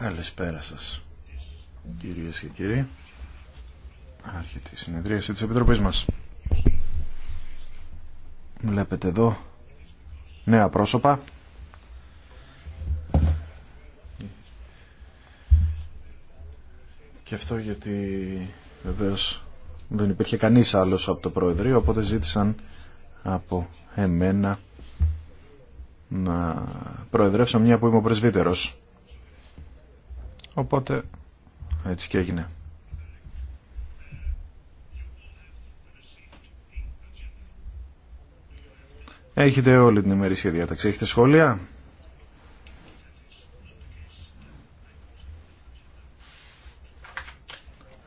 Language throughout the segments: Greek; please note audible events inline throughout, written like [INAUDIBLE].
Καλησπέρα σας, κυρίες και κύριοι. Άρχεται η συνεδρίαση τη Επιτροπή μας. Βλέπετε εδώ νέα πρόσωπα. Και αυτό γιατί βεβαίω δεν υπήρχε κανείς άλλος από το Προεδρείο, οπότε ζήτησαν από εμένα να προεδρεύσω μια που είμαι ο πρεσβύτερος. Οπότε έτσι και έγινε. Έχετε όλη την ημερήσια διάταξη. Έχετε σχόλια.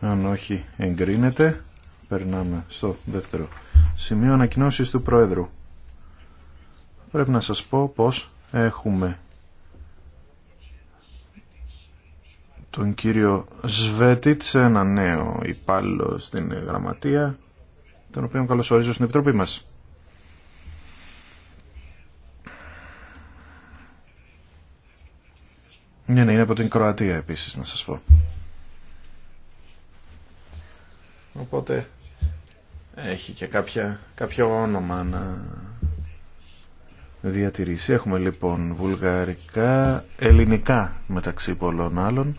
Αν όχι εγκρίνεται, περνάμε στο δεύτερο σημείο ανακοινώσεις του Πρόεδρου. Πρέπει να σας πω πως έχουμε τον κύριο Σβέτιτς, ένα νέο υπάλληλο στην γραμματεία, τον οποίο καλωσορίζω στην Επιτροπή μας. Ναι, ναι, είναι από την Κροατία επίσης να σας πω. Οπότε έχει και κάποια, κάποιο όνομα να διατηρήσει. Έχουμε λοιπόν βουλγαρικά, ελληνικά μεταξύ πολλών άλλων.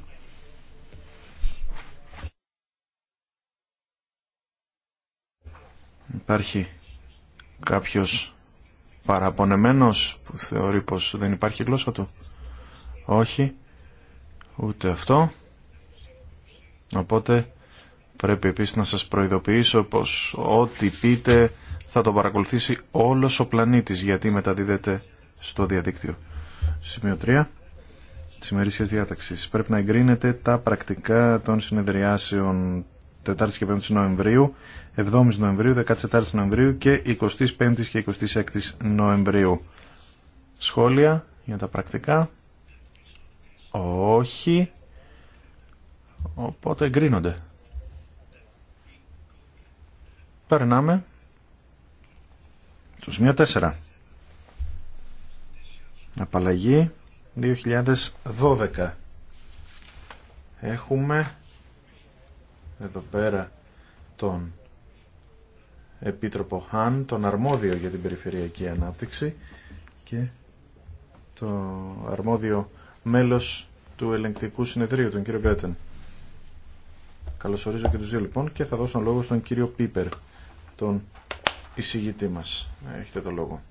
Υπάρχει κάποιος παραπονεμένος που θεωρεί πως δεν υπάρχει γλώσσα του. Όχι, ούτε αυτό. Οπότε Πρέπει επίσης να σας προειδοποιήσω πως ό,τι πείτε θα το παρακολουθήσει όλος ο πλανήτης γιατί μεταδίδεται στο διαδίκτυο. Σημείο 3. Της ημερήσιας διάταξης. Πρέπει να εγκρίνετε τα πρακτικά των συνεδριάσεων 4 και 5 Νοεμβρίου, 7 Νοεμβρίου, 14 Νοεμβρίου και 25 και 26 Νοεμβρίου. Σχόλια για τα πρακτικά. Όχι. Οπότε εγκρίνονται. Περνάμε στο σημείο 4. Απαλλαγή 2012. Έχουμε εδώ πέρα τον Επίτροπο Χάν, τον αρμόδιο για την περιφερειακή ανάπτυξη και το αρμόδιο μέλος του ελεγκτικού συνεδρίου, τον κύριο Γκέτεν. Καλωσορίζω και τους δύο λοιπόν και θα δώσω λόγο στον κύριο Πίπερ τον εισηγητή μας. Ναι, έχετε το λόγο.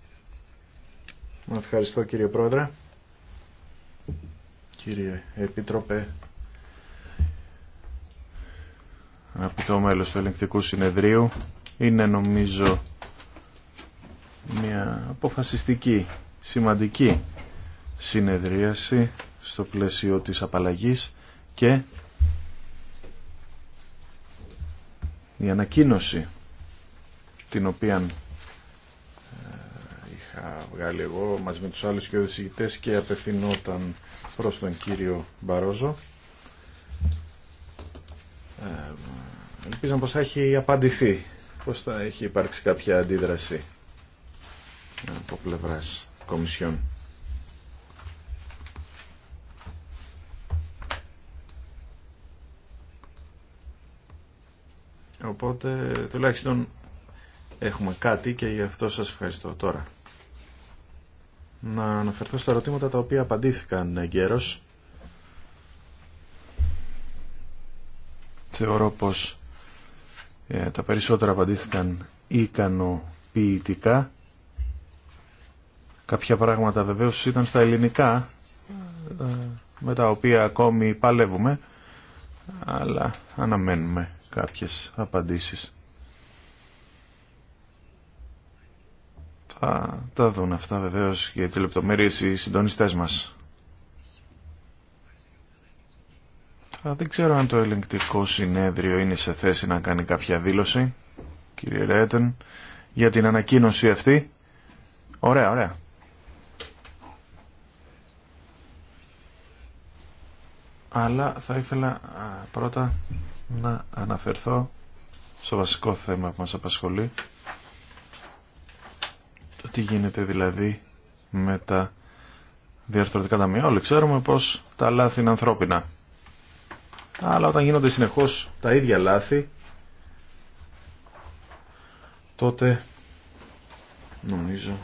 Ευχαριστώ κύριε Πρόεδρε. Κύριε Επίτροπε, αγαπητό μέλος του Ελεγκτικού Συνεδρίου, είναι νομίζω μια αποφασιστική, σημαντική συνεδρίαση στο πλαίσιο της απαλλαγής και η ανακοίνωση την οποία ε, είχα βγάλει εγώ μαζί με τους άλλους και οδησυγητές και απευθυνόταν προς τον κύριο Μπαρόζο. Ε, ελπίζαμε πως θα έχει απαντηθεί, πως θα έχει υπάρξει κάποια αντίδραση από πλευράς Κομισιόν. Οπότε τουλάχιστον έχουμε κάτι και γι' αυτό σας ευχαριστώ τώρα. Να αναφερθώ στα ερωτήματα τα οποία απαντήθηκαν γέρος. Θεωρώ πως ε, τα περισσότερα απαντήθηκαν ικανοποιητικά. Κάποια πράγματα βεβαίως ήταν στα ελληνικά, ε, με τα οποία ακόμη παλεύουμε, αλλά αναμένουμε κάποιες απαντήσεις. Θα τα δουν αυτά βεβαίως για τις λεπτομέρειες οι συντονιστές μας. δεν ξέρω αν το ελεγκτικό συνέδριο είναι σε θέση να κάνει κάποια δήλωση, κύριε Ρέτεν, για την ανακοίνωση αυτή. Ωραία, ωραία. Αλλά θα ήθελα πρώτα να αναφερθώ στο βασικό θέμα που μας απασχολεί, τι γίνεται δηλαδή με τα διαρθρωτικά ταμεία. Όλοι ξέρουμε πως τα λάθη είναι ανθρώπινα. Αλλά όταν γίνονται συνεχώς τα ίδια λάθη, τότε νομίζω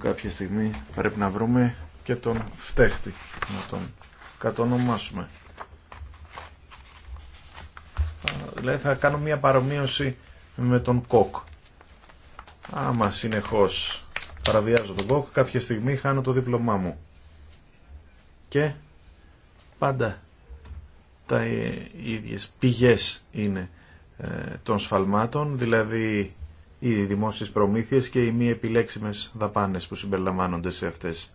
κάποια στιγμή πρέπει να βρούμε και τον φταίχτη, να τον κατονομάσουμε. Δηλαδή θα κάνω μια παρομοίωση με τον κοκ. Άμα συνεχώς παραβιάζω τον κόκ, κάποια στιγμή χάνω το δίπλωμά μου. Και πάντα τα ε, ίδιες πηγές είναι ε, των σφαλμάτων, δηλαδή οι δημόσιες προμήθειες και οι μη επιλέξιμες δαπάνες που συμπεριλαμβάνονται σε αυτές.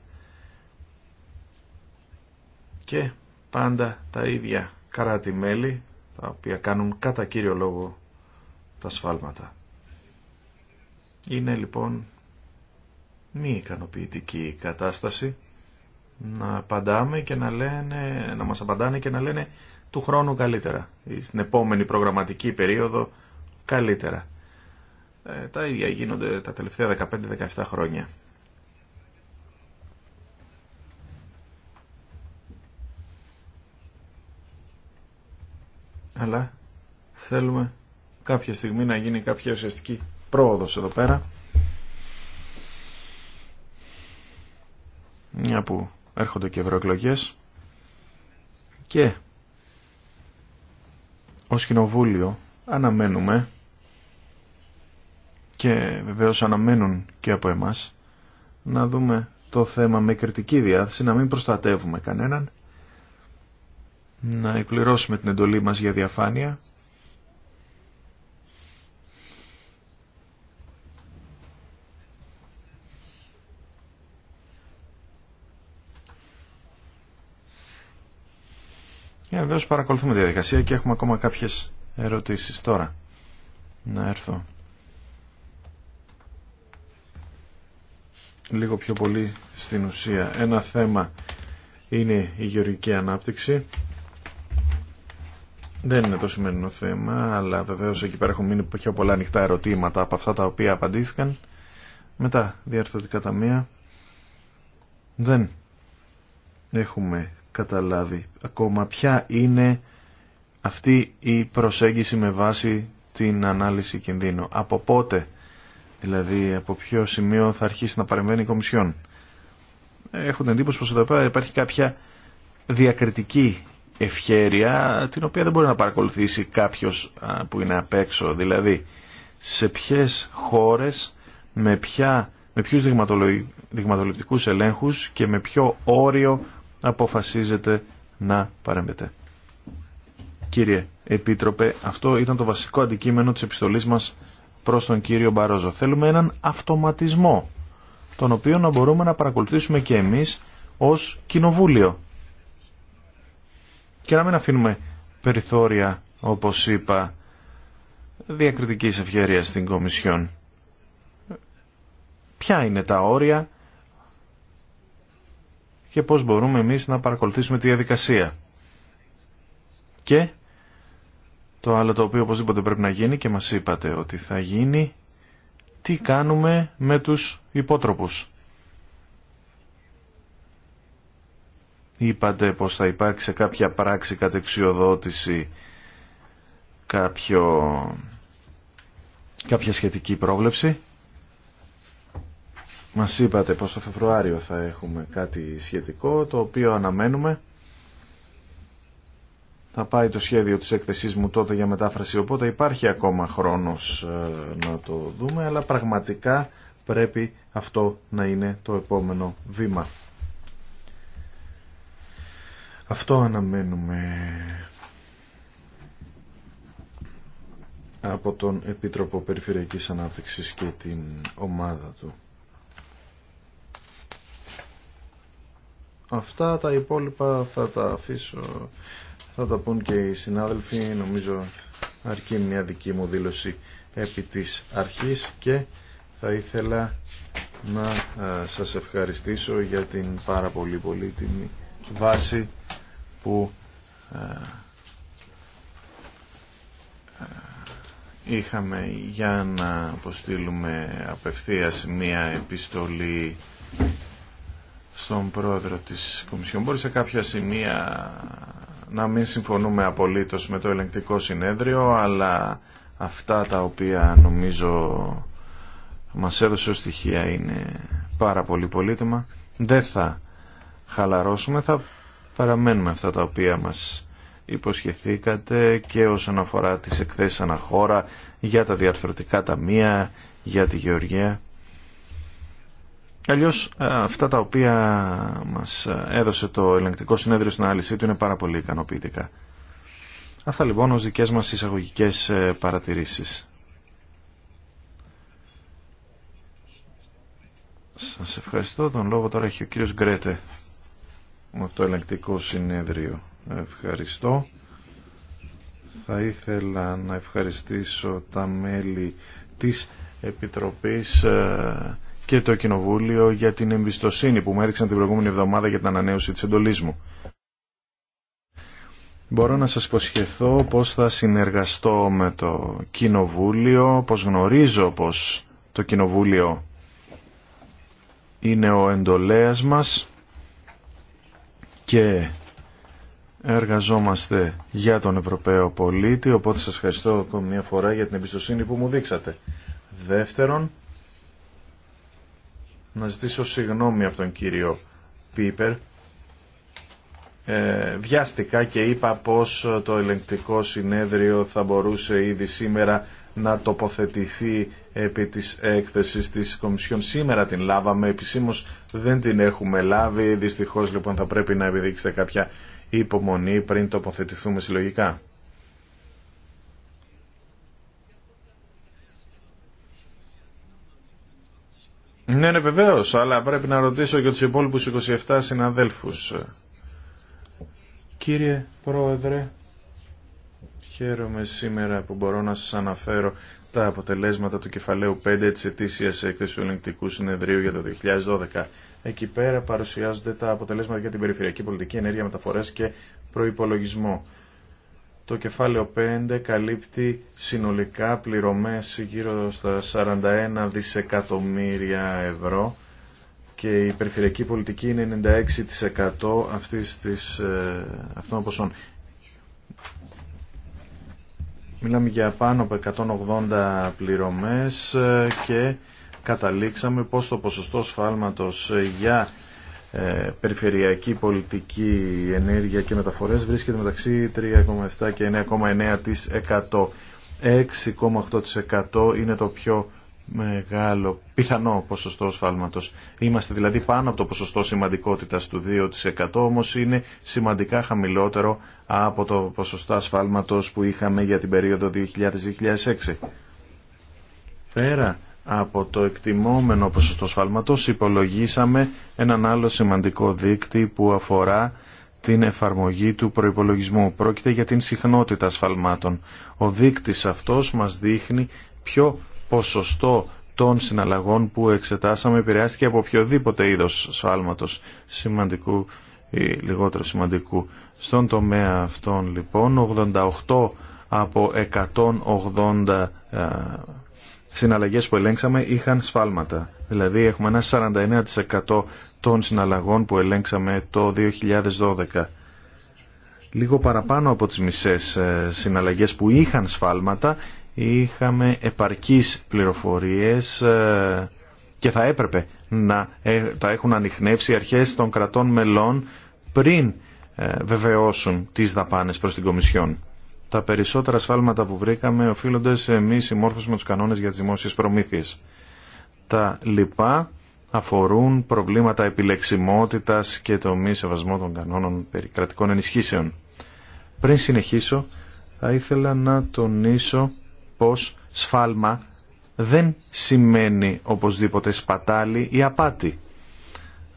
Και πάντα τα ιδια κρατη καράτη-μέλη, τα οποία κάνουν κατά κύριο λόγο τα σφάλματα. Είναι λοιπόν μη ικανοποιητική κατάσταση να απαντάμε και να λένε, να μας απαντάνε και να λένε του χρόνου καλύτερα ή στην επόμενη προγραμματική περίοδο καλύτερα. Ε, τα ίδια γίνονται τα τελευταία 15-17 χρόνια. Αλλά θέλουμε κάποια στιγμή να γίνει κάποια ουσιαστική πρόοδος εδώ πέρα. που έρχονται και ευρωεκλογέ και ως κοινοβούλιο αναμένουμε και βεβαίως αναμένουν και από εμάς να δούμε το θέμα με κριτική διάθεση, να μην προστατεύουμε κανέναν, να εκπληρώσουμε την εντολή μας για διαφάνεια βεβαίως παρακολουθούμε τη διαδικασία και έχουμε ακόμα κάποιες ερωτήσεις τώρα. Να έρθω. Λίγο πιο πολύ στην ουσία. Ένα θέμα είναι η γεωργική ανάπτυξη. Δεν είναι το σημερινό θέμα, αλλά βεβαίως εκεί πέρα έχουν μείνει πιο πολλά ανοιχτά ερωτήματα από αυτά τα οποία απαντήθηκαν. Μετά, διαρθώτικα ταμεία. Δεν έχουμε καταλάβει ακόμα ποια είναι αυτή η προσέγγιση με βάση την ανάλυση κινδύνου. Από πότε, δηλαδή από ποιο σημείο θα αρχίσει να παρεμβαίνει η Κομισιόν. Έχουν εντύπωση πως εδώ υπάρχει κάποια διακριτική ευχέρεια την οποία δεν μπορεί να παρακολουθήσει κάποιος που είναι απ' έξω. Δηλαδή, σε ποιες χώρες, με, ποια, με ποιους δειγματολογικούς ελέγχους και με ποιο όριο αποφασίζετε να παρέμβετε. Κύριε Επίτροπε, αυτό ήταν το βασικό αντικείμενο της επιστολής μας προς τον κύριο Μπαρόζο. Θέλουμε έναν αυτοματισμό, τον οποίο να μπορούμε να παρακολουθήσουμε και εμείς ως κοινοβούλιο. Και να μην αφήνουμε περιθώρια, όπως είπα, διακριτικής ευκαιρία στην Κομισιόν. Ποια είναι τα όρια και πώς μπορούμε εμείς να παρακολουθήσουμε τη διαδικασία. Και το άλλο το οποίο οπωσδήποτε πρέπει να γίνει και μας είπατε ότι θα γίνει, τι κάνουμε με τους υπότροπους. Είπατε πως θα υπάρξει κάποια πράξη κατεξιοδότηση κάποιο, κάποια σχετική πρόβλεψη. Μας είπατε πως το Φεβρουάριο θα έχουμε κάτι σχετικό, το οποίο αναμένουμε. Θα πάει το σχέδιο της έκθεσής μου τότε για μετάφραση, οπότε υπάρχει ακόμα χρόνος ε, να το δούμε, αλλά πραγματικά πρέπει αυτό να είναι το επόμενο βήμα. Αυτό αναμένουμε από τον Επίτροπο Περιφερειακής Ανάπτυξης και την ομάδα του. Αυτά τα υπόλοιπα θα τα αφήσω, θα τα πούν και οι συνάδελφοι. Νομίζω αρκεί μια δική μου δήλωση επί της αρχής και θα ήθελα να σας ευχαριστήσω για την πάρα πολύ την βάση που είχαμε για να αποστείλουμε απευθείας μία επιστολή στον πρόεδρο της Κομισιόν. Μπορεί σε κάποια σημεία να μην συμφωνούμε απολύτως με το ελεγκτικό συνέδριο, αλλά αυτά τα οποία νομίζω μας έδωσε ως στοιχεία είναι πάρα πολύ πολύτιμα. Δεν θα χαλαρώσουμε, θα παραμένουμε αυτά τα οποία μας υποσχεθήκατε και όσον αφορά τις εκθέσεις αναχώρα για τα διαρθρωτικά ταμεία, για τη γεωργία. Αλλιώς ε, αυτά τα οποία μας έδωσε το ελεγκτικό συνέδριο στην άλυση του είναι πάρα πολύ ικανοποιητικά. Αυτά λοιπόν ως δικές μας εισαγωγικές ε, παρατηρήσεις. Σας ευχαριστώ. Τον λόγο τώρα έχει ο κύριος Γκρέτε με το ελεγκτικό συνέδριο. Ευχαριστώ. Θα ήθελα να ευχαριστήσω τα μέλη της Επιτροπής ε, και το Κοινοβούλιο για την εμπιστοσύνη που μου έδειξαν την προηγούμενη εβδομάδα για την ανανέωση της εντολής μου. Μπορώ να σας υποσχεθώ πώς θα συνεργαστώ με το Κοινοβούλιο, πώς γνωρίζω πως το Κοινοβούλιο είναι ο εντολέας μας και εργαζόμαστε για τον Ευρωπαίο πολίτη, οπότε σας ευχαριστώ ακόμη μια φορά για την εμπιστοσύνη που μου δείξατε. Δεύτερον, να ζητήσω συγγνώμη από τον κύριο Πίπερ. Ε, βιάστηκα και είπα πως το ελεγκτικό συνέδριο θα μπορούσε ήδη σήμερα να τοποθετηθεί επί της έκθεσης της Κομισιόν. Σήμερα την λάβαμε, επισήμως δεν την έχουμε λάβει, δυστυχώς λοιπόν θα πρέπει να επιδείξετε κάποια υπομονή πριν τοποθετηθούμε συλλογικά. Ναι, ναι, βεβαίως, αλλά πρέπει να ρωτήσω για του υπόλοιπου 27 συναδέλφου. Κύριε Πρόεδρε, χαίρομαι σήμερα που μπορώ να σας αναφέρω τα αποτελέσματα του κεφαλαίου 5 τη ετήσια έκθεση Συνεδρίου για το 2012. Εκεί πέρα παρουσιάζονται τα αποτελέσματα για την περιφερειακή πολιτική ενέργεια μεταφορά και προπολογισμό. Το κεφάλαιο 5 καλύπτει συνολικά πληρωμές γύρω στα 41 δισεκατομμύρια ευρώ και η περιφερειακή πολιτική είναι 96% αυτής της, ε, αυτών των ποσών. Μιλάμε για πάνω από 180 πληρωμές ε, και καταλήξαμε πως το ποσοστό σφάλματος ε, για ε, περιφερειακή πολιτική ενέργεια και μεταφορές βρίσκεται μεταξύ 3,7 και 9,9%. 6,8% είναι το πιο μεγάλο πιθανό ποσοστό σφάλματος. Είμαστε δηλαδή πάνω από το ποσοστό σημαντικότητας του 2% όμως είναι σημαντικά χαμηλότερο από το ποσοστά σφάλματος που είχαμε για την περίοδο 2000-2006. Πέρα από το εκτιμόμενο ποσοστό σφάλματος υπολογίσαμε έναν άλλο σημαντικό δείκτη που αφορά την εφαρμογή του προϋπολογισμού. Πρόκειται για την συχνότητα σφαλμάτων. Ο δείκτης αυτός μας δείχνει ποιο ποσοστό των συναλλαγών που εξετάσαμε επηρεάστηκε από οποιοδήποτε είδος σφάλματος σημαντικού ή λιγότερο σημαντικού. Στον τομέα αυτών λοιπόν 88 από 180 συναλλαγές που ελέγξαμε είχαν σφάλματα. Δηλαδή έχουμε ένα 49% των συναλλαγών που ελέγξαμε το 2012. Λίγο παραπάνω από τις μισές ε, συναλλαγές που είχαν σφάλματα είχαμε επαρκείς πληροφορίες ε, και θα έπρεπε να τα ε, έχουν ανοιχνεύσει οι αρχές των κρατών μελών πριν βεβαιώσουν τις δαπάνες προς την Κομισιόν. Τα περισσότερα σφάλματα που βρήκαμε οφείλονται σε μη συμμόρφωση με του κανόνες για τι δημόσιε προμήθειε. Τα λοιπά αφορούν προβλήματα επιλεξιμότητας και το μη σεβασμό των κανόνων περί κρατικών ενισχύσεων. Πριν συνεχίσω, θα ήθελα να τονίσω πως σφάλμα δεν σημαίνει οπωσδήποτε σπατάλη ή απάτη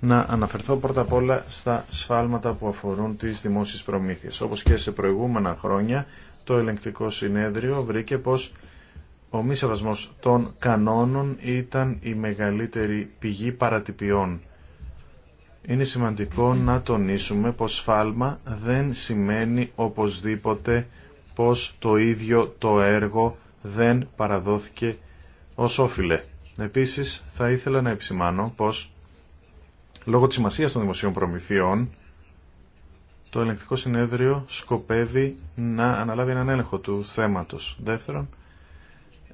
να αναφερθώ πρώτα απ' όλα στα σφάλματα που αφορούν τις δημόσιες προμήθειες. Όπως και σε προηγούμενα χρόνια, το ελεγκτικό συνέδριο βρήκε πως ο μη σεβασμός των κανόνων ήταν η μεγαλύτερη πηγή παρατυπιών. Είναι σημαντικό να τονίσουμε πως σφάλμα δεν σημαίνει οπωσδήποτε πως το ίδιο το έργο δεν παραδόθηκε ως όφιλε. Επίσης θα ήθελα να επισημάνω πως Λόγω της σημασίας των δημοσίων προμηθειών, το ελεγκτικό συνέδριο σκοπεύει να αναλάβει έναν έλεγχο του θέματος. Δεύτερον,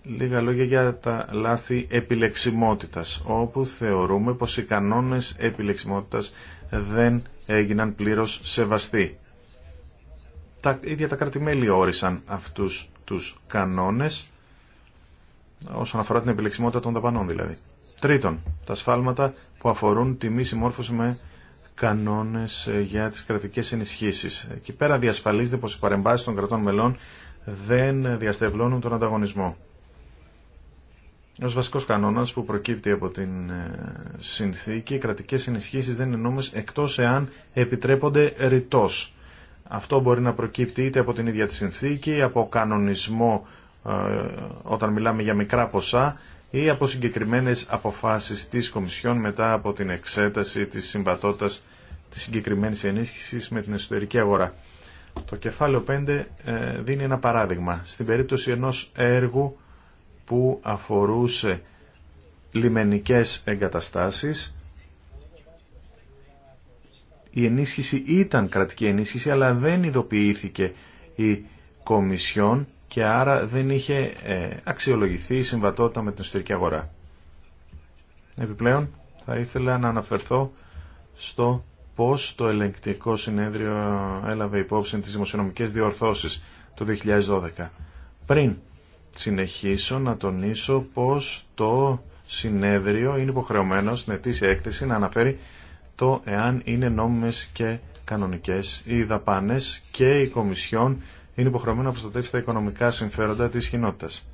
λίγα λόγια για τα λάθη επιλεξιμότητας, όπου θεωρούμε πως οι κανόνες επιλεξιμότητας δεν έγιναν πλήρως σεβαστοί. Τα ίδια τα κράτη-μέλη όρισαν αυτούς τους κανόνες, όσον αφορά την επιλεξιμότητα των δαπανών δηλαδή. Τρίτον, τα σφάλματα που αφορούν τη μη συμμόρφωση με κανόνες ε, για τις κρατικές ενισχύσεις. Εκεί πέρα διασφαλίζεται πως οι παρεμβάσεις των κρατών μελών δεν διαστευλώνουν τον ανταγωνισμό. Ως βασικός κανόνας που προκύπτει από την ε, συνθήκη, οι κρατικές ενισχύσεις δεν είναι νόμες εκτός εάν επιτρέπονται ρητός. Αυτό μπορεί να προκύπτει είτε από την ίδια τη συνθήκη, από κανονισμό ε, όταν μιλάμε για μικρά ποσά ή από συγκεκριμένες αποφάσεις της Κομισιόν μετά από την εξέταση της συμβατότητας της συγκεκριμένης ενίσχυσης με την εσωτερική αγορά. Το κεφάλαιο 5 ε, δίνει ένα παράδειγμα. Στην περίπτωση ενός έργου που αφορούσε λιμενικές εγκαταστάσεις, η ενίσχυση ήταν κρατική ενίσχυση, αλλά δεν ειδοποιήθηκε η Κομισιόν και άρα δεν είχε ε, αξιολογηθεί η συμβατότητα με την εσωτερική αγορά. Επιπλέον θα ήθελα να αναφερθώ στο πώς το ελεγκτικό συνέδριο έλαβε υπόψη τις δημοσιονομικές διορθώσεις το 2012. Πριν συνεχίσω να τονίσω πως το συνέδριο είναι υποχρεωμένο στην ετήσια έκθεση να αναφέρει το εάν είναι νόμιμες και κανονικές οι δαπάνες και οι Κομισιόν είναι υποχρεωμένο να προστατεύσει τα οικονομικά συμφέροντα της κοινότητας.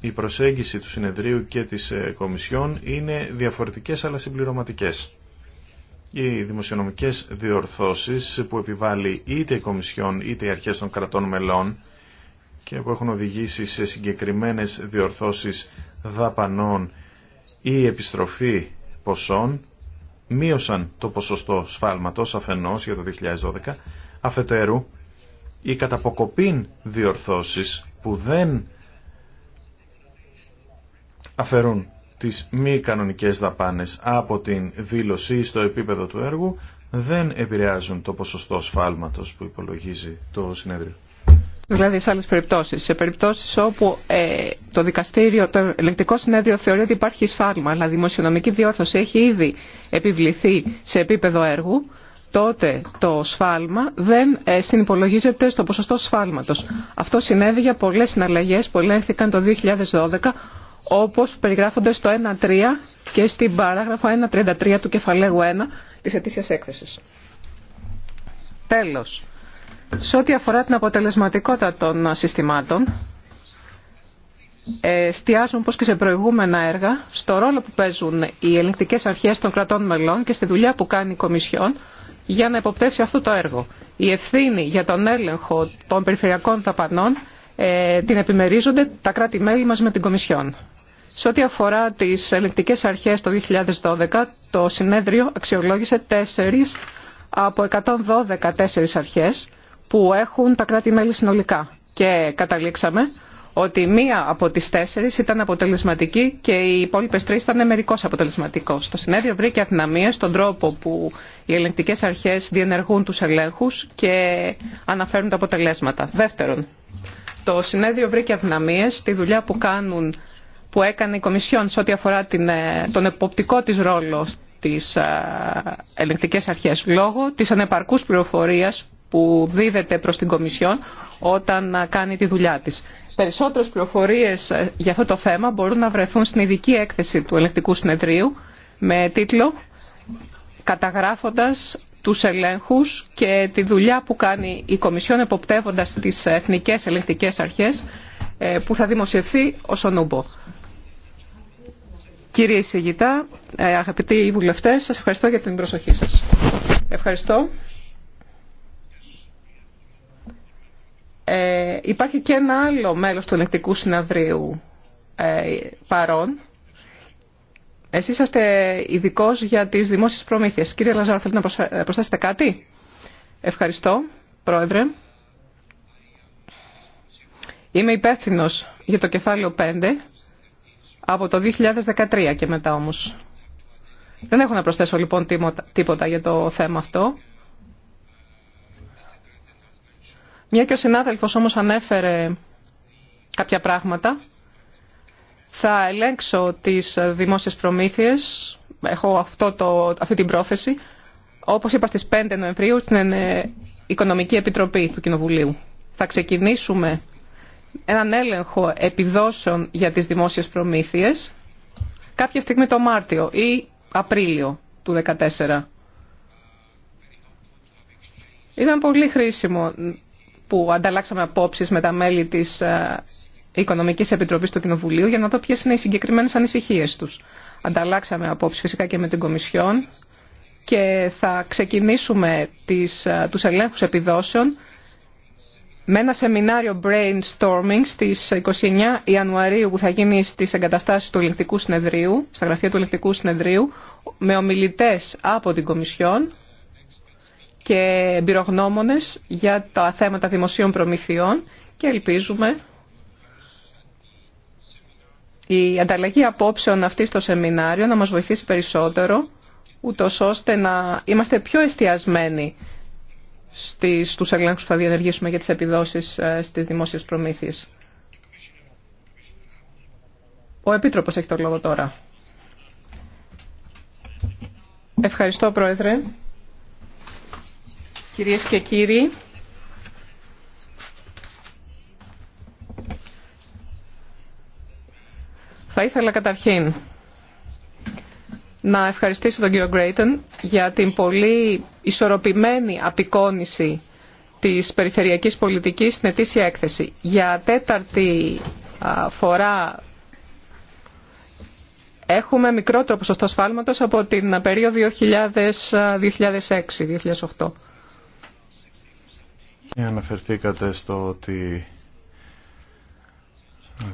Η προσέγγιση του συνεδρίου και της ε, Κομισιόν είναι διαφορετικές αλλά συμπληρωματικές. Οι δημοσιονομικές διορθώσεις που επιβάλλει είτε η Κομισιόν είτε οι αρχές των κρατών μελών και που έχουν οδηγήσει σε συγκεκριμένες διορθώσεις δαπανών ή επιστροφή ποσών μείωσαν το ποσοστό σφάλματος αφενός για το 2012 αφετέρου οι καταποκοπήν διορθώσεις που δεν αφαιρούν τις μη κανονικές δαπάνες από την δήλωση στο επίπεδο του έργου δεν επηρεάζουν το ποσοστό σφάλματος που υπολογίζει το συνέδριο. Δηλαδή σε άλλες περιπτώσεις. Σε περιπτώσεις όπου ε, το δικαστήριο, το ελεγκτικό συνέδριο θεωρεί ότι υπάρχει σφάλμα, αλλά δημοσιονομική διόρθωση έχει ήδη επιβληθεί σε επίπεδο έργου, τότε το σφάλμα δεν ε, συνυπολογίζεται στο ποσοστό σφάλματος. Αυτό συνέβη για πολλές συναλλαγές που ελέγχθηκαν το 2012 όπως περιγράφονται στο 1.3 και στην παράγραφο 1.33 του κεφαλαίου 1 της ετήσιας έκθεσης. Τέλος, σε ό,τι αφορά την αποτελεσματικότητα των συστημάτων, ε, εστιάζουν όπως και σε προηγούμενα έργα στο ρόλο που παίζουν οι ελεγκτικές αρχές των κρατών μελών και στη δουλειά που κάνει η Κομισιόν για να υποπτεύσει αυτό το έργο. Η ευθύνη για τον έλεγχο των περιφερειακών δαπανών ε, την επιμερίζονται τα κράτη-μέλη μας με την Κομισιόν. Σε ό,τι αφορά τις ελεκτικές αρχές το 2012, το συνέδριο αξιολόγησε 4 από 112 τέσσερις αρχές που έχουν τα κράτη-μέλη συνολικά. Και καταλήξαμε ότι μία από τις τέσσερις ήταν αποτελεσματική και οι υπόλοιπες τρει ήταν μερικώς αποτελεσματικός. Το συνέδριο βρήκε αδυναμίες στον τρόπο που οι ελεγκτικές αρχές διενεργούν τους ελέγχου και αναφέρουν τα αποτελέσματα. Δεύτερον, το συνέδριο βρήκε αδυναμίε στη δουλειά που, κάνουν, που έκανε η Κομισιόν σε ό,τι αφορά την, ε, τον εποπτικό τη ρόλο στις ε, ελεγκτικές αρχέ λόγω τη ανεπαρκού πληροφορία που δίδεται προς την Κομισιόν όταν ε, κάνει τη δουλειά της. Περισσότερες πληροφορίες ε, για αυτό το θέμα μπορούν να βρεθούν στην ειδική έκθεση του Ελεκτικού Συνεδρίου με τίτλο «Καταγράφοντας τους ελέγχους και τη δουλειά που κάνει η Κομισιόν εποπτεύοντας τις εθνικές Ελεκτικές αρχές» ε, που θα δημοσιευθεί ως ο Νούμπο. Κύριε Σιγητά, αγαπητοί βουλευτές, σας ευχαριστώ για την προσοχή σας. Ευχαριστώ. Ε, υπάρχει και ένα άλλο μέλος του ελεκτικού συναδρίου ε, παρόν. Εσείς είσαστε ειδικό για τις δημόσιες προμήθειες. Κύριε Λαζάρο, θέλετε να προσθέσετε κάτι. Ευχαριστώ, Πρόεδρε. Είμαι υπεύθυνο για το κεφάλαιο 5 από το 2013 και μετά όμως. Δεν έχω να προσθέσω λοιπόν τίποτα για το θέμα αυτό. Μια και ο συνάδελφος όμως ανέφερε κάποια πράγματα, θα ελέγξω τις δημόσιες προμήθειες, έχω αυτό το, αυτή την πρόθεση, όπως είπα στις 5 Νοεμβρίου στην ε, Οικονομική Επιτροπή του Κοινοβουλίου. Θα ξεκινήσουμε έναν έλεγχο επιδόσεων για τις δημόσιες προμήθειες κάποια στιγμή το Μάρτιο ή Απρίλιο του 2014. Ήταν πολύ χρήσιμο που ανταλλάξαμε απόψεις με τα μέλη της ε, Οικονομικής Επιτροπής του Κοινοβουλίου για να δω ποιες είναι οι συγκεκριμένες ανησυχίες τους. Ανταλλάξαμε απόψεις φυσικά και με την Κομισιόν και θα ξεκινήσουμε τις, ε, τους ελέγχους επιδόσεων με ένα σεμινάριο brainstorming στις 29 Ιανουαρίου που θα γίνει στις εγκαταστάσεις του Ελεκτικού Συνεδρίου, στα γραφεία του Ελεκτικού Συνεδρίου, με ομιλητές από την Κομισιόν, και εμπειρογνώμονες για τα θέματα δημοσίων προμηθειών και ελπίζουμε η ανταλλαγή απόψεων αυτή στο σεμινάριο να μας βοηθήσει περισσότερο, ούτω ώστε να είμαστε πιο εστιασμένοι στις, στους ελέγχους που θα διενεργήσουμε για τις επιδόσεις ε, στις δημόσιες προμήθειες. Ο Επίτροπος έχει το λόγο τώρα. Ευχαριστώ, Πρόεδρε. Κυρίες και κύριοι, θα ήθελα καταρχήν να ευχαριστήσω τον κύριο Γκρέιτεν για την πολύ ισορροπημένη απεικόνηση της περιφερειακής πολιτικής στην ετήσια έκθεση. Για τέταρτη φορά έχουμε μικρότερο ποσοστό σφάλματος από την περίοδο 2006-2008. Ε, αναφερθήκατε στο ότι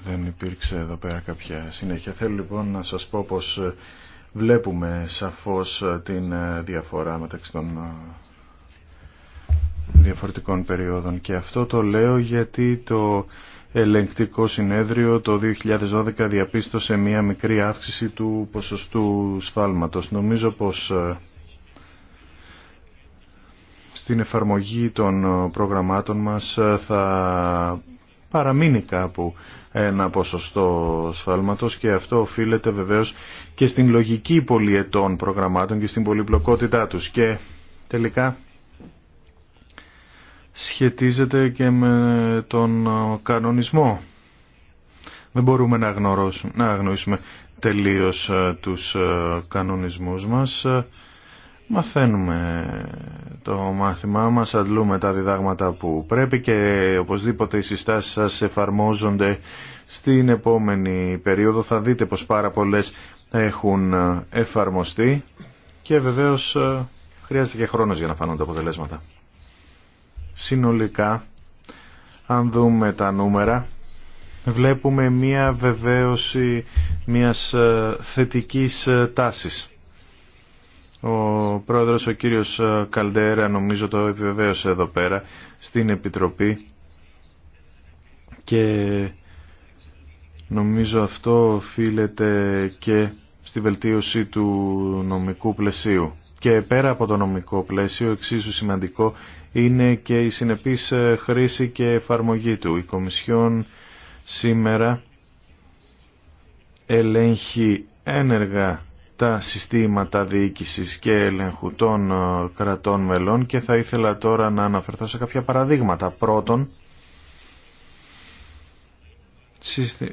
δεν υπήρξε εδώ πέρα κάποια συνέχεια. Θέλω λοιπόν να σας πω πως βλέπουμε σαφώς την διαφορά μεταξύ των ε, διαφορετικών περιόδων και αυτό το λέω γιατί το ελεγκτικό συνέδριο το 2012 διαπίστωσε μία μικρή αύξηση του ποσοστού σφάλματος. Νομίζω πως ε, στην εφαρμογή των ε, προγραμμάτων μας ε, θα παραμείνει κάπου ένα ποσοστό σφάλματος και αυτό οφείλεται βεβαίως και στην λογική πολυετών προγραμμάτων και στην πολυπλοκότητά τους και τελικά σχετίζεται και με τον ε, κανονισμό. Δεν μπορούμε να, να αγνοήσουμε τελείως τους κανονισμούς μας μαθαίνουμε το μάθημά μας, αντλούμε τα διδάγματα που πρέπει και οπωσδήποτε οι συστάσεις σας εφαρμόζονται στην επόμενη περίοδο. Θα δείτε πως πάρα πολλές έχουν εφαρμοστεί και βεβαίως ε, χρειάζεται και χρόνος για να φανούν τα αποτελέσματα. Συνολικά, αν δούμε τα νούμερα, βλέπουμε μία βεβαίωση μιας ε, θετικής ε, τάσης ο πρόεδρος, ο κύριος ε, Καλντέρα, νομίζω το επιβεβαίωσε εδώ πέρα στην Επιτροπή και νομίζω αυτό οφείλεται και στη βελτίωση του νομικού πλαισίου. Και πέρα από το νομικό πλαίσιο, εξίσου σημαντικό είναι και η συνεπής ε, χρήση και εφαρμογή του. Η Κομισιόν σήμερα ελέγχει ένεργα τα συστήματα διοίκησης και ελέγχου των ε, κρατών μελών και θα ήθελα τώρα να αναφερθώ σε κάποια παραδείγματα. Πρώτον,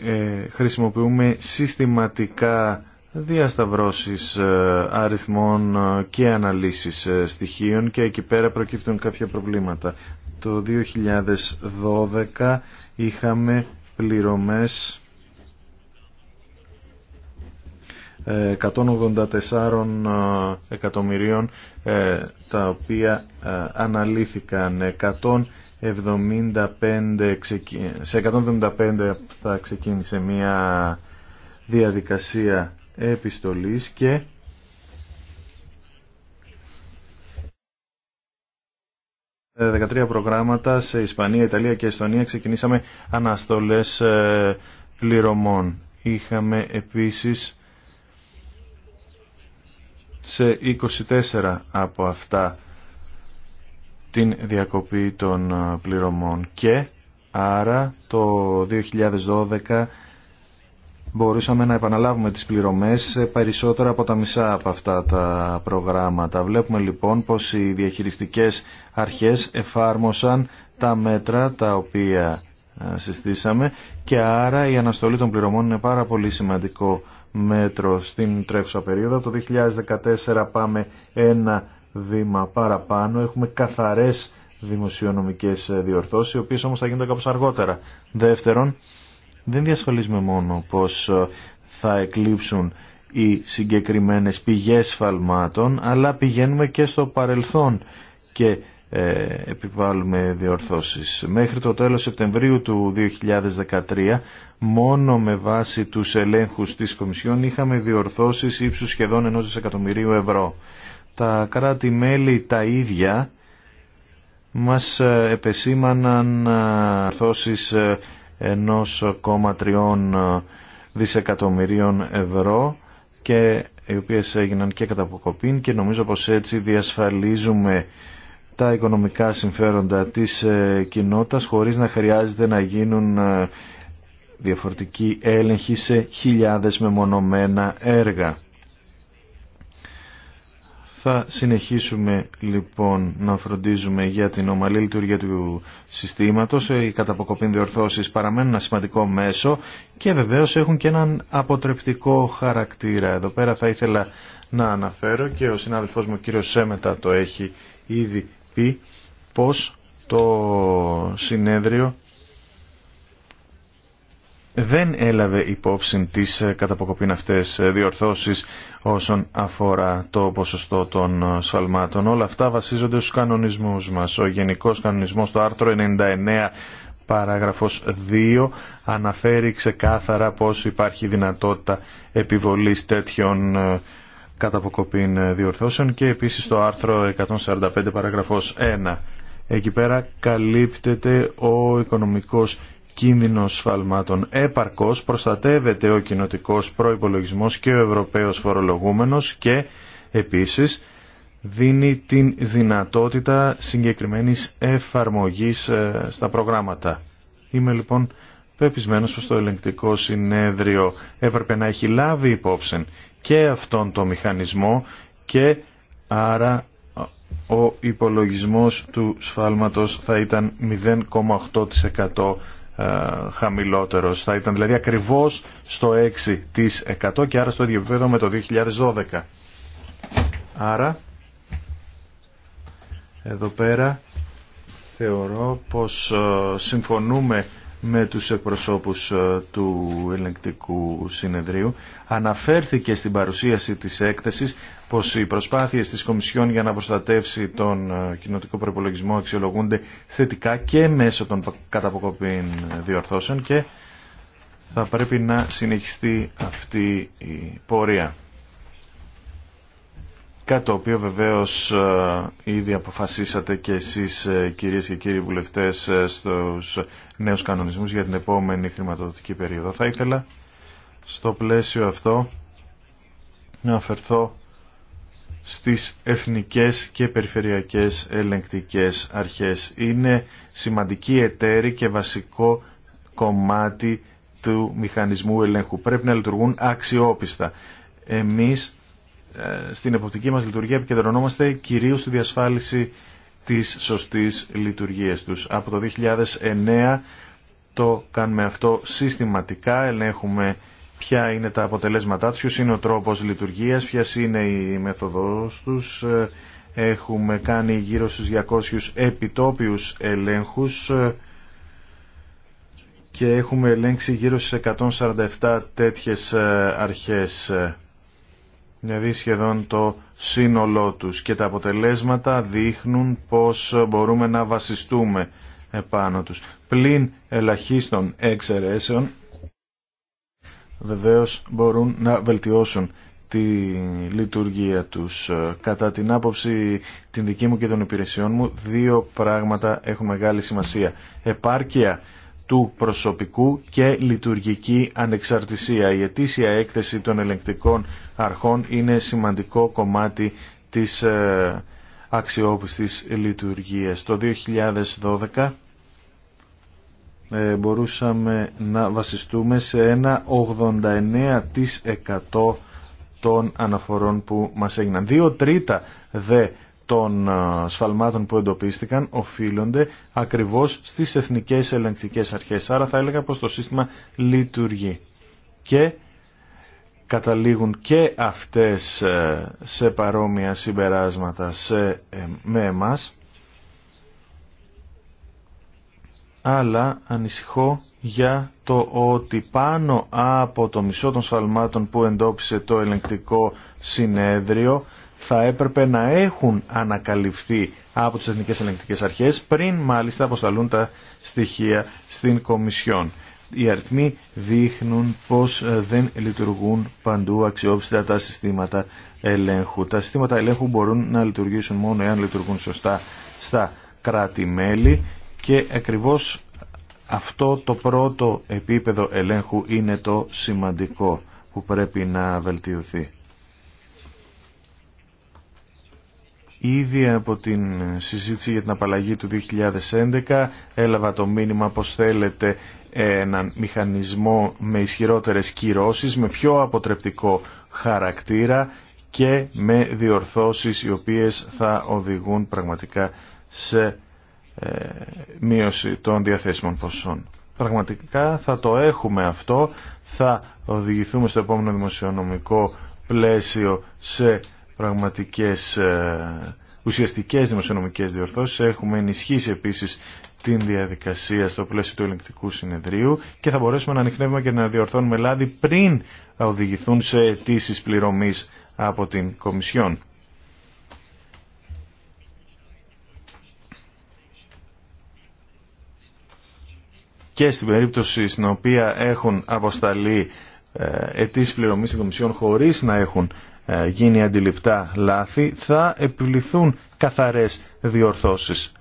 ε, χρησιμοποιούμε συστηματικά διασταυρώσεις ε, αριθμών και αναλύσεις στοιχείων και εκεί πέρα προκύπτουν κάποια προβλήματα. Το 2012 είχαμε πληρωμές 184 εκατομμυρίων ε, τα οποία ε, αναλύθηκαν 175, σε 175 θα ξεκίνησε μια διαδικασία επιστολής και 13 προγράμματα σε Ισπανία, Ιταλία και Εστονία ξεκινήσαμε αναστολές ε, πληρωμών. Είχαμε επίσης σε 24 από αυτά την διακοπή των πληρωμών και άρα το 2012 μπορούσαμε να επαναλάβουμε τις πληρωμές περισσότερα από τα μισά από αυτά τα προγράμματα. Βλέπουμε λοιπόν πως οι διαχειριστικές αρχές εφάρμοσαν τα μέτρα τα οποία συστήσαμε και άρα η αναστολή των πληρωμών είναι πάρα πολύ σημαντικό μέτρο στην τρέχουσα περίοδο. το 2014 πάμε ένα βήμα παραπάνω. Έχουμε καθαρές δημοσιονομικές διορθώσεις, οι οποίες όμως θα γίνονται κάπως αργότερα. Δεύτερον, δεν διασφαλίζουμε μόνο πως θα εκλείψουν οι συγκεκριμένες πηγές φαλμάτων, αλλά πηγαίνουμε και στο παρελθόν και ε, επιβάλλουμε διορθώσεις. Μέχρι το τέλος Σεπτεμβρίου του 2013 μόνο με βάση τους ελέγχους της Κομισιόν είχαμε διορθώσεις ύψους σχεδόν ενός δισεκατομμυρίου ευρώ. Τα κράτη-μέλη τα ίδια μας επεσήμαναν ε, διορθώσεις 1,3 ε, δισεκατομμυρίων ευρώ και οι οποίες έγιναν και κατά αποκοπήν και νομίζω πως έτσι διασφαλίζουμε τα οικονομικά συμφέροντα της ε, κοινότητας χωρίς να χρειάζεται να γίνουν ε, διαφορετική έλεγχοι σε χιλιάδες μεμονωμένα έργα. Θα συνεχίσουμε λοιπόν να φροντίζουμε για την ομαλή λειτουργία του συστήματος. Ε, οι καταποκοπήν διορθώσεις παραμένουν ένα σημαντικό μέσο και βεβαίως έχουν και έναν αποτρεπτικό χαρακτήρα. Εδώ πέρα θα ήθελα να αναφέρω και ο συνάδελφός μου ο κύριος Σέμετα το έχει ήδη πει πως το συνέδριο δεν έλαβε υπόψη τις καταποκοπήν αυτές διορθώσεις όσον αφορά το ποσοστό των σφαλμάτων. Όλα αυτά βασίζονται στους κανονισμούς μας. Ο Γενικός Κανονισμός το άρθρο 99 παράγραφος 2 αναφέρει ξεκάθαρα πως υπάρχει δυνατότητα επιβολής τέτοιων ε, κατά αποκοπήν ε, διορθώσεων και επίσης το άρθρο 145 παραγραφός 1. Εκεί πέρα καλύπτεται ο οικονομικός κίνδυνος σφαλμάτων έπαρκος, προστατεύεται ο κοινοτικός προϋπολογισμός και ο Ευρωπαίος φορολογούμενος και επίσης δίνει την δυνατότητα συγκεκριμένης εφαρμογής ε, στα προγράμματα. Είμαι λοιπόν Πεπισμένο πως το ελεγκτικό συνέδριο έπρεπε να έχει λάβει υπόψη και αυτόν τον μηχανισμό και άρα ο υπολογισμός του σφάλματος θα ήταν 0,8% ε, χαμηλότερος. Θα ήταν δηλαδή ακριβώς στο 6% και άρα στο ίδιο επίπεδο με το 2012. Άρα, εδώ πέρα θεωρώ πως ε, συμφωνούμε με τους εκπροσώπους ε, του ελεγκτικού συνεδρίου. Αναφέρθηκε στην παρουσίαση της έκθεσης πως οι προσπάθειες της Κομισιόν για να προστατεύσει τον ε, κοινοτικό προπολογισμό αξιολογούνται θετικά και μέσω των καταποκοπήν διορθώσεων και θα πρέπει να συνεχιστεί αυτή η πορεία. Κάτι το οποίο βεβαίως ε, ήδη αποφασίσατε και εσείς ε, κυρίες και κύριοι βουλευτές ε, στους νέους κανονισμούς για την επόμενη χρηματοδοτική περίοδο. Θα ήθελα στο πλαίσιο αυτό να αφερθώ στις εθνικές και περιφερειακές ελεγκτικές αρχές. Είναι σημαντική εταίρη και βασικό κομμάτι του μηχανισμού ελέγχου. Πρέπει να λειτουργούν αξιόπιστα. Εμείς ε, στην εποπτική μας λειτουργία επικεντρωνόμαστε κυρίως στη διασφάλιση της σωστής λειτουργίας τους. Από το 2009 το κάνουμε αυτό συστηματικά, ελέγχουμε ποια είναι τα αποτελέσματά τους, ποιος είναι ο τρόπος λειτουργίας, ποια είναι η μεθοδός τους. Ε, έχουμε κάνει γύρω στους 200 επιτόπιους ελέγχους ε, και έχουμε ελέγξει γύρω στις 147 τέτοιες αρχές δηλαδή σχεδόν το σύνολό τους και τα αποτελέσματα δείχνουν πως μπορούμε να βασιστούμε επάνω τους. Πλην ελαχίστων εξαιρέσεων βεβαίως μπορούν να βελτιώσουν τη λειτουργία τους. Κατά την άποψη την δική μου και των υπηρεσιών μου, δύο πράγματα έχουν μεγάλη σημασία. Επάρκεια του προσωπικού και λειτουργική ανεξαρτησία. Η ετήσια έκθεση των ελεγκτικών αρχών είναι σημαντικό κομμάτι της ε, αξιόπιστης λειτουργίας. Το 2012 ε, μπορούσαμε να βασιστούμε σε ένα 89% των αναφορών που μας έγιναν. Δύο τρίτα δε των ε, σφαλμάτων που εντοπίστηκαν οφείλονται ακριβώς στις εθνικές ελεγκτικές αρχές. Άρα θα έλεγα πως το σύστημα λειτουργεί. Και καταλήγουν και αυτές ε, σε παρόμοια συμπεράσματα σε, ε, με εμάς. αλλά ανησυχώ για το ότι πάνω από το μισό των σφαλμάτων που εντόπισε το ελεγκτικό συνέδριο θα έπρεπε να έχουν ανακαλυφθεί από τις Εθνικές Ελεγκτικές Αρχές πριν μάλιστα αποσταλούν τα στοιχεία στην Κομισιόν. Οι αριθμοί δείχνουν πως ε, δεν λειτουργούν παντού αξιόπιστα τα συστήματα ελέγχου. Τα συστήματα ελέγχου μπορούν να λειτουργήσουν μόνο εάν λειτουργούν σωστά στα κράτη-μέλη και ακριβώς αυτό το πρώτο επίπεδο ελέγχου είναι το σημαντικό που πρέπει να βελτιωθεί. Ήδη από την συζήτηση για την απαλλαγή του 2011 έλαβα το μήνυμα πως θέλετε έναν μηχανισμό με ισχυρότερες κυρώσεις, με πιο αποτρεπτικό χαρακτήρα και με διορθώσεις οι οποίες θα οδηγούν πραγματικά σε ε, μείωση των διαθέσιμων ποσών. Πραγματικά θα το έχουμε αυτό, θα οδηγηθούμε στο επόμενο δημοσιονομικό πλαίσιο σε πραγματικές ε, ουσιαστικές δημοσιονομικές διορθώσεις. Έχουμε ενισχύσει επίσης την διαδικασία στο πλαίσιο του ελεγκτικού συνεδρίου και θα μπορέσουμε να ανοιχνεύουμε και να διορθώνουμε λάδι πριν οδηγηθούν σε αιτήσει πληρωμής από την Κομισιόν. Και στην περίπτωση στην οποία έχουν αποσταλεί ε, αιτήσει πληρωμής στην Κομισιόν χωρίς να έχουν ε, γίνει αντιληπτά λάθη θα επιβληθούν καθαρές διορθώσεις.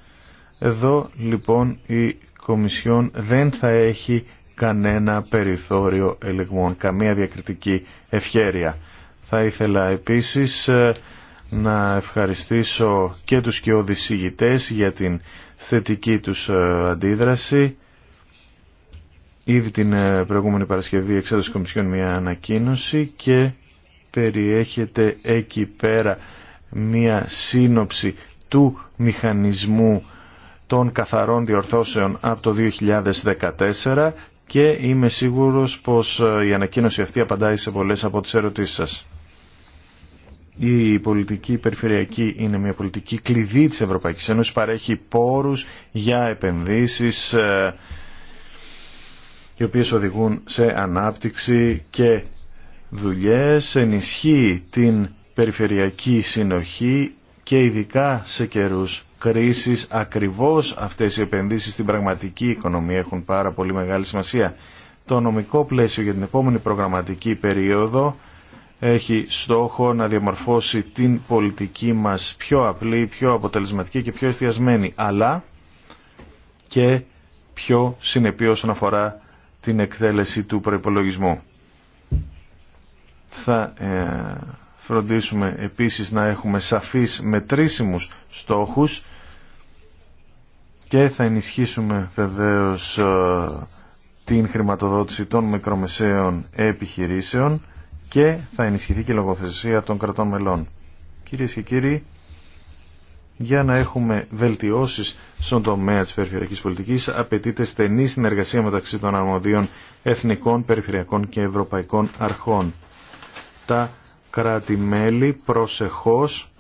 Εδώ λοιπόν η Κομισιόν δεν θα έχει κανένα περιθώριο ελεγμών, καμία διακριτική ευχέρεια. Θα ήθελα επίσης ε, να ευχαριστήσω και τους και οδησηγητές για την θετική τους ε, αντίδραση. Ήδη την προηγούμενη Παρασκευή εξέδωσε Κομισιόν μια ανακοίνωση και περιέχεται εκεί πέρα μία σύνοψη του μηχανισμού των καθαρών διορθώσεων από το 2014 και είμαι σίγουρος πως ε, η ανακοίνωση αυτή απαντάει σε πολλές από τις ερωτήσεις σας. Η πολιτική περιφερειακή είναι μια πολιτική κλειδί της Ευρωπαϊκής Ένωσης, παρέχει πόρους για επενδύσεις ε, οι οποίες οδηγούν σε ανάπτυξη και δουλειές, ενισχύει την περιφερειακή συνοχή και ειδικά σε καιρούς κρίσης ακριβώς αυτές οι επενδύσεις στην πραγματική οικονομία έχουν πάρα πολύ μεγάλη σημασία. Το νομικό πλαίσιο για την επόμενη προγραμματική περίοδο έχει στόχο να διαμορφώσει την πολιτική μας πιο απλή, πιο αποτελεσματική και πιο εστιασμένη, αλλά και πιο συνεπή όσον αφορά την εκτέλεση του προϋπολογισμού. Θα ε, φροντίσουμε επίσης να έχουμε σαφείς μετρήσιμους στόχους και θα ενισχύσουμε βεβαίως ε, την χρηματοδότηση των μικρομεσαίων επιχειρήσεων και θα ενισχυθεί και η λογοθεσία των κρατών μελών. Κύριε και κύριοι, για να έχουμε βελτιώσεις στον τομέα της περιφερειακής πολιτικής απαιτείται στενή συνεργασία μεταξύ των αρμοδίων εθνικών, περιφερειακών και ευρωπαϊκών αρχών τα κράτη-μέλη προσεχώς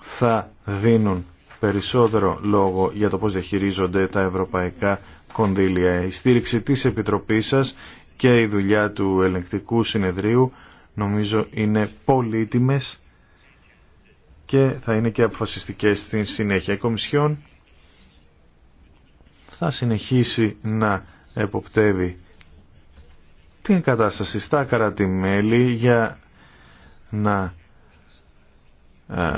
θα δίνουν περισσότερο λόγο για το πώς διαχειρίζονται τα ευρωπαϊκά κονδύλια. Η στήριξη της Επιτροπής σας και η δουλειά του ελεγκτικού συνεδρίου νομίζω είναι πολύτιμες και θα είναι και αποφασιστικές στην συνέχεια. Η Κομισιόν θα συνεχίσει να εποπτεύει την κατάσταση στα κρατη για να ε,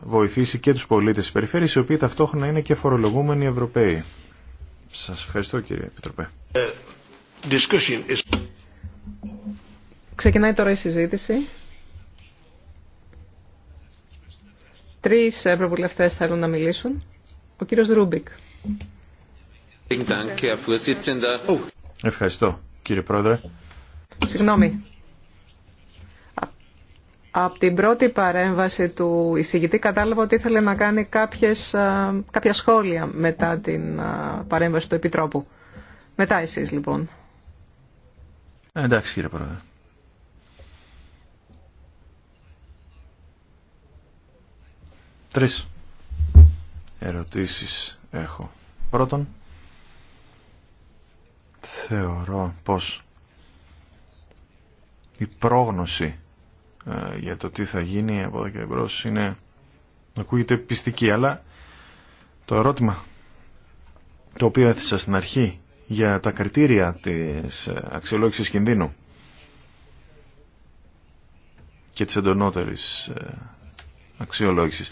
βοηθήσει και τους πολίτες της περιφέρειας οι οποίοι ταυτόχρονα είναι και φορολογούμενοι Ευρωπαίοι. Σας ευχαριστώ κύριε Επιτροπέ. Ξεκινάει τώρα η συζήτηση. Τρεις ευρωβουλευτές θέλουν να μιλήσουν. Ο κύριος Ρούμπικ. Ευχαριστώ κύριε Πρόεδρε. Συγγνώμη. Από την πρώτη παρέμβαση του εισηγητή κατάλαβα ότι ήθελε να κάνει κάποιες, κάποια σχόλια μετά την παρέμβαση του Επιτρόπου. Μετά εσείς λοιπόν. Ε, εντάξει κύριε Πρόεδρε. Τρεις ερωτήσεις έχω. Πρώτον, θεωρώ πως η πρόγνωση ε, για το τι θα γίνει από εδώ και μπρος είναι ακούγεται πιστική αλλά το ερώτημα το οποίο έθεσα στην αρχή για τα κριτήρια της ε, αξιολόγησης κινδύνου και της εντονότερης ε, αξιολόγησης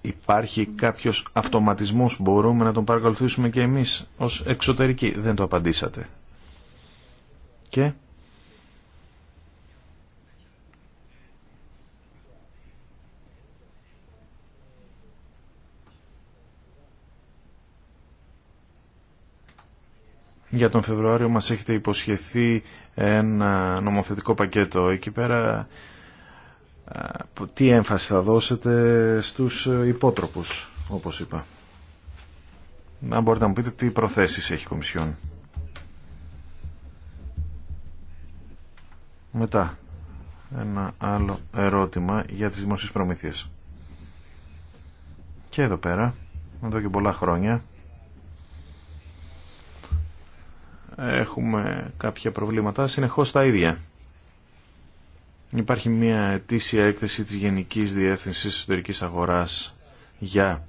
υπάρχει κάποιος αυτοματισμός μπορούμε να τον παρακολουθήσουμε και εμείς ως εξωτερικοί δεν το απαντήσατε και Για τον Φεβρουάριο μας έχετε υποσχεθεί ένα νομοθετικό πακέτο. Εκεί πέρα τι έμφαση θα δώσετε στους υπότροπους, όπως είπα. Να μπορείτε να μου πείτε τι προθέσεις έχει η Κομισιόν. Μετά, ένα άλλο ερώτημα για τις δημόσιες προμήθειες. Και εδώ πέρα, εδώ και πολλά χρόνια, έχουμε κάποια προβλήματα, συνεχώς τα ίδια. Υπάρχει μια ετήσια έκθεση της Γενικής Διεύθυνσης Εσωτερικής Αγοράς για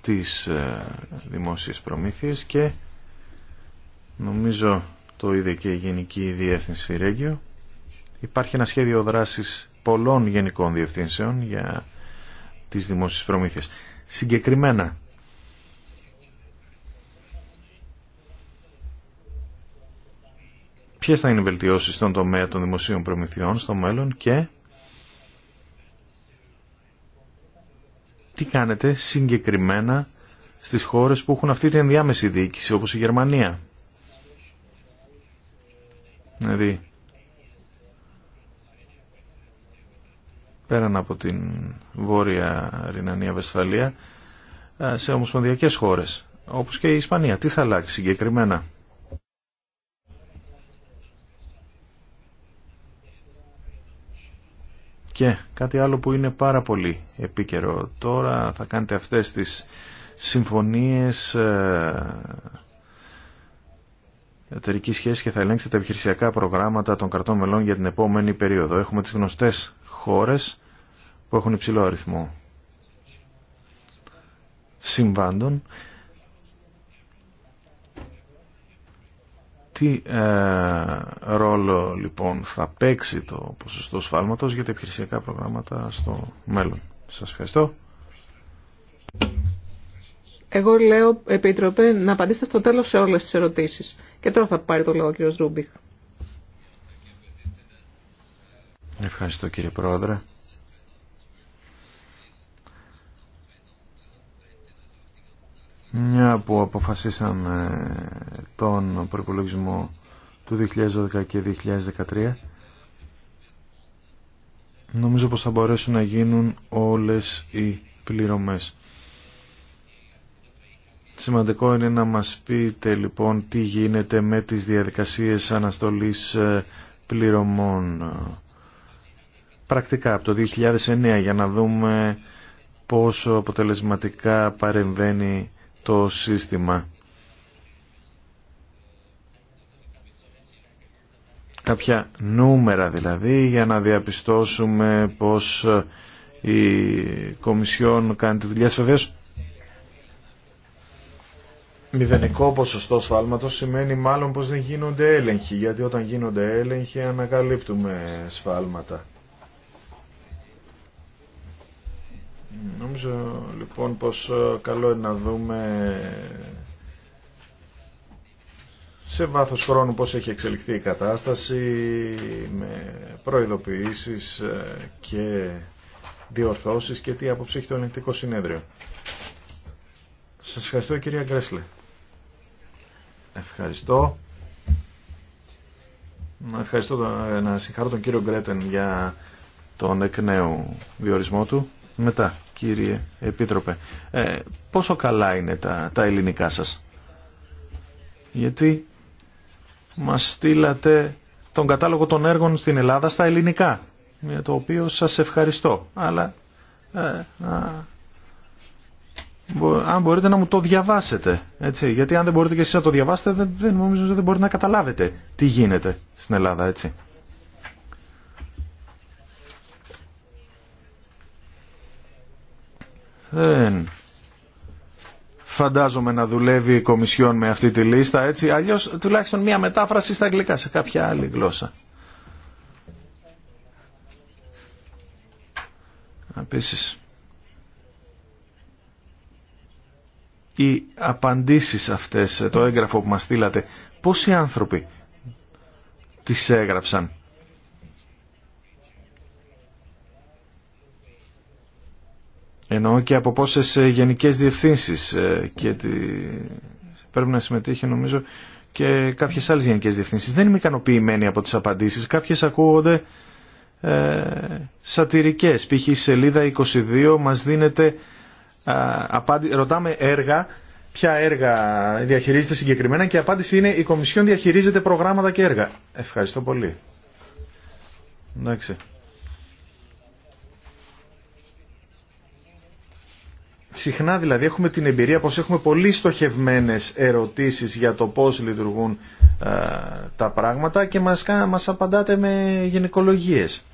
τις ε, δημόσιες προμήθειες και νομίζω το είδε και η Γενική Διεύθυνση Ρέγγιο. Υπάρχει ένα σχέδιο δράσης πολλών γενικών διευθύνσεων για τις δημόσιες προμήθειες. Συγκεκριμένα, ποιε θα είναι οι βελτιώσεις στον τομέα των δημοσίων προμηθειών στο μέλλον και τι κάνετε συγκεκριμένα στις χώρες που έχουν αυτή την ενδιάμεση διοίκηση όπως η Γερμανία. Δηλαδή, πέραν από την Βόρεια Ρινανία Βεσφαλία, σε ομοσπονδιακές χώρες, όπως και η Ισπανία. Τι θα αλλάξει συγκεκριμένα. Και κάτι άλλο που είναι πάρα πολύ επίκαιρο τώρα, θα κάνετε αυτές τις συμφωνίες ε, εταιρική σχέση και θα ελέγξετε τα επιχειρησιακά προγράμματα των κρατών μελών για την επόμενη περίοδο. Έχουμε τις γνωστές χώρες που έχουν υψηλό αριθμό συμβάντων Τι ε, ρόλο λοιπόν θα παίξει το ποσοστό σφάλματος για τα επιχειρησιακά προγράμματα στο μέλλον. Σας ευχαριστώ. Εγώ λέω, Επίτροπε, να απαντήσετε στο τέλος σε όλες τις ερωτήσεις. Και τώρα θα πάρει το λόγο ο κύριος Ρούμπιχ. Ευχαριστώ κύριε Πρόεδρε. Μια που αποφασίσαμε τον προπολογισμό του 2012 και 2013 νομίζω πως θα μπορέσουν να γίνουν όλες οι πληρωμές. Σημαντικό είναι να μας πείτε λοιπόν τι γίνεται με τις διαδικασίες αναστολής ε, πληρωμών. Πρακτικά από το 2009 για να δούμε πόσο αποτελεσματικά παρεμβαίνει το σύστημα. Κάποια νούμερα δηλαδή για να διαπιστώσουμε πως ε, η Κομισιόν κάνει τη δουλειά της βεβαίως. Μηδενικό ποσοστό σφάλματος σημαίνει μάλλον πως δεν γίνονται έλεγχοι, γιατί όταν γίνονται έλεγχοι ανακαλύπτουμε σφάλματα. Νομίζω λοιπόν πως ε, καλό είναι να δούμε σε βάθος χρόνου πώς έχει εξελιχθεί η κατάσταση με προειδοποιήσεις ε, και διορθώσεις και τι άποψη έχει το ελεγκτικό συνέδριο. Σας ευχαριστώ κυρία Γκρέσλε. Ευχαριστώ. Ευχαριστώ ε, να συγχαρώ τον κύριο Γκρέτεν για τον εκ νέου διορισμό του. Μετά, κύριε Επίτροπε, ε, πόσο καλά είναι τα, τα ελληνικά σας. Γιατί μας στείλατε τον κατάλογο των έργων στην Ελλάδα στα ελληνικά, για το οποίο σας ευχαριστώ. Αλλά ε, α, αν μπορείτε να μου το διαβάσετε, έτσι, γιατί αν δεν μπορείτε και εσείς να το διαβάσετε, δεν, δεν νομίζω ότι δεν μπορείτε να καταλάβετε τι γίνεται στην Ελλάδα, έτσι. Δεν φαντάζομαι να δουλεύει η Κομισιόν με αυτή τη λίστα έτσι, αλλιώς τουλάχιστον μία μετάφραση στα αγγλικά σε κάποια άλλη γλώσσα. Επίση. Οι απαντήσεις αυτές, το έγγραφο που μας στείλατε, πόσοι άνθρωποι τις έγραψαν. Εννοώ και από πόσες ε, γενικές διευθύνσεις ε, και τη... πρέπει να συμμετείχε νομίζω και κάποιες άλλες γενικές διευθύνσεις. Δεν είμαι ικανοποιημένη από τις απαντήσεις. Κάποιες ακούγονται ε, σατυρικές. Π.χ. η σελίδα 22 μας δίνεται α, απάντη... ρωτάμε έργα ποια έργα διαχειρίζεται συγκεκριμένα και η απάντηση είναι η Κομισιόν διαχειρίζεται προγράμματα και έργα. Ευχαριστώ πολύ. Εντάξει. Συχνά δηλαδή έχουμε την εμπειρία πως έχουμε πολύ στοχευμένες ερωτήσεις για το πώς λειτουργούν ε, τα πράγματα και μας, μας απαντάτε με γενικολογίες.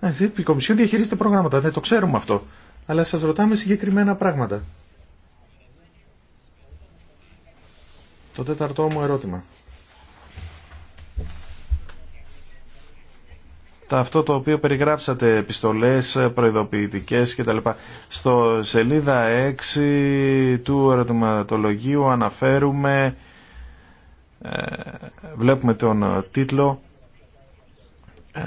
Ε, η Κομισιόν διαχειρίζεται προγράμματα, Δεν ναι, το ξέρουμε αυτό, αλλά σας ρωτάμε συγκεκριμένα πράγματα. Το τέταρτο μου ερώτημα. τα, αυτό το οποίο περιγράψατε, επιστολές, προειδοποιητικές κτλ. Στο σελίδα 6 του ερωτηματολογίου αναφέρουμε, ε, βλέπουμε τον τίτλο ε,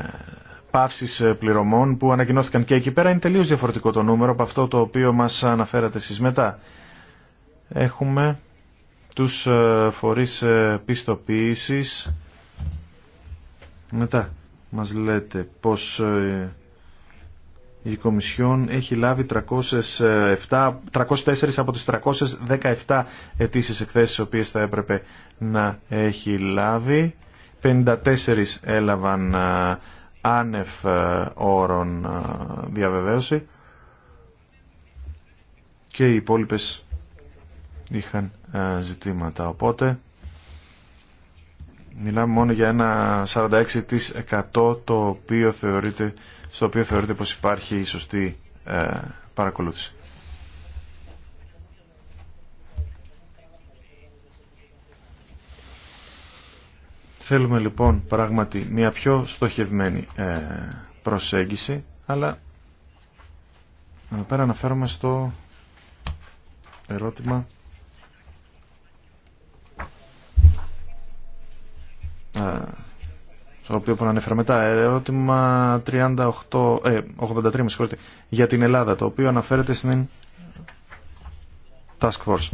Παύσεις πληρωμών που ανακοινώθηκαν και εκεί πέρα είναι τελείως διαφορετικό το νούμερο από αυτό το οποίο μας αναφέρατε εσείς μετά. Έχουμε τους ε, φορείς ε, πιστοποίησης μετά μας λέτε πως ε, η Κομισιόν έχει λάβει 307, 304 από τις 317 αιτήσει εκθέσεις οποίες θα έπρεπε να έχει λάβει. 54 έλαβαν ε, άνευ ε, όρων διαβεβαίωση και οι υπόλοιπες είχαν ζητήματα. Οπότε Μιλάμε μόνο για ένα 46% το οποίο θεωρείται, στο οποίο θεωρείται πως υπάρχει η σωστή ε, παρακολούθηση. Θέλουμε λοιπόν πράγματι μια πιο στοχευμένη ε, προσέγγιση, αλλά εδώ πέρα αναφέρομαι στο ερώτημα Ε, στο οποίο που ανέφερα μετά, ε, ερώτημα 38, ε, 83, για την Ελλάδα, το οποίο αναφέρεται στην Task Force.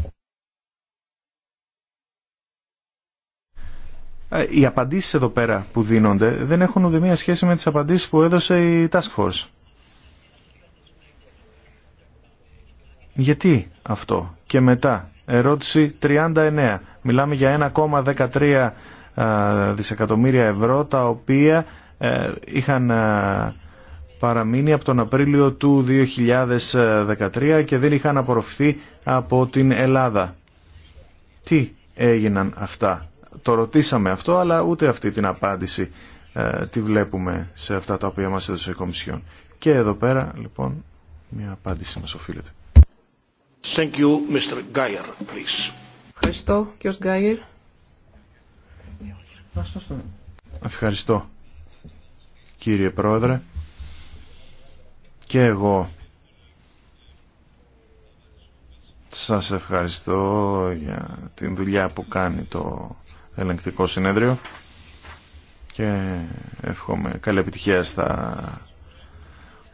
Ε, οι απαντήσεις εδώ πέρα που δίνονται δεν έχουν ούτε μία σχέση με τις απαντήσεις που έδωσε η Task Force. Γιατί αυτό. Και μετά, ερώτηση 39. Μιλάμε για 1,13 ε, δισεκατομμύρια ευρώ τα οποία ε, είχαν ε, παραμείνει από τον Απρίλιο του 2013 και δεν είχαν απορροφηθεί από την Ελλάδα. Τι έγιναν αυτά. Το ρωτήσαμε αυτό αλλά ούτε αυτή την απάντηση τη βλέπουμε σε αυτά τα οποία μας έδωσε η Κομισιόν. Και εδώ πέρα λοιπόν μια απάντηση μας οφείλεται. Thank you, Mr. Ευχαριστώ, Γκάιερ. Ευχαριστώ κύριε Πρόεδρε και εγώ σας ευχαριστώ για την δουλειά που κάνει το ελεγκτικό συνέδριο και εύχομαι καλή επιτυχία στα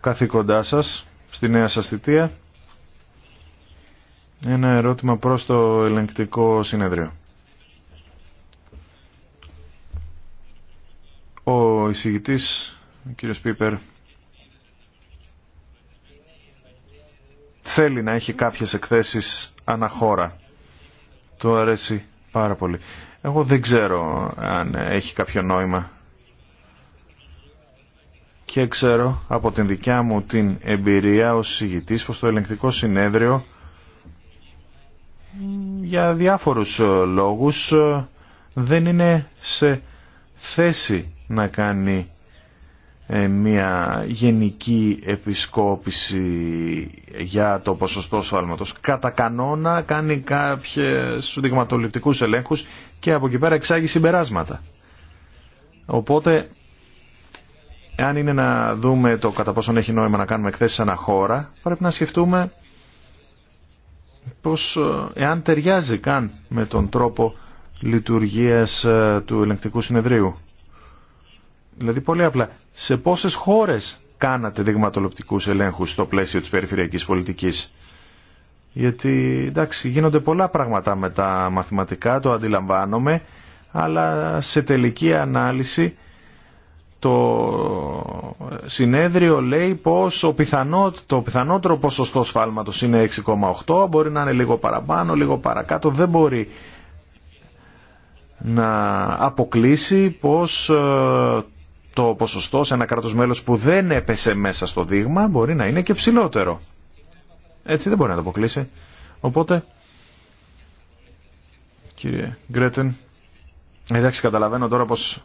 καθήκοντά σας στη νέα σας θητεία ένα ερώτημα προς το ελεγκτικό συνέδριο ο εισηγητής, ο κύριος Πίπερ, θέλει να έχει κάποιες εκθέσεις αναχώρα. Το αρέσει πάρα πολύ. Εγώ δεν ξέρω αν έχει κάποιο νόημα. Και ξέρω από την δικιά μου την εμπειρία ως συγητής πως το ελεγκτικό συνέδριο για διάφορους ε, λόγους ε, δεν είναι σε θέση να κάνει ε, μια γενική επισκόπηση για το ποσοστό σφάλματος. Κατά κανόνα κάνει κάποιες δειγματοληπτικούς ελέγχους και από εκεί πέρα εξάγει συμπεράσματα. Οπότε, αν είναι να δούμε το κατά πόσον έχει νόημα να κάνουμε εκθέσεις ένα χώρα, πρέπει να σκεφτούμε πως ε, εάν ταιριάζει καν με τον τρόπο λειτουργίας ε, του ελεγκτικού συνεδρίου. Δηλαδή πολύ απλά, σε πόσες χώρες κάνατε δειγματολοπτικούς ελέγχους στο πλαίσιο της περιφερειακής πολιτικής. Γιατί εντάξει γίνονται πολλά πράγματα με τα μαθηματικά, το αντιλαμβάνομαι, αλλά σε τελική ανάλυση το συνέδριο λέει πως ο πιθανό, το πιθανότερο ποσοστό σφάλματος είναι 6,8, μπορεί να είναι λίγο παραπάνω, λίγο παρακάτω, δεν μπορεί να αποκλείσει πως ε, το ποσοστό σε ένα κράτος μέλος που δεν έπεσε μέσα στο δείγμα μπορεί να είναι και ψηλότερο. Έτσι δεν μπορεί να το αποκλείσει. Οπότε, κύριε Γκρέτεν, εντάξει καταλαβαίνω τώρα πως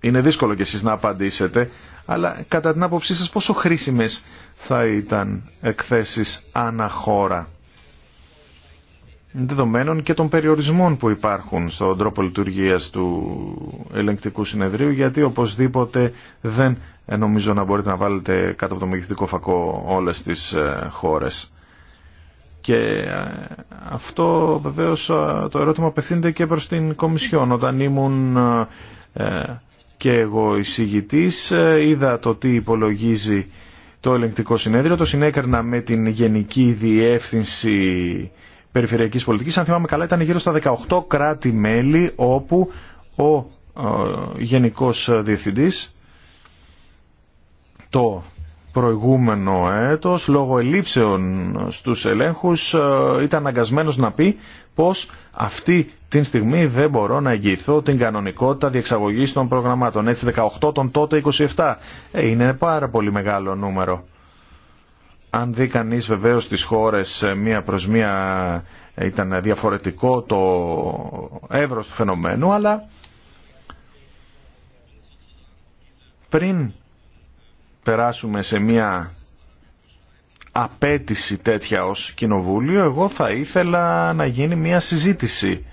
είναι δύσκολο κι εσείς να απαντήσετε, αλλά κατά την άποψή σας πόσο χρήσιμες θα ήταν εκθέσεις αναχώρα δεδομένων και των περιορισμών που υπάρχουν στον τρόπο λειτουργίας του ελεγκτικού συνεδρίου γιατί οπωσδήποτε δεν νομίζω να μπορείτε να βάλετε κάτω από το μεγεθυντικό φακό όλες τις ε, χώρες. Και ε, αυτό βεβαίως ε, το ερώτημα απευθύνεται και προς την Κομισιόν. Όταν ήμουν και εγώ εισηγητής είδα το τι υπολογίζει το ελεγκτικό συνέδριο, το συνέκρινα με την Γενική Διεύθυνση περιφερειακής πολιτικής. Αν θυμάμαι καλά ήταν γύρω στα 18 κράτη-μέλη όπου ο ε, Γενικός Διευθυντής το προηγούμενο έτος λόγω ελήψεων στους ελέγχους ε, ήταν αναγκασμένος να πει πως αυτή τη στιγμή δεν μπορώ να εγγυηθώ την κανονικότητα διεξαγωγής των προγραμμάτων. Έτσι 18 των τότε 27 ε, είναι πάρα πολύ μεγάλο νούμερο. Αν δει κανείς βεβαίως τις χώρες ε, μία προς μία ε, ήταν διαφορετικό το εύρος του φαινομένου, αλλά πριν περάσουμε σε μία απέτηση τέτοια ως κοινοβούλιο, εγώ θα ήθελα να γίνει μία συζήτηση.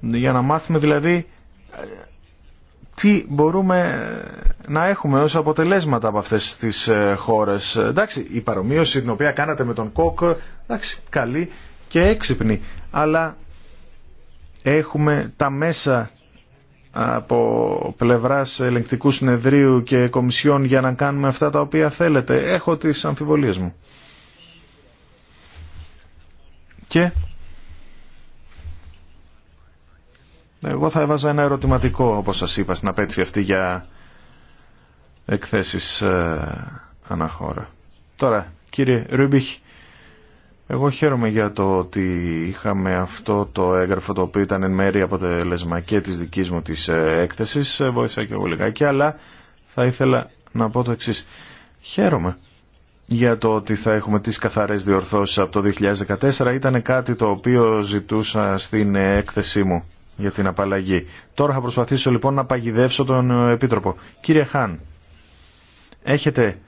Για να μάθουμε δηλαδή ε, τι μπορούμε να έχουμε ως αποτελέσματα από αυτές τις ε, χώρες. Εντάξει, η παρομοίωση την οποία κάνατε με τον ΚΟΚ, εντάξει, καλή και έξυπνη, αλλά έχουμε τα μέσα από πλευράς ελεγκτικού συνεδρίου και κομισιών για να κάνουμε αυτά τα οποία θέλετε. Έχω τις αμφιβολίες μου. Και Εγώ θα έβαζα ένα ερωτηματικό, όπως σας είπα, στην απέτηση αυτή για εκθέσεις ε, αναχώρα. Τώρα, κύριε Ρούμπιχ, εγώ χαίρομαι για το ότι είχαμε αυτό το έγγραφο το οποίο ήταν εν μέρει αποτελεσμα και της δικής μου της ε, έκθεσης. Ε, βοήθησα και εγώ λιγάκι, αλλά θα ήθελα να πω το εξής. Χαίρομαι για το ότι θα έχουμε τις καθαρές διορθώσεις από το 2014. Ήταν κάτι το οποίο ζητούσα στην έκθεσή μου για την απαλλαγή. Τώρα θα προσπαθήσω λοιπόν να παγιδεύσω τον ε, Επίτροπο. Κύριε Χάν, έχετε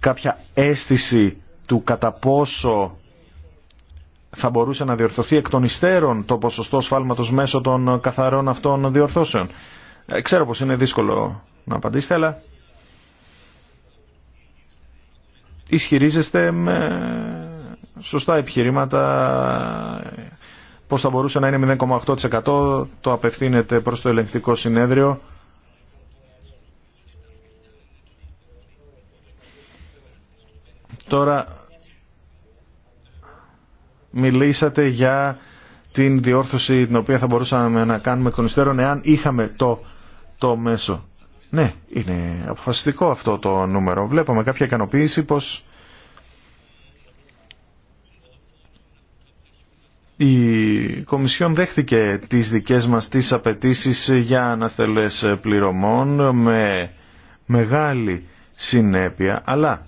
κάποια αίσθηση του κατά πόσο θα μπορούσε να διορθωθεί εκ των υστέρων το ποσοστό σφάλματος μέσω των καθαρών αυτών διορθώσεων. Ε, ξέρω πως είναι δύσκολο να απαντήσετε, αλλά ισχυρίζεστε με σωστά επιχειρήματα πώς θα μπορούσε να είναι 0,8% το απευθύνεται προς το ελεγκτικό συνέδριο. Τώρα μιλήσατε για την διόρθωση την οποία θα μπορούσαμε να κάνουμε εκ των υστέρων εάν είχαμε το, το μέσο. Ναι, είναι αποφασιστικό αυτό το νούμερο. Βλέπαμε κάποια ικανοποίηση πως η Κομισιόν δέχτηκε τις δικές μας τις απαιτήσεις για αναστελές πληρωμών με μεγάλη συνέπεια, αλλά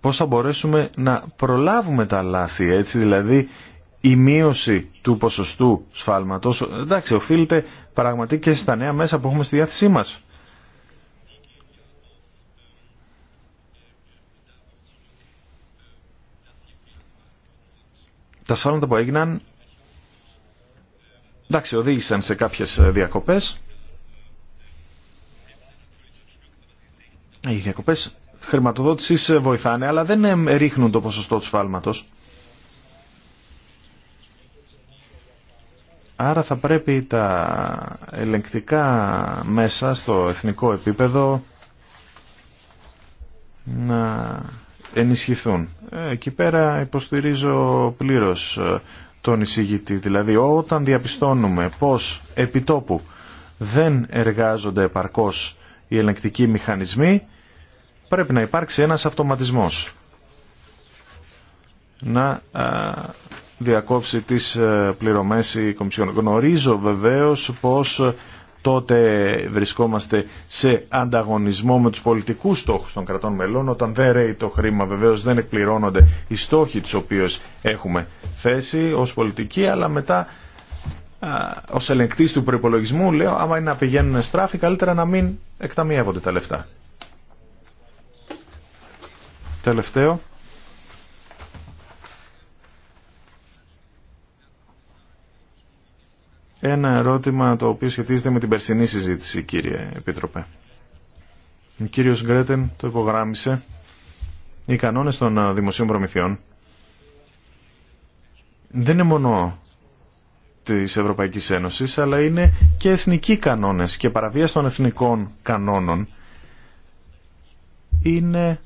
πώς θα μπορέσουμε να προλάβουμε τα λάθη έτσι, δηλαδή η μείωση του ποσοστού σφάλματος, εντάξει, οφείλεται πραγματικά και στα νέα μέσα που έχουμε στη διάθεσή μας. Τα σφάλματα που έγιναν εντάξει οδήγησαν σε κάποιες ε, διακοπές Οι διακοπές χρηματοδότησης ε, βοηθάνε αλλά δεν ε, ρίχνουν το ποσοστό του σφάλματος Άρα θα πρέπει τα ελεγκτικά μέσα στο εθνικό επίπεδο να ενισχυθούν. Ε, εκεί πέρα υποστηρίζω πλήρως ε, τον εισηγητή. Δηλαδή όταν διαπιστώνουμε πως επιτόπου δεν εργάζονται επαρκώς οι ελεγκτικοί μηχανισμοί, πρέπει να υπάρξει ένας αυτοματισμός. Να ε, διακόψει τις πληρωμές η Κομισιόν. Γνωρίζω βεβαίως πως τότε βρισκόμαστε σε ανταγωνισμό με τους πολιτικούς στόχους των κρατών μελών όταν δεν ρέει το χρήμα βεβαίως δεν εκπληρώνονται οι στόχοι τους οποίους έχουμε θέσει ως πολιτική, αλλά μετά Ω ελεγκτής του προπολογισμού λέω άμα είναι να πηγαίνουν στράφη καλύτερα να μην εκταμιεύονται τα λεφτά. Τελευταίο. ένα ερώτημα το οποίο σχετίζεται με την περσινή συζήτηση, κύριε Επίτροπε. Ο κύριος Γκρέτεν το υπογράμμισε. Οι κανόνες των ε, δημοσίων προμηθειών δεν είναι μόνο της Ευρωπαϊκής Ένωσης, αλλά είναι και εθνικοί κανόνες και παραβίαση των εθνικών κανόνων είναι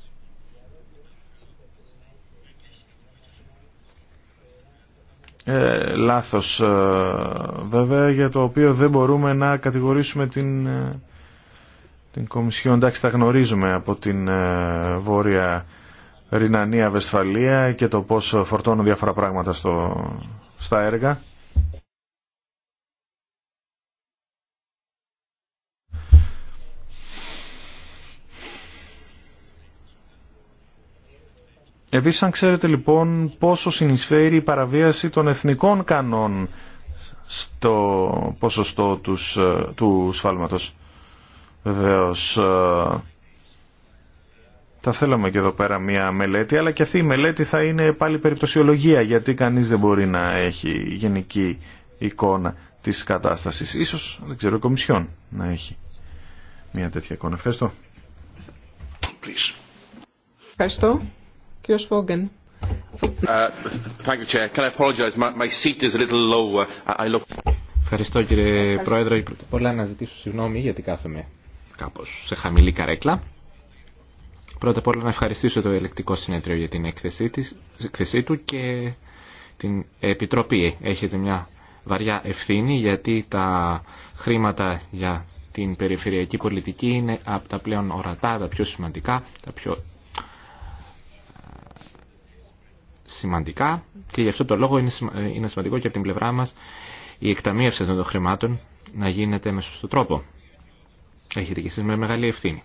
ε, λάθος ε, βέβαια για το οποίο δεν μπορούμε να κατηγορήσουμε την, ε, την Κομισιόν. Εντάξει τα γνωρίζουμε από την ε, Βόρεια Ρινανία Βεσφαλία και το πώς φορτώνουν διάφορα πράγματα στο, στα έργα. Επίσης αν ξέρετε λοιπόν πόσο συνεισφέρει η παραβίαση των εθνικών κανόν στο ποσοστό τους, ε, του σφάλματος. Βεβαίως ε, θα θέλαμε και εδώ πέρα μια μελέτη, αλλά και αυτή η μελέτη θα είναι πάλι περιπτωσιολογία, γιατί κανείς δεν μπορεί να έχει γενική εικόνα της κατάστασης. Ίσως, δεν ξέρω, η Κομισιόν να έχει μια τέτοια εικόνα. Ευχαριστώ. Ευχαριστώ. Κύριος Σφόγγεν. Uh, Ευχαριστώ κύριε Πρόεδρε. Πρώτα απ' όλα να ζητήσω συγγνώμη γιατί κάθομαι κάπως σε χαμηλή καρέκλα. Πρώτα απ' όλα να ευχαριστήσω το ελεκτικό συνέδριο για την έκθεσή, της, έκθεσή του και την Επιτροπή. Έχετε μια βαριά ευθύνη γιατί τα χρήματα για την περιφερειακή πολιτική είναι από τα πλέον ορατά, τα πιο σημαντικά, τα πιο σημαντικά και γι' αυτό το λόγο ε, είναι σημαντικό και από την πλευρά μας η εκταμείευση των χρημάτων να γίνεται με σωστό τρόπο. Έχετε και εσείς με μεγάλη ευθύνη.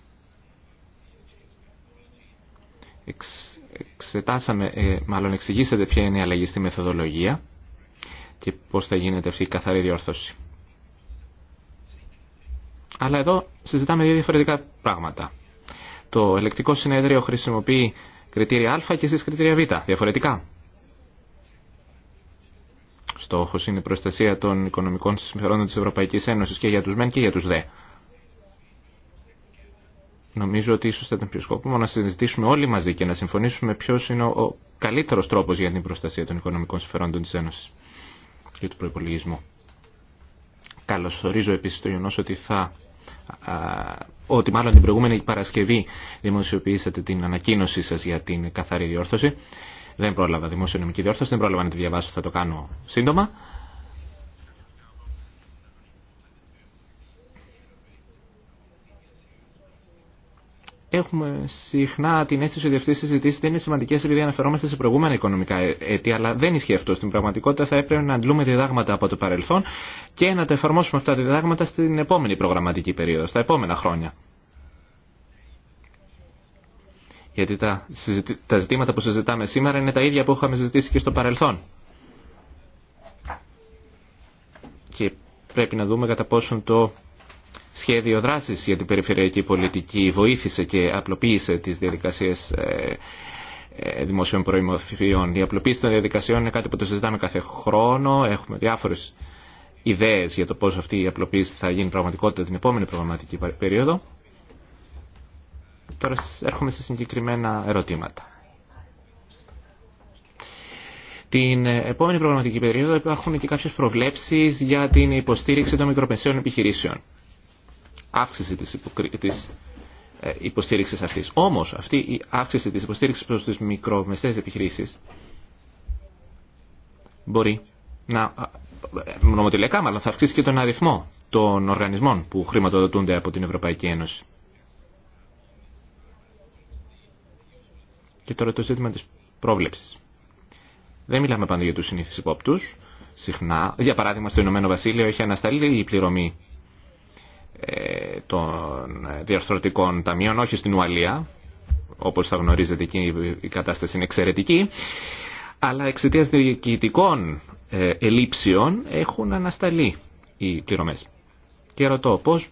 εξετάσαμε, ε, μάλλον εξηγήσατε ποια είναι η αλλαγή στη μεθοδολογία και πώς θα γίνεται αυτή η καθαρή διόρθωση. Αλλά εδώ συζητάμε δύο διαφορετικά πράγματα. Το ελεκτικό συνέδριο χρησιμοποιεί κριτήρια Α και στις κριτήρια Β, διαφορετικά. Στόχος είναι η προστασία των οικονομικών συμφερόντων της Ευρωπαϊκής Ένωσης και για τους μεν και για τους δε. Νομίζω ότι ίσως θα ήταν πιο σκόπιμο να συζητήσουμε όλοι μαζί και να συμφωνήσουμε ποιος είναι ο καλύτερος τρόπος για την προστασία των οικονομικών συμφερόντων της Ένωσης και του προπολογισμού. ορίζω επίσης το γεγονό ότι θα ότι μάλλον την προηγούμενη Παρασκευή δημοσιοποιήσατε την ανακοίνωσή σας για την καθαρή διόρθωση. Δεν πρόλαβα δημοσιονομική διόρθωση, δεν πρόλαβα να τη διαβάσω, θα το κάνω σύντομα. έχουμε συχνά την αίσθηση ότι αυτέ οι συζητήσει δεν είναι σημαντικέ επειδή αναφερόμαστε σε προηγούμενα οικονομικά αίτια, αλλά δεν ισχύει αυτό. Στην πραγματικότητα θα έπρεπε να αντλούμε διδάγματα από το παρελθόν και να τα εφαρμόσουμε αυτά τα διδάγματα στην επόμενη προγραμματική περίοδο, στα επόμενα χρόνια. Γιατί τα, τα ζητήματα που συζητάμε σήμερα είναι τα ίδια που είχαμε συζητήσει και στο παρελθόν. Και πρέπει να δούμε κατά πόσον το σχέδιο δράσης για την περιφερειακή πολιτική βοήθησε και απλοποίησε τις διαδικασίες ε, ε, δημοσίων προημοφιών. Η απλοποίηση των διαδικασιών είναι κάτι που το συζητάμε κάθε χρόνο. Έχουμε διάφορες ιδέες για το πώς αυτή η απλοποίηση θα γίνει πραγματικότητα την επόμενη προγραμματική περίοδο. Τώρα έρχομαι σε συγκεκριμένα ερωτήματα. Την ε, επόμενη προγραμματική περίοδο υπάρχουν και κάποιες προβλέψεις για την υποστήριξη των μικροπενσίων επιχειρήσεων αύξηση της, υποκρι... της ε, υποστήριξης αυτής. Όμως αυτή η αύξηση της υποστήριξης προς τις μικρομεσαίες επιχειρήσεις μπορεί να ε, ε, νομοτελειακά μάλλον θα αυξήσει και τον αριθμό των οργανισμών που χρηματοδοτούνται από την Ευρωπαϊκή Ένωση. Και τώρα το ζήτημα της πρόβλεψης. Δεν μιλάμε πάντα για τους συνήθεις υπόπτους. Συχνά, για παράδειγμα στο Ηνωμένο Βασίλειο έχει ανασταλεί η πληρωμή ε, των διαρθρωτικών ταμείων, όχι στην Ουαλία, όπως θα γνωρίζετε εκεί η κατάσταση είναι εξαιρετική, αλλά εξαιτία διοικητικών ε, ελήψεων έχουν ανασταλεί οι πληρωμές. Και ρωτώ πώς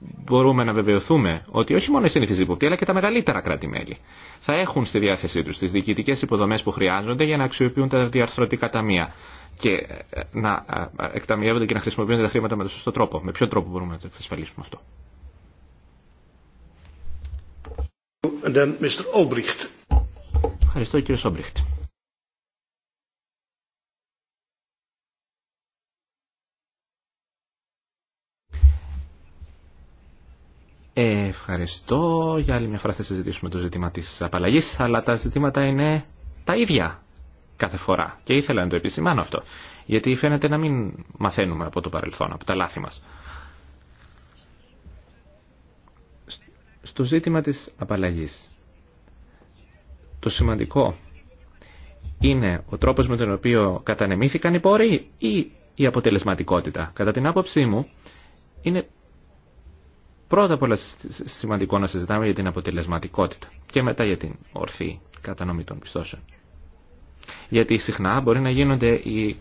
μπορούμε να βεβαιωθούμε ότι όχι μόνο οι συνήθει αλλά και τα μεγαλύτερα κράτη-μέλη θα έχουν στη διάθεσή του τι διοικητικέ υποδομέ που χρειάζονται για να αξιοποιούν τα διαρθρωτικά ταμεία και ε, να ε, ε, εκταμιεύονται και να χρησιμοποιούν τα χρήματα με τον σωστό τρόπο. Με ποιο τρόπο μπορούμε να το εξασφαλίσουμε αυτό. Ευχαριστώ κύριε Σόμπριχτ. Ευχαριστώ. Για άλλη μια φορά θα συζητήσουμε το ζήτημα τη απαλλαγή, αλλά τα ζητήματα είναι τα ίδια κάθε φορά. Και ήθελα να το επισημάνω αυτό, γιατί φαίνεται να μην μαθαίνουμε από το παρελθόν, από τα λάθη μας. Στο ζήτημα της απαλλαγής, το σημαντικό είναι ο τρόπος με τον οποίο κατανεμήθηκαν οι πόροι ή η αποτελεσματικότητα. Κατά την άποψή μου, είναι Πρώτα απ' όλα σημαντικό να συζητάμε για την αποτελεσματικότητα και μετά για την ορθή κατανομή των πιστώσεων. Γιατί συχνά μπορεί να γίνονται οι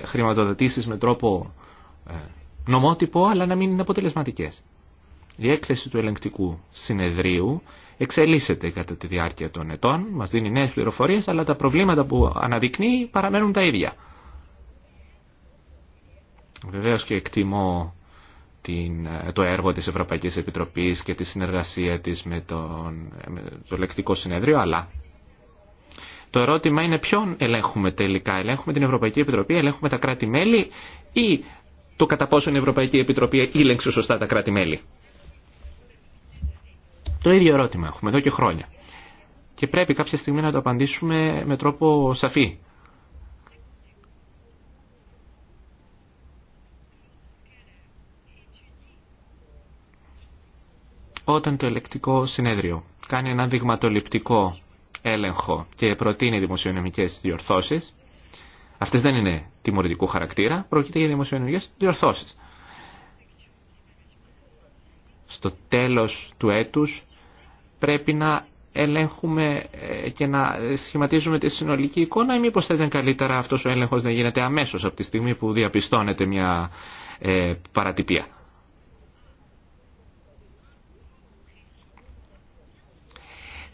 ε, χρηματοδοτήσεις με τρόπο ε, νομότυπο αλλά να μην είναι αποτελεσματικές. Η έκθεση του ελεγκτικού συνεδρίου εξελίσσεται κατά τη διάρκεια των ετών, μας δίνει νέες πληροφορίες, αλλά τα προβλήματα που αναδεικνύει παραμένουν τα ίδια. Βεβαίως και εκτιμώ την, ε, το έργο της Ευρωπαϊκής Επιτροπής και τη συνεργασία της με, τον, με το λεκτικό συνέδριο, αλλά το ερώτημα είναι ποιον ελέγχουμε τελικά. Ελέγχουμε την Ευρωπαϊκή Επιτροπή, ελέγχουμε τα κράτη-μέλη ή το κατά πόσο η Ευρωπαϊκή Επιτροπή ήλεγξε σωστά τα κράτη-μέλη. Το ίδιο ερώτημα έχουμε εδώ και χρόνια. Και πρέπει κάποια στιγμή να το απαντήσουμε με τρόπο σαφή. Όταν το ελεκτικό συνέδριο κάνει ένα δειγματοληπτικό έλεγχο και προτείνει δημοσιονομικές διορθώσεις, αυτές δεν είναι τιμωρητικού χαρακτήρα, πρόκειται για δημοσιονομικές διορθώσεις. Στο τέλος του έτους πρέπει να ελέγχουμε ε, και να σχηματίζουμε τη συνολική εικόνα ή μήπως θα ήταν καλύτερα αυτός ο έλεγχος να γίνεται αμέσως από τη στιγμή που διαπιστώνεται μια ε, παρατυπία.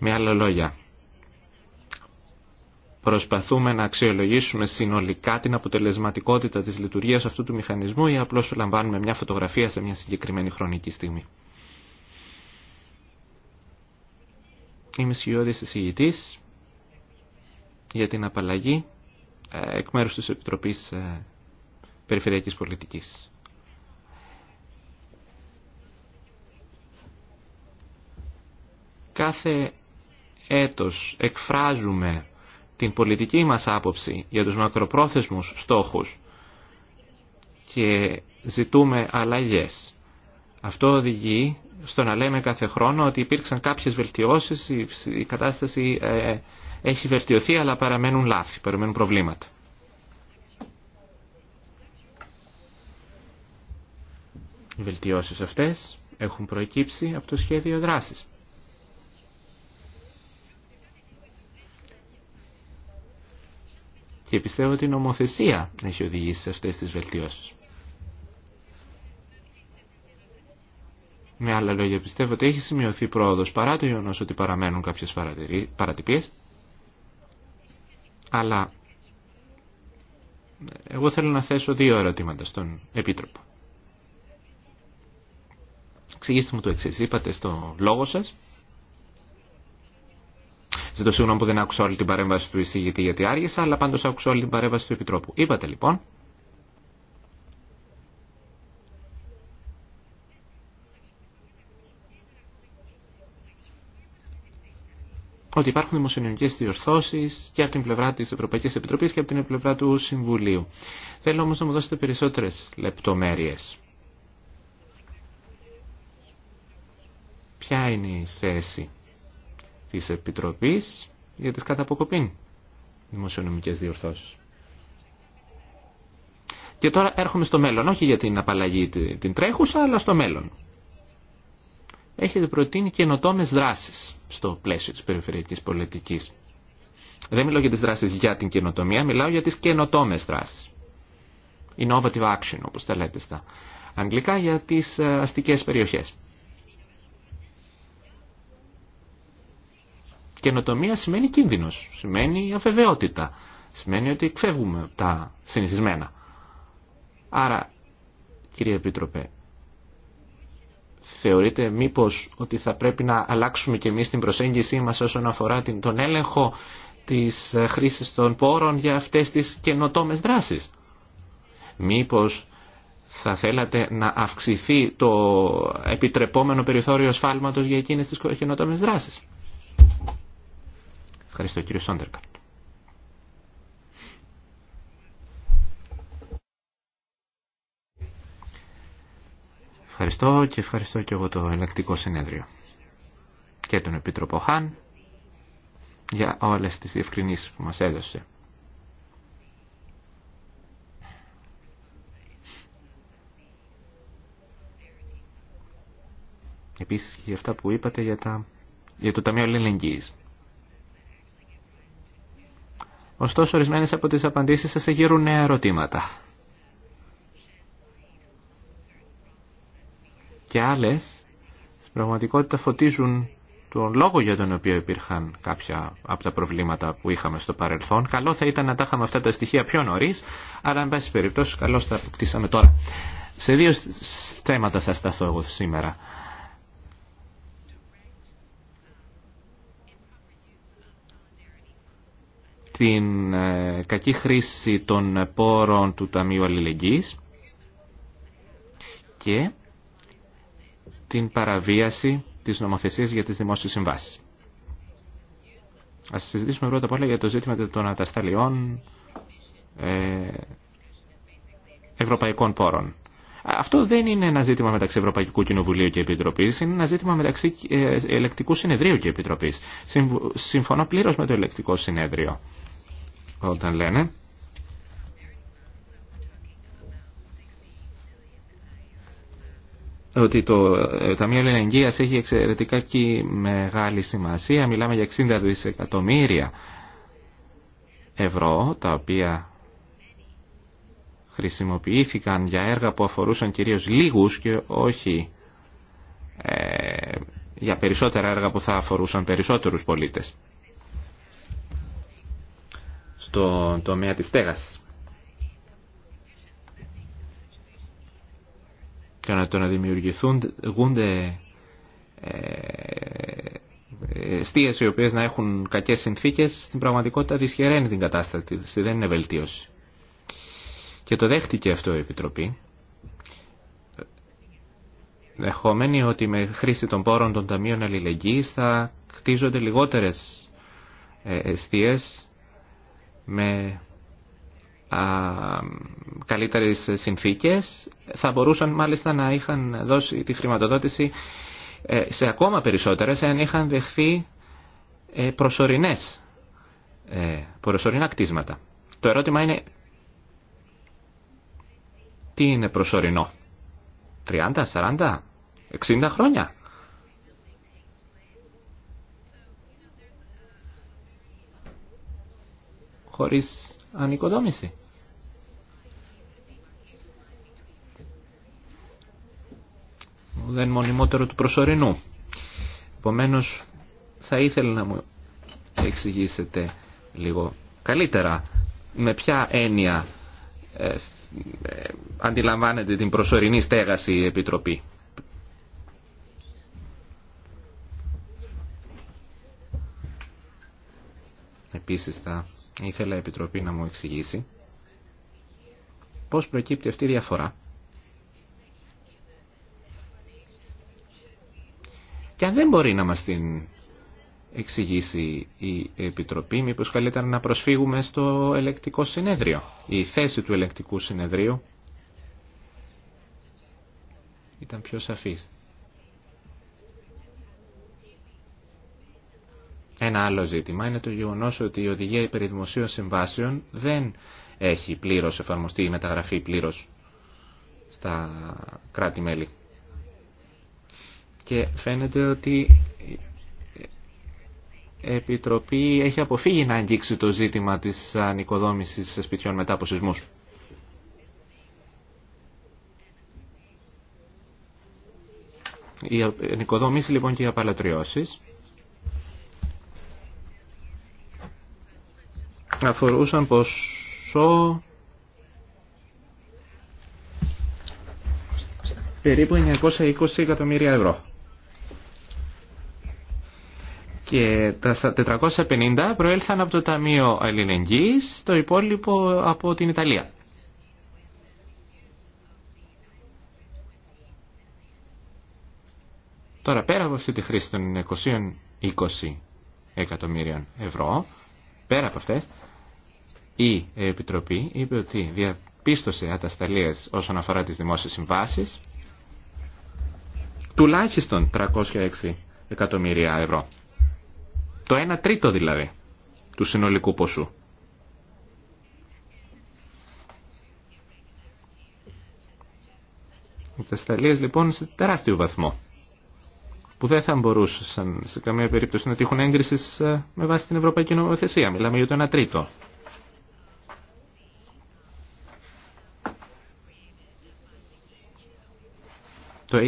Με άλλα λόγια, προσπαθούμε να αξιολογήσουμε συνολικά την αποτελεσματικότητα της λειτουργίας αυτού του μηχανισμού ή απλώς λαμβάνουμε μια φωτογραφία σε μια συγκεκριμένη χρονική στιγμή. Είμαι σιώδης εισηγητής για την απαλλαγή ε, εκ μέρους της Επιτροπής ε, Περιφερειακής Πολιτικής. Κάθε έτος εκφράζουμε την πολιτική μας άποψη για τους μακροπρόθεσμους στόχους και ζητούμε αλλαγές. Αυτό οδηγεί στο να λέμε κάθε χρόνο ότι υπήρξαν κάποιες βελτιώσεις, η κατάσταση ε, έχει βελτιωθεί αλλά παραμένουν λάθη, παραμένουν προβλήματα. Οι βελτιώσεις αυτές έχουν προεκύψει από το σχέδιο δράσης. και πιστεύω ότι η νομοθεσία έχει οδηγήσει σε αυτές τις βελτιώσεις. Με άλλα λόγια, πιστεύω ότι έχει σημειωθεί πρόοδο παρά το γεγονό ότι παραμένουν κάποιες παρατυπίες. Αλλά εγώ θέλω να θέσω δύο ερωτήματα στον Επίτροπο. Εξηγήστε μου το εξή. Είπατε στο λόγο σας Ζητώ συγγνώμη που δεν άκουσα όλη την παρέμβαση του εισηγητή γιατί άργησα, αλλά πάντως άκουσα όλη την παρέμβαση του Επιτρόπου. Είπατε λοιπόν ότι υπάρχουν δημοσιονομικέ διορθώσει και από την πλευρά τη Ευρωπαϊκή Επιτροπή και από την πλευρά του Συμβουλίου. Θέλω όμω να μου δώσετε περισσότερε λεπτομέρειε. Ποια είναι η θέση της Επιτροπής για τις καταποκοπήν δημοσιονομικές διορθώσεις. Και τώρα έρχομαι στο μέλλον, όχι για την απαλλαγή την τρέχουσα, αλλά στο μέλλον. Έχετε προτείνει καινοτόμε δράσεις στο πλαίσιο τη περιφερειακή πολιτική. Δεν μιλάω για τις δράσεις για την καινοτομία, μιλάω για τις καινοτόμε δράσει. Innovative action, όπω τα λέτε στα αγγλικά, για τι ε, αστικέ περιοχέ. Καινοτομία σημαίνει κίνδυνος, σημαίνει αφεβαιότητα, σημαίνει ότι εκφεύγουμε τα συνηθισμένα. Άρα, κύριε Επίτροπε, θεωρείτε μήπως ότι θα πρέπει να αλλάξουμε και εμείς την προσέγγιση μας όσον αφορά τον έλεγχο της ε, χρήσης των πόρων για αυτές τις καινοτόμες δράσεις. Μήπως θα θέλατε να αυξηθεί το επιτρεπόμενο περιθώριο ασφάλματος για εκείνες τις καινοτόμες δράσεις. Ευχαριστώ κύριο Σόντερκα. Ευχαριστώ και ευχαριστώ και εγώ το ελεκτικό συνέδριο και τον Επίτροπο Χάν για όλες τις διευκρινήσεις που μας έδωσε. Επίσης και για αυτά που είπατε για, τα... για το Ταμείο Αλληλεγγύης. Ωστόσο, ορισμένε από τι απαντήσει σα εγείρουν νέα ερωτήματα. Και άλλε, στην πραγματικότητα φωτίζουν τον λόγο για τον οποίο υπήρχαν κάποια από τα προβλήματα που είχαμε στο παρελθόν. Καλό θα ήταν να τα είχαμε αυτά τα στοιχεία πιο νωρί, αλλά εν πάση περιπτώσει καλώ τα αποκτήσαμε τώρα. Σε δύο θέματα θα σταθώ εγώ σήμερα. την ε, κακή χρήση των πόρων του Ταμείου Αλληλεγγύης και την παραβίαση της νομοθεσίας για τις δημόσιες συμβάσεις. Ας συζητήσουμε πρώτα απ' όλα για το ζήτημα των ατασταλιών ε, ευρωπαϊκών πόρων. Αυτό δεν είναι ένα ζήτημα μεταξύ Ευρωπαϊκού Κοινοβουλίου και Επιτροπή, είναι ένα ζήτημα μεταξύ ε, Ελεκτικού Συνεδρίου και Επιτροπή. Συμφωνώ πλήρω με το Ελεκτικό Συνέδριο όταν λένε ότι το ε, Ταμείο Ελληνικής έχει εξαιρετικά και μεγάλη σημασία. Μιλάμε για 60 δισεκατομμύρια ευρώ, τα οποία χρησιμοποιήθηκαν για έργα που αφορούσαν κυρίως λίγους και όχι ε, για περισσότερα έργα που θα αφορούσαν περισσότερους πολίτες. Το τομέα της στέγασης. Και να το να δημιουργηθούν γούνται ε, ε, οι οποίες να έχουν κακές συνθήκες στην πραγματικότητα δυσχεραίνει την κατάσταση, δεν είναι βελτίωση. Και το δέχτηκε αυτό η Επιτροπή δεχόμενη ότι με χρήση των πόρων των Ταμείων Αλληλεγγύης θα χτίζονται λιγότερες εστίες ε, με α, καλύτερες συνθήκες θα μπορούσαν μάλιστα να είχαν δώσει τη χρηματοδότηση ε, σε ακόμα περισσότερες αν είχαν δεχθεί ε, προσωρινές, ε, προσωρινά κτίσματα. Το ερώτημα είναι τι είναι προσωρινό. 30, 40, 60 χρόνια. χωρίς ανοικοδόμηση. Δεν μονιμότερο του προσωρινού. Επομένω, θα ήθελα να μου εξηγήσετε λίγο καλύτερα με ποια έννοια ε, ε, αντιλαμβάνεται την προσωρινή στέγαση η Επιτροπή. Επίσης θα Ήθελα η Επιτροπή να μου εξηγήσει πώς προκύπτει αυτή η διαφορά. Και αν δεν μπορεί να μας την εξηγήσει η Επιτροπή, μήπως καλύτερα να προσφύγουμε στο ελεκτικό συνέδριο. Η θέση του ελεκτικού συνεδρίου ήταν πιο σαφής. Ένα άλλο ζήτημα είναι το γεγονός ότι η οδηγία υπερηδημοσίων συμβάσεων δεν έχει πλήρω εφαρμοστεί η μεταγραφή πλήρω στα κράτη-μέλη. Και φαίνεται ότι η Επιτροπή έχει αποφύγει να αγγίξει το ζήτημα της ανοικοδόμησης σπιτιών μετά από σεισμούς. Η ανοικοδόμηση λοιπόν και οι απαλατριώσεις αφορούσαν ποσό περίπου 920 εκατομμύρια ευρώ. Και τα 450 προέλθαν από το Ταμείο Αλληλεγγύης, το υπόλοιπο από την Ιταλία. Τώρα πέρα από αυτή τη χρήση των 920 εκατομμύριων ευρώ, πέρα από αυτές, η Επιτροπή είπε ότι διαπίστωσε ατασταλίες όσον αφορά τις δημόσιες συμβάσεις τουλάχιστον 306 εκατομμύρια ευρώ. Το 1 τρίτο δηλαδή του συνολικού ποσού. Ατασταλίες λοιπόν σε τεράστιο βαθμό που δεν θα μπορούσαν σε καμία περίπτωση να τύχουν έγκριση ε, με βάση την Ευρωπαϊκή Νομοθεσία. Μιλάμε για το 1 τρίτο το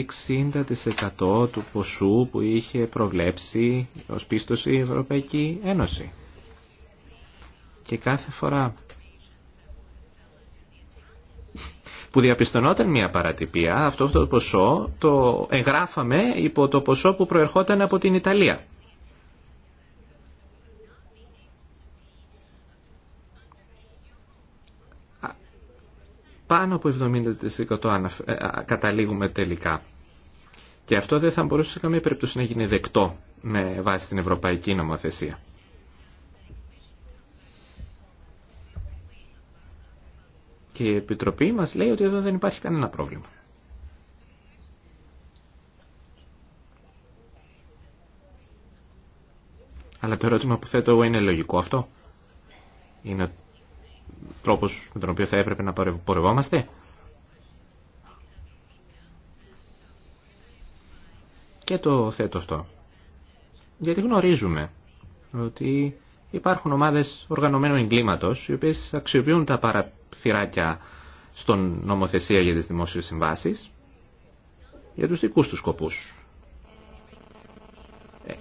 60% του ποσού που είχε προβλέψει ως πίστοση η Ευρωπαϊκή Ένωση. Και κάθε φορά που διαπιστωνόταν μια παρατυπία, αυτό το ποσό το εγγράφαμε υπό το ποσό που προερχόταν από την Ιταλία. πάνω από 70% ε, καταλήγουμε τελικά. Και αυτό δεν θα μπορούσε σε καμία περίπτωση να γίνει δεκτό με βάση την ευρωπαϊκή νομοθεσία. Και η Επιτροπή μας λέει ότι εδώ δεν υπάρχει κανένα πρόβλημα. Αλλά το ερώτημα που θέτω εγώ είναι λογικό αυτό. Είναι ότι τρόπος με τον οποίο θα έπρεπε να πορευόμαστε. Και το θέτω αυτό. Γιατί γνωρίζουμε ότι υπάρχουν ομάδες οργανωμένου εγκλήματος οι οποίες αξιοποιούν τα παραθυράκια στον νομοθεσία για τις δημόσιες συμβάσεις για τους δικούς τους σκοπούς. Ε,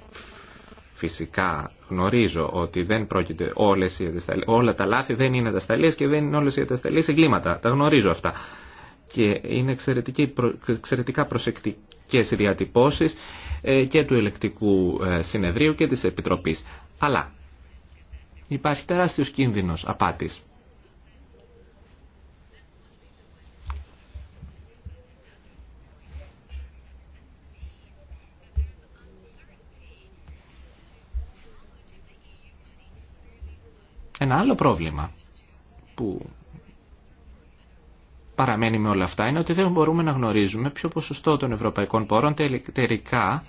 φυσικά Γνωρίζω ότι δεν πρόκειται όλες οι όλα τα λάθη δεν είναι ατασταλείς και δεν είναι όλες οι ατασταλείς εγκλήματα. Τα γνωρίζω αυτά. Και είναι εξαιρετικά προσεκτικές οι διατυπώσεις ε, και του ελεκτικού ε, συνεδρίου και της Επιτροπής. Αλλά υπάρχει τεράστιος κίνδυνος απάτης. Ένα άλλο πρόβλημα που παραμένει με όλα αυτά είναι ότι δεν μπορούμε να γνωρίζουμε ποιο ποσοστό των ευρωπαϊκών πόρων τελικά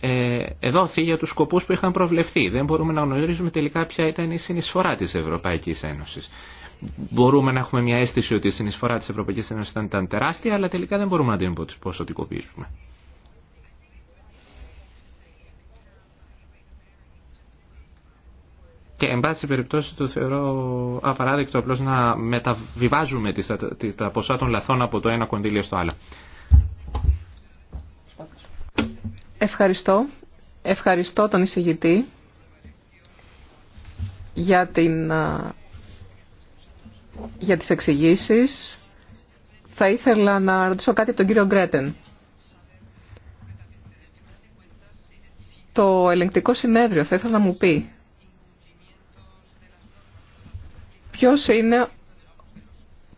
ε, δόθη για τους σκοπούς που είχαν προβλεφθεί. Δεν μπορούμε να γνωρίζουμε τελικά ποια ήταν η συνεισφορά της Ευρωπαϊκής Ένωσης. Μπορούμε να έχουμε μια αίσθηση ότι η συνεισφορά της Ευρωπαϊκής Ένωσης ήταν, ήταν τεράστια, αλλά τελικά δεν μπορούμε να την ποσοτικοποιήσουμε. Και εν πάση περιπτώσει το θεωρώ απαράδεκτο απλώ να μεταβιβάζουμε τις, τα ποσά των λαθών από το ένα κονδύλιο στο άλλο. Ευχαριστώ. Ευχαριστώ τον εισηγητή για, την, για τις εξηγήσει. Θα ήθελα να ρωτήσω κάτι από τον κύριο Γκρέτεν. Το ελεγκτικό συνέδριο θα ήθελα να μου πει ποιος είναι,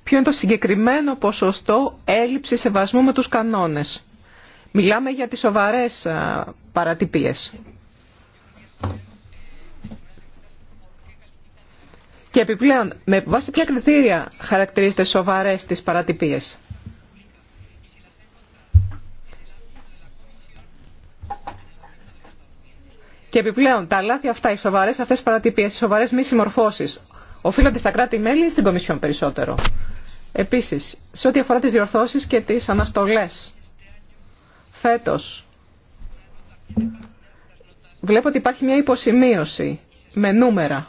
ποιο είναι το συγκεκριμένο ποσοστό έλλειψη σεβασμού με τους κανόνες. Μιλάμε για τις σοβαρές παρατυπίες. Και επιπλέον, με βάση ποια κριτήρια χαρακτηρίζεται σοβαρές τις παρατυπίες. Και επιπλέον, τα λάθη αυτά, οι σοβαρές αυτές παρατυπίες, οι σοβαρές μη συμμορφώσεις, οφείλονται στα κράτη-μέλη ή στην Κομισιόν περισσότερο. Επίση, σε ό,τι αφορά τι διορθώσει και τι αναστολέ. φέτος βλέπω ότι υπάρχει μια υποσημείωση με νούμερα.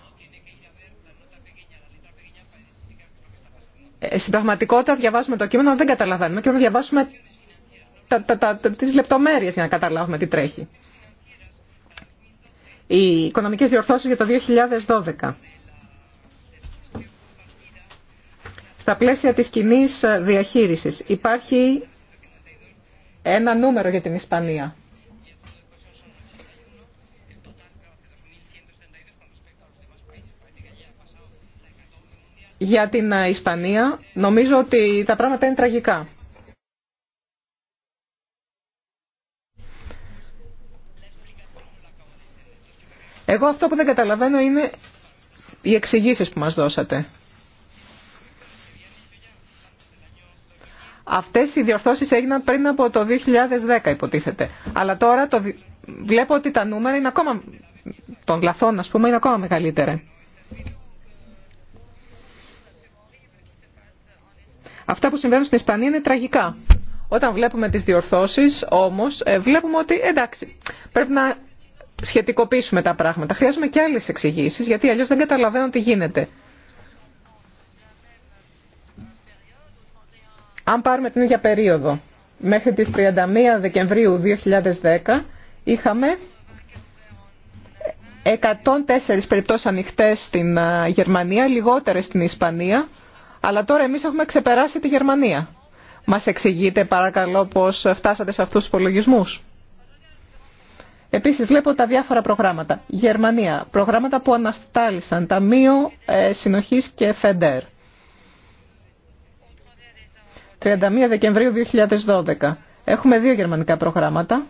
Ε, στην πραγματικότητα διαβάζουμε το κείμενο, δεν καταλαβαίνουμε και να διαβάσουμε τι λεπτομέρειε τις λεπτομέρειες για να καταλάβουμε τι τρέχει. Οι οικονομικές διορθώσεις για το 2012. Στα πλαίσια της κοινή ε, διαχείρισης υπάρχει ένα νούμερο για την Ισπανία. Για την ε, Ισπανία νομίζω ότι τα πράγματα είναι τραγικά. Εγώ αυτό που δεν καταλαβαίνω είναι οι εξηγήσει που μας δώσατε. Αυτές οι διορθώσεις έγιναν πριν από το 2010 υποτίθεται. Αλλά τώρα το... βλέπω ότι τα νούμερα είναι ακόμα... των λαθών ας πούμε είναι ακόμα μεγαλύτερα. Αυτά που συμβαίνουν στην Ισπανία είναι τραγικά. Όταν βλέπουμε τις διορθώσεις όμως ε, βλέπουμε ότι εντάξει πρέπει να σχετικοποιήσουμε τα πράγματα. Χρειάζομαι και άλλες εξηγήσεις γιατί αλλιώς δεν καταλαβαίνω τι γίνεται. Αν πάρουμε την ίδια περίοδο, μέχρι τις 31 Δεκεμβρίου 2010 είχαμε 104 περιπτώσεις ανοιχτές στην Γερμανία, λιγότερες στην Ισπανία, αλλά τώρα εμείς έχουμε ξεπεράσει τη Γερμανία. Μας εξηγείτε παρακαλώ πώς φτάσατε σε αυτούς τους υπολογισμού. Επίσης βλέπω τα διάφορα προγράμματα. Γερμανία, προγράμματα που αναστάλησαν Ταμείο ε, Συνοχής και ΦΕΝΤΕΡ. 31 Δεκεμβρίου 2012. Έχουμε δύο γερμανικά προγράμματα,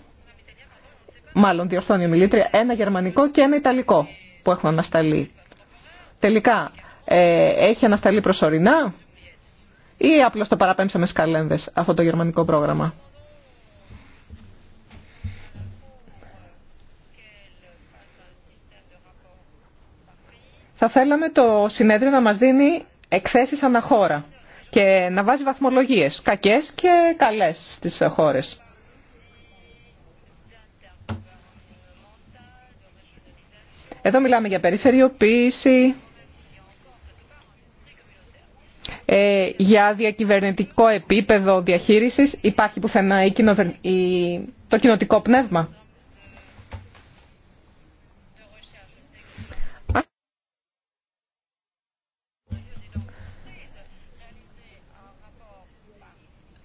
μάλλον διορθώνει η μιλήτρια, ένα γερμανικό και ένα ιταλικό που έχουμε ανασταλεί. Τελικά, ε, έχει ανασταλεί προσωρινά ή απλώς το παραπέμψαμε σκαλένδες αυτό το γερμανικό πρόγραμμα. Θα θέλαμε το συνέδριο να μας δίνει εκθέσεις αναχώρα και να βάζει βαθμολογίες, κακές και καλές στις χώρες. Εδώ μιλάμε για περιφερειοποίηση, ε, για διακυβερνητικό επίπεδο διαχείρισης. Υπάρχει πουθενά η το κοινοτικό πνεύμα.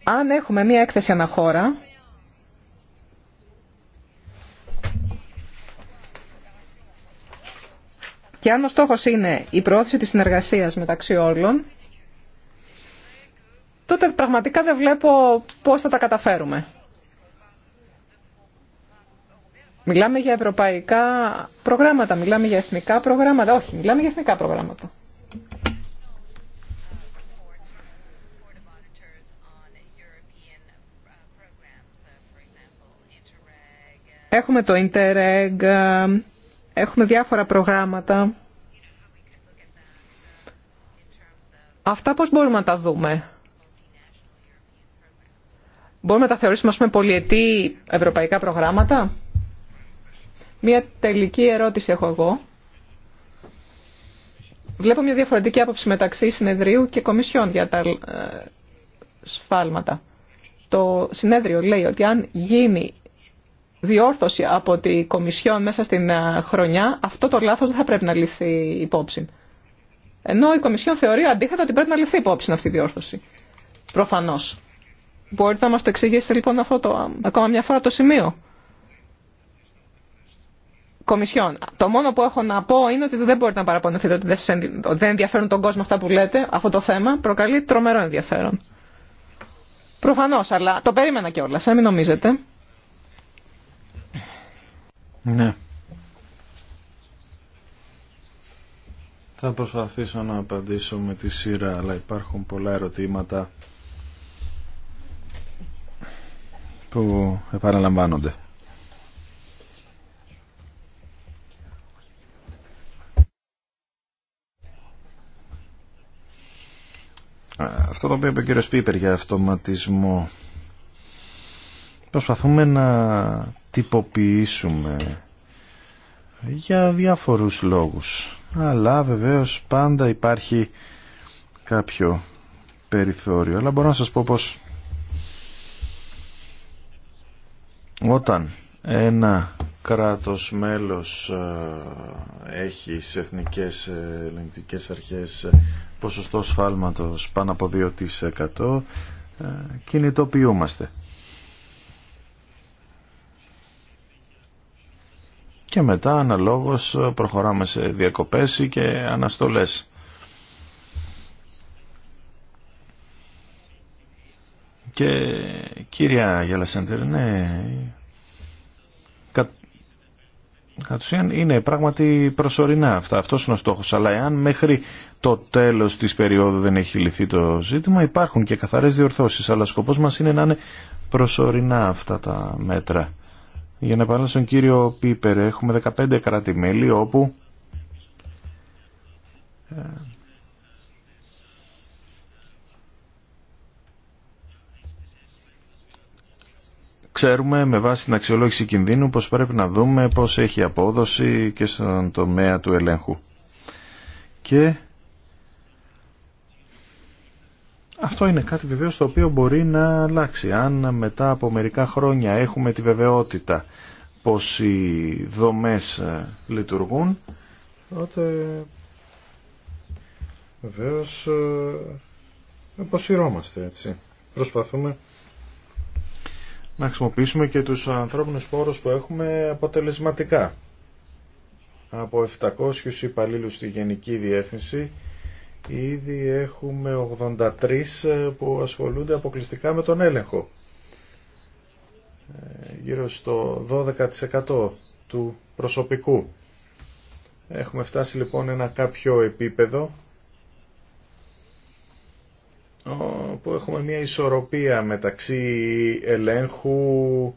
αν έχουμε μία έκθεση αναχώρα, και αν ο στόχος είναι η προώθηση της συνεργασίας μεταξύ όλων, τότε πραγματικά δεν βλέπω πώς θα τα καταφέρουμε. Μιλάμε για ευρωπαϊκά προγράμματα, μιλάμε για εθνικά προγράμματα. Όχι, μιλάμε για εθνικά προγράμματα. Έχουμε το Interreg, έχουμε διάφορα προγράμματα. Αυτά πώς μπορούμε να τα δούμε. Μπορούμε να τα θεωρήσουμε, ας πούμε, πολυετή ευρωπαϊκά προγράμματα. Μία τελική ερώτηση έχω εγώ. Βλέπω μια διαφορετική άποψη μεταξύ συνεδρίου και κομισιών για τα ε, σφάλματα. Το συνέδριο λέει ότι αν γίνει διόρθωση από τη Κομισιόν μέσα στην ε, χρονιά, αυτό το λάθος δεν θα πρέπει να ληφθεί υπόψη. Ενώ η Κομισιόν θεωρεί αντίθετα ότι πρέπει να ληφθεί υπόψη αυτή η διόρθωση. Προφανώς. Μπορείτε να μας το εξηγήσετε λοιπόν αυτό το, ακόμα μια φορά το σημείο. Κομισιόν. Το μόνο που έχω να πω είναι ότι δεν μπορείτε να παραπονεθείτε ότι δεν ενδιαφέρουν τον κόσμο αυτά που λέτε. Αυτό το θέμα προκαλεί τρομερό ενδιαφέρον. Προφανώς, αλλά το περίμενα κιόλας, ε, μην νομίζετε. Ναι. Θα προσπαθήσω να απαντήσω με τη σειρά, αλλά υπάρχουν πολλά ερωτήματα που επαναλαμβάνονται. Αυτό το οποίο είπε ο κύριος Πίπερ για αυτοματισμό. Προσπαθούμε να τυποποιήσουμε για διάφορους λόγους. Αλλά βεβαίως πάντα υπάρχει κάποιο περιθώριο. Αλλά μπορώ να σας πω πως όταν ένα κράτος μέλος ε, έχει σε εθνικές ε, ελληνικές αρχές ε, ποσοστό σφάλματος πάνω από 2% κινητοποιούμαστε. και μετά αναλόγως προχωράμε σε διακοπές και αναστολές. Και κύρια Γελασέντερ, ναι, κα, είναι πράγματι προσωρινά αυτά. Αυτός είναι ο στόχος. Αλλά εάν μέχρι το τέλος της περίοδου δεν έχει λυθεί το ζήτημα, υπάρχουν και καθαρές διορθώσεις. Αλλά σκοπός μας είναι να είναι προσωρινά αυτά τα μέτρα. Για να επανέλθω στον κύριο Πίπερ, έχουμε 15 κράτη-μέλη όπου ε, ξέρουμε με βάση την αξιολόγηση κινδύνου πως πρέπει να δούμε πως έχει απόδοση και στον τομέα του ελέγχου. Και Αυτό είναι κάτι βεβαίως το οποίο μπορεί να αλλάξει. Αν μετά από μερικά χρόνια έχουμε τη βεβαιότητα πως οι δομές ε, λειτουργούν, τότε βεβαίως ε, αποσυρώμαστε έτσι. Προσπαθούμε να χρησιμοποιήσουμε και τους ανθρώπινους πόρους που έχουμε αποτελεσματικά. Από 700 υπαλλήλους στη Γενική Διεύθυνση Ήδη έχουμε 83 που ασχολούνται αποκλειστικά με τον έλεγχο. Ε, γύρω στο 12% του προσωπικού. Έχουμε φτάσει λοιπόν ένα κάποιο επίπεδο που έχουμε μια ισορροπία μεταξύ ελέγχου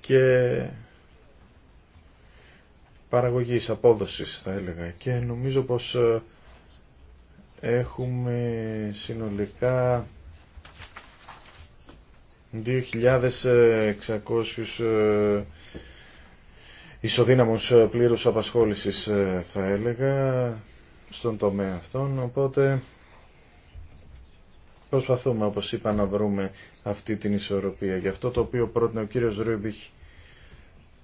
και παραγωγής, απόδοσης θα έλεγα και νομίζω πως ε, έχουμε συνολικά 2.600 ε, ισοδύναμους ε, πλήρους απασχόλησης ε, θα έλεγα στον τομέα αυτόν οπότε προσπαθούμε όπως είπα να βρούμε αυτή την ισορροπία γι' αυτό το οποίο πρότεινε ο κύριος Ρούμπιχ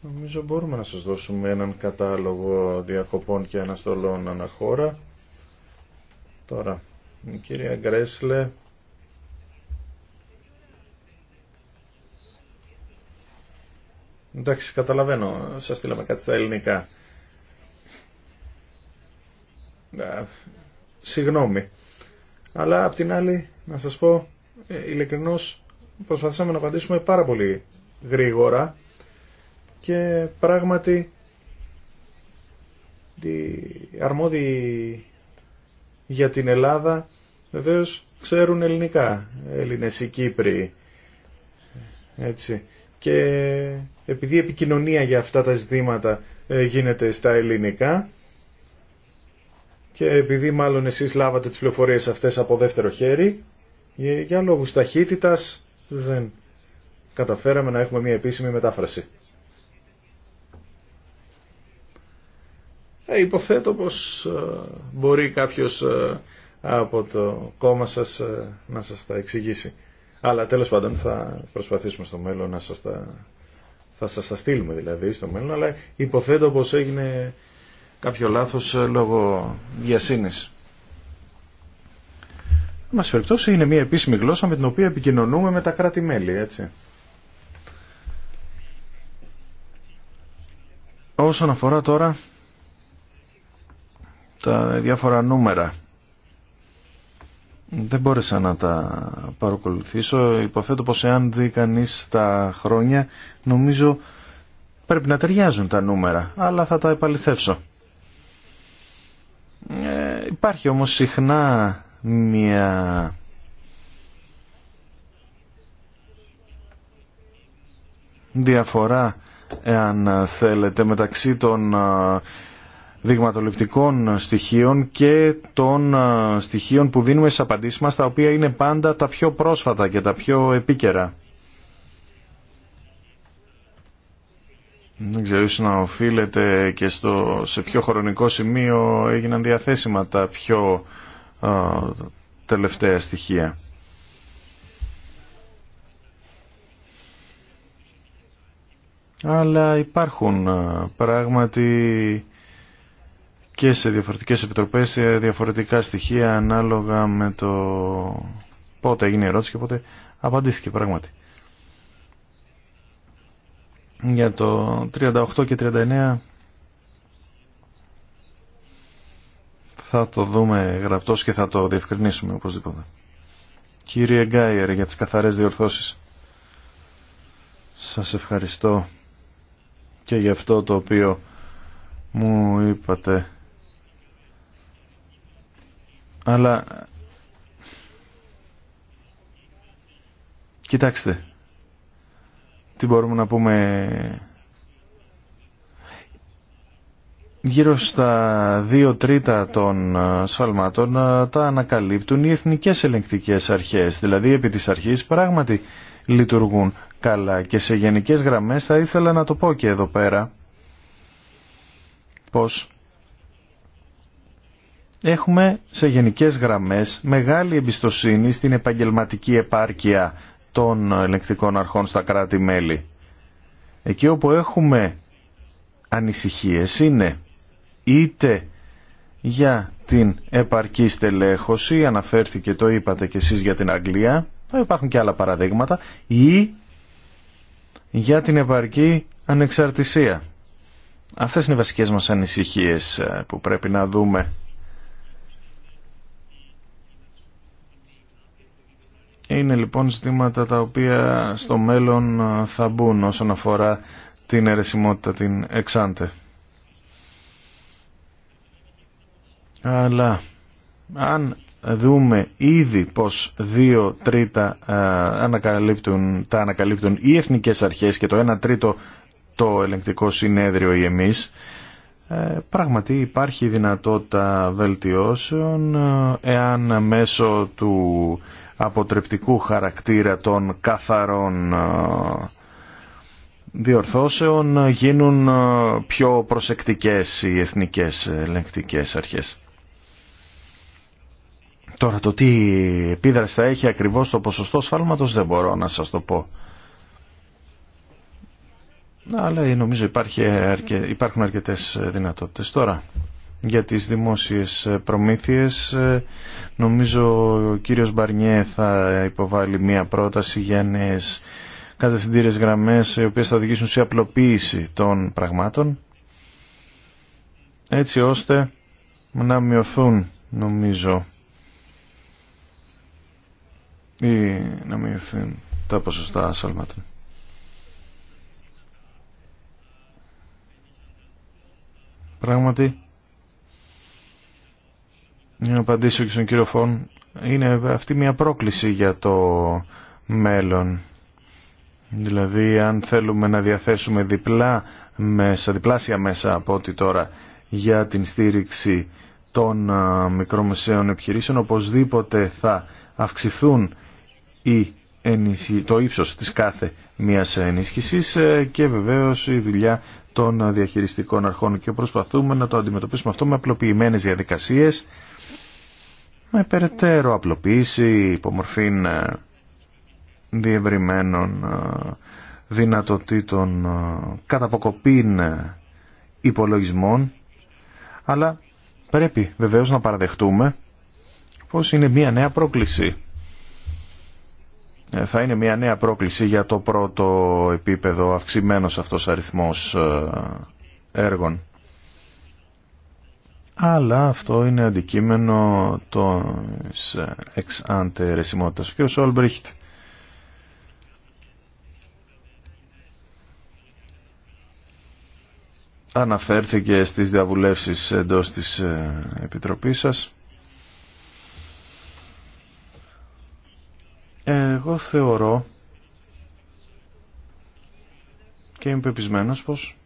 νομίζω μπορούμε να σας δώσουμε έναν κατάλογο διακοπών και αναστολών αναχώρα Τώρα, η κυρία Γκρέσλε Εντάξει, καταλαβαίνω, σας στείλαμε κάτι στα ελληνικά. Συγγνώμη. Αλλά απ' την άλλη, να σας πω, ε, ειλικρινώς προσπαθήσαμε να απαντήσουμε πάρα πολύ γρήγορα και πράγματι οι αρμόδιοι για την Ελλάδα βεβαίω ξέρουν ελληνικά, Έλληνες ή Κύπροι. Έτσι. Και επειδή η επικοινωνία για αυτά τα ζητήματα ε, γίνεται στα ελληνικά και επειδή μάλλον εσείς λάβατε τις πληροφορίες αυτές από δεύτερο χέρι, για λόγους ταχύτητας δεν καταφέραμε να έχουμε μια επίσημη μετάφραση. Ε, υποθέτω πως ε, μπορεί κάποιος ε, από το κόμμα σας ε, να σας τα εξηγήσει. Αλλά τέλος πάντων θα προσπαθήσουμε στο μέλλον να σας τα... θα σας τα στείλουμε δηλαδή στο μέλλον, αλλά υποθέτω πως έγινε κάποιο λάθος λόγω διασύνης. Μας περιπτώσει είναι μια επίσημη γλώσσα με την οποία επικοινωνούμε με τα κράτη-μέλη, έτσι. Όσον αφορά τώρα τα διάφορα νούμερα. Δεν μπόρεσα να τα παρακολουθήσω. Υποθέτω πως εάν δει κανείς τα χρόνια, νομίζω πρέπει να ταιριάζουν τα νούμερα, αλλά θα τα επαληθεύσω. Ε, υπάρχει όμως συχνά μια... διαφορά εάν θέλετε μεταξύ των ε, δειγματοληπτικών στοιχείων και των ε, στοιχείων που δίνουμε στις απαντήσεις μας, τα οποία είναι πάντα τα πιο πρόσφατα και τα πιο επίκαιρα. Δεν ξέρω ίσως να οφείλεται και στο, σε ποιο χρονικό σημείο έγιναν διαθέσιμα τα πιο ε, τελευταία στοιχεία. Αλλά υπάρχουν ε, πράγματι και σε διαφορετικές επιτροπές σε διαφορετικά στοιχεία ανάλογα με το πότε έγινε η ερώτηση και πότε απαντήθηκε πράγματι. Για το 38 και 39 θα το δούμε γραπτός και θα το διευκρινίσουμε οπωσδήποτε. Κύριε Γκάιερ για τις καθαρές διορθώσεις. Σας ευχαριστώ και για αυτό το οποίο μου είπατε αλλά κοιτάξτε, τι μπορούμε να πούμε γύρω στα δύο τρίτα των ε, σφαλμάτων ε, τα ανακαλύπτουν οι εθνικές ελεγκτικές αρχές. Δηλαδή επί της αρχής πράγματι λειτουργούν καλά και σε γενικές γραμμές θα ήθελα να το πω και εδώ πέρα πως Έχουμε σε γενικές γραμμές μεγάλη εμπιστοσύνη στην επαγγελματική επάρκεια των ελεκτικών αρχών στα κράτη-μέλη. Εκεί όπου έχουμε ανησυχίες είναι είτε για την επαρκή στελέχωση, αναφέρθηκε το είπατε και εσείς για την Αγγλία, υπάρχουν και άλλα παραδείγματα, ή για την επαρκή ανεξαρτησία. Αυτές είναι οι βασικές μας ανησυχίες ε, που πρέπει να δούμε είναι λοιπόν ζητήματα τα οποία στο μέλλον θα μπουν όσον αφορά την αιρεσιμότητα την εξάντε. Αλλά αν δούμε ήδη πως δύο τρίτα ανακαλύπτουν, τα ανακαλύπτουν οι εθνικές αρχές και το ένα τρίτο το ελεγκτικό συνέδριο ή εμείς, ε, πράγματι υπάρχει δυνατότητα βελτιώσεων ε, εάν μέσω του αποτρεπτικού χαρακτήρα των καθαρών ε, διορθώσεων γίνουν πιο προσεκτικές οι εθνικές ελεγκτικές αρχές. Τώρα το τι επίδραση θα έχει ακριβώς το ποσοστό σφάλματος δεν μπορώ να σας το πω αλλά νομίζω υπάρχει, υπάρχουν αρκετές δυνατότητες. Τώρα, για τις δημόσιες προμήθειες, ε, νομίζω ο κύριος Μπαρνιέ θα υποβάλει μία πρόταση για νέες κατευθυντήρες γραμμές, οι οποίες θα οδηγήσουν σε απλοποίηση των πραγμάτων, έτσι ώστε να μειωθούν, νομίζω, ή να μειωθούν τα ποσοστά ασφαλμάτων. Πράγματι, να απαντήσω και στον κύριο Φων, είναι αυτή μια πρόκληση για το μέλλον. Δηλαδή, αν θέλουμε να διαθέσουμε διπλά μέσα, διπλάσια μέσα από ό,τι τώρα για την στήριξη των μικρομεσαίων επιχειρήσεων, οπωσδήποτε θα αυξηθούν οι το ύψος της κάθε μίας ενίσχυσης ε, και βεβαίως η δουλειά των διαχειριστικών αρχών και προσπαθούμε να το αντιμετωπίσουμε αυτό με απλοποιημένες διαδικασίες με περαιτέρω απλοποίηση υπομορφήν ε, διευρυμένων ε, δυνατοτήτων ε, καταποκοπήν υπολογισμών αλλά πρέπει βεβαίως να παραδεχτούμε πως είναι μια νέα πρόκληση ε, θα είναι μια νέα πρόκληση για το πρώτο επίπεδο αυξημένος αυτός αριθμός ε, έργων. Αλλά αυτό είναι αντικείμενο της ε, εξάντε Ο κ. Σόλμπριχτ αναφέρθηκε στις διαβουλεύσεις εντός της Επιτροπής σας. Εγώ θεωρώ και είμαι πεπισμένος πως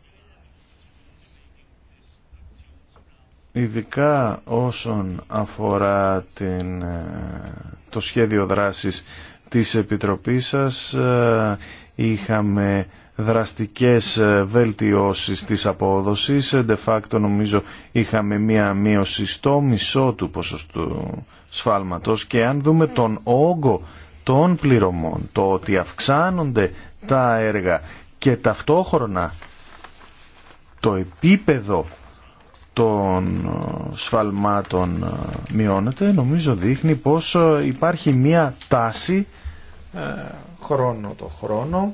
ειδικά όσον αφορά την, ε, το σχέδιο δράσης της Επιτροπής σας ε, είχαμε δραστικές ε, βελτιώσεις της απόδοσης de facto νομίζω είχαμε μία μείωση στο μισό του ποσοστού σφάλματος και αν δούμε τον όγκο των πληρωμών, το ότι αυξάνονται τα έργα και ταυτόχρονα το επίπεδο των ε, σφαλμάτων ε, μειώνεται, νομίζω δείχνει πως ε, υπάρχει μία τάση χρόνο το χρόνο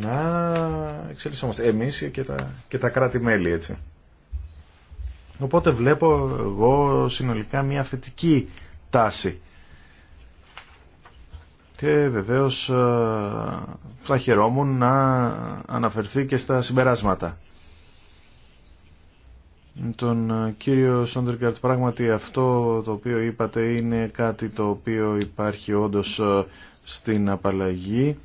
να εξελισσόμαστε εμείς και τα, και τα κράτη-μέλη έτσι. Οπότε βλέπω εγώ συνολικά μια θετική τάση. Και βεβαίως ε, θα χαιρόμουν να αναφερθεί και στα συμπεράσματα. Τον ε, κύριο Σόντρικαρτ πράγματι αυτό το οποίο είπατε είναι κάτι το οποίο υπάρχει όντως ε, στην απαλλαγή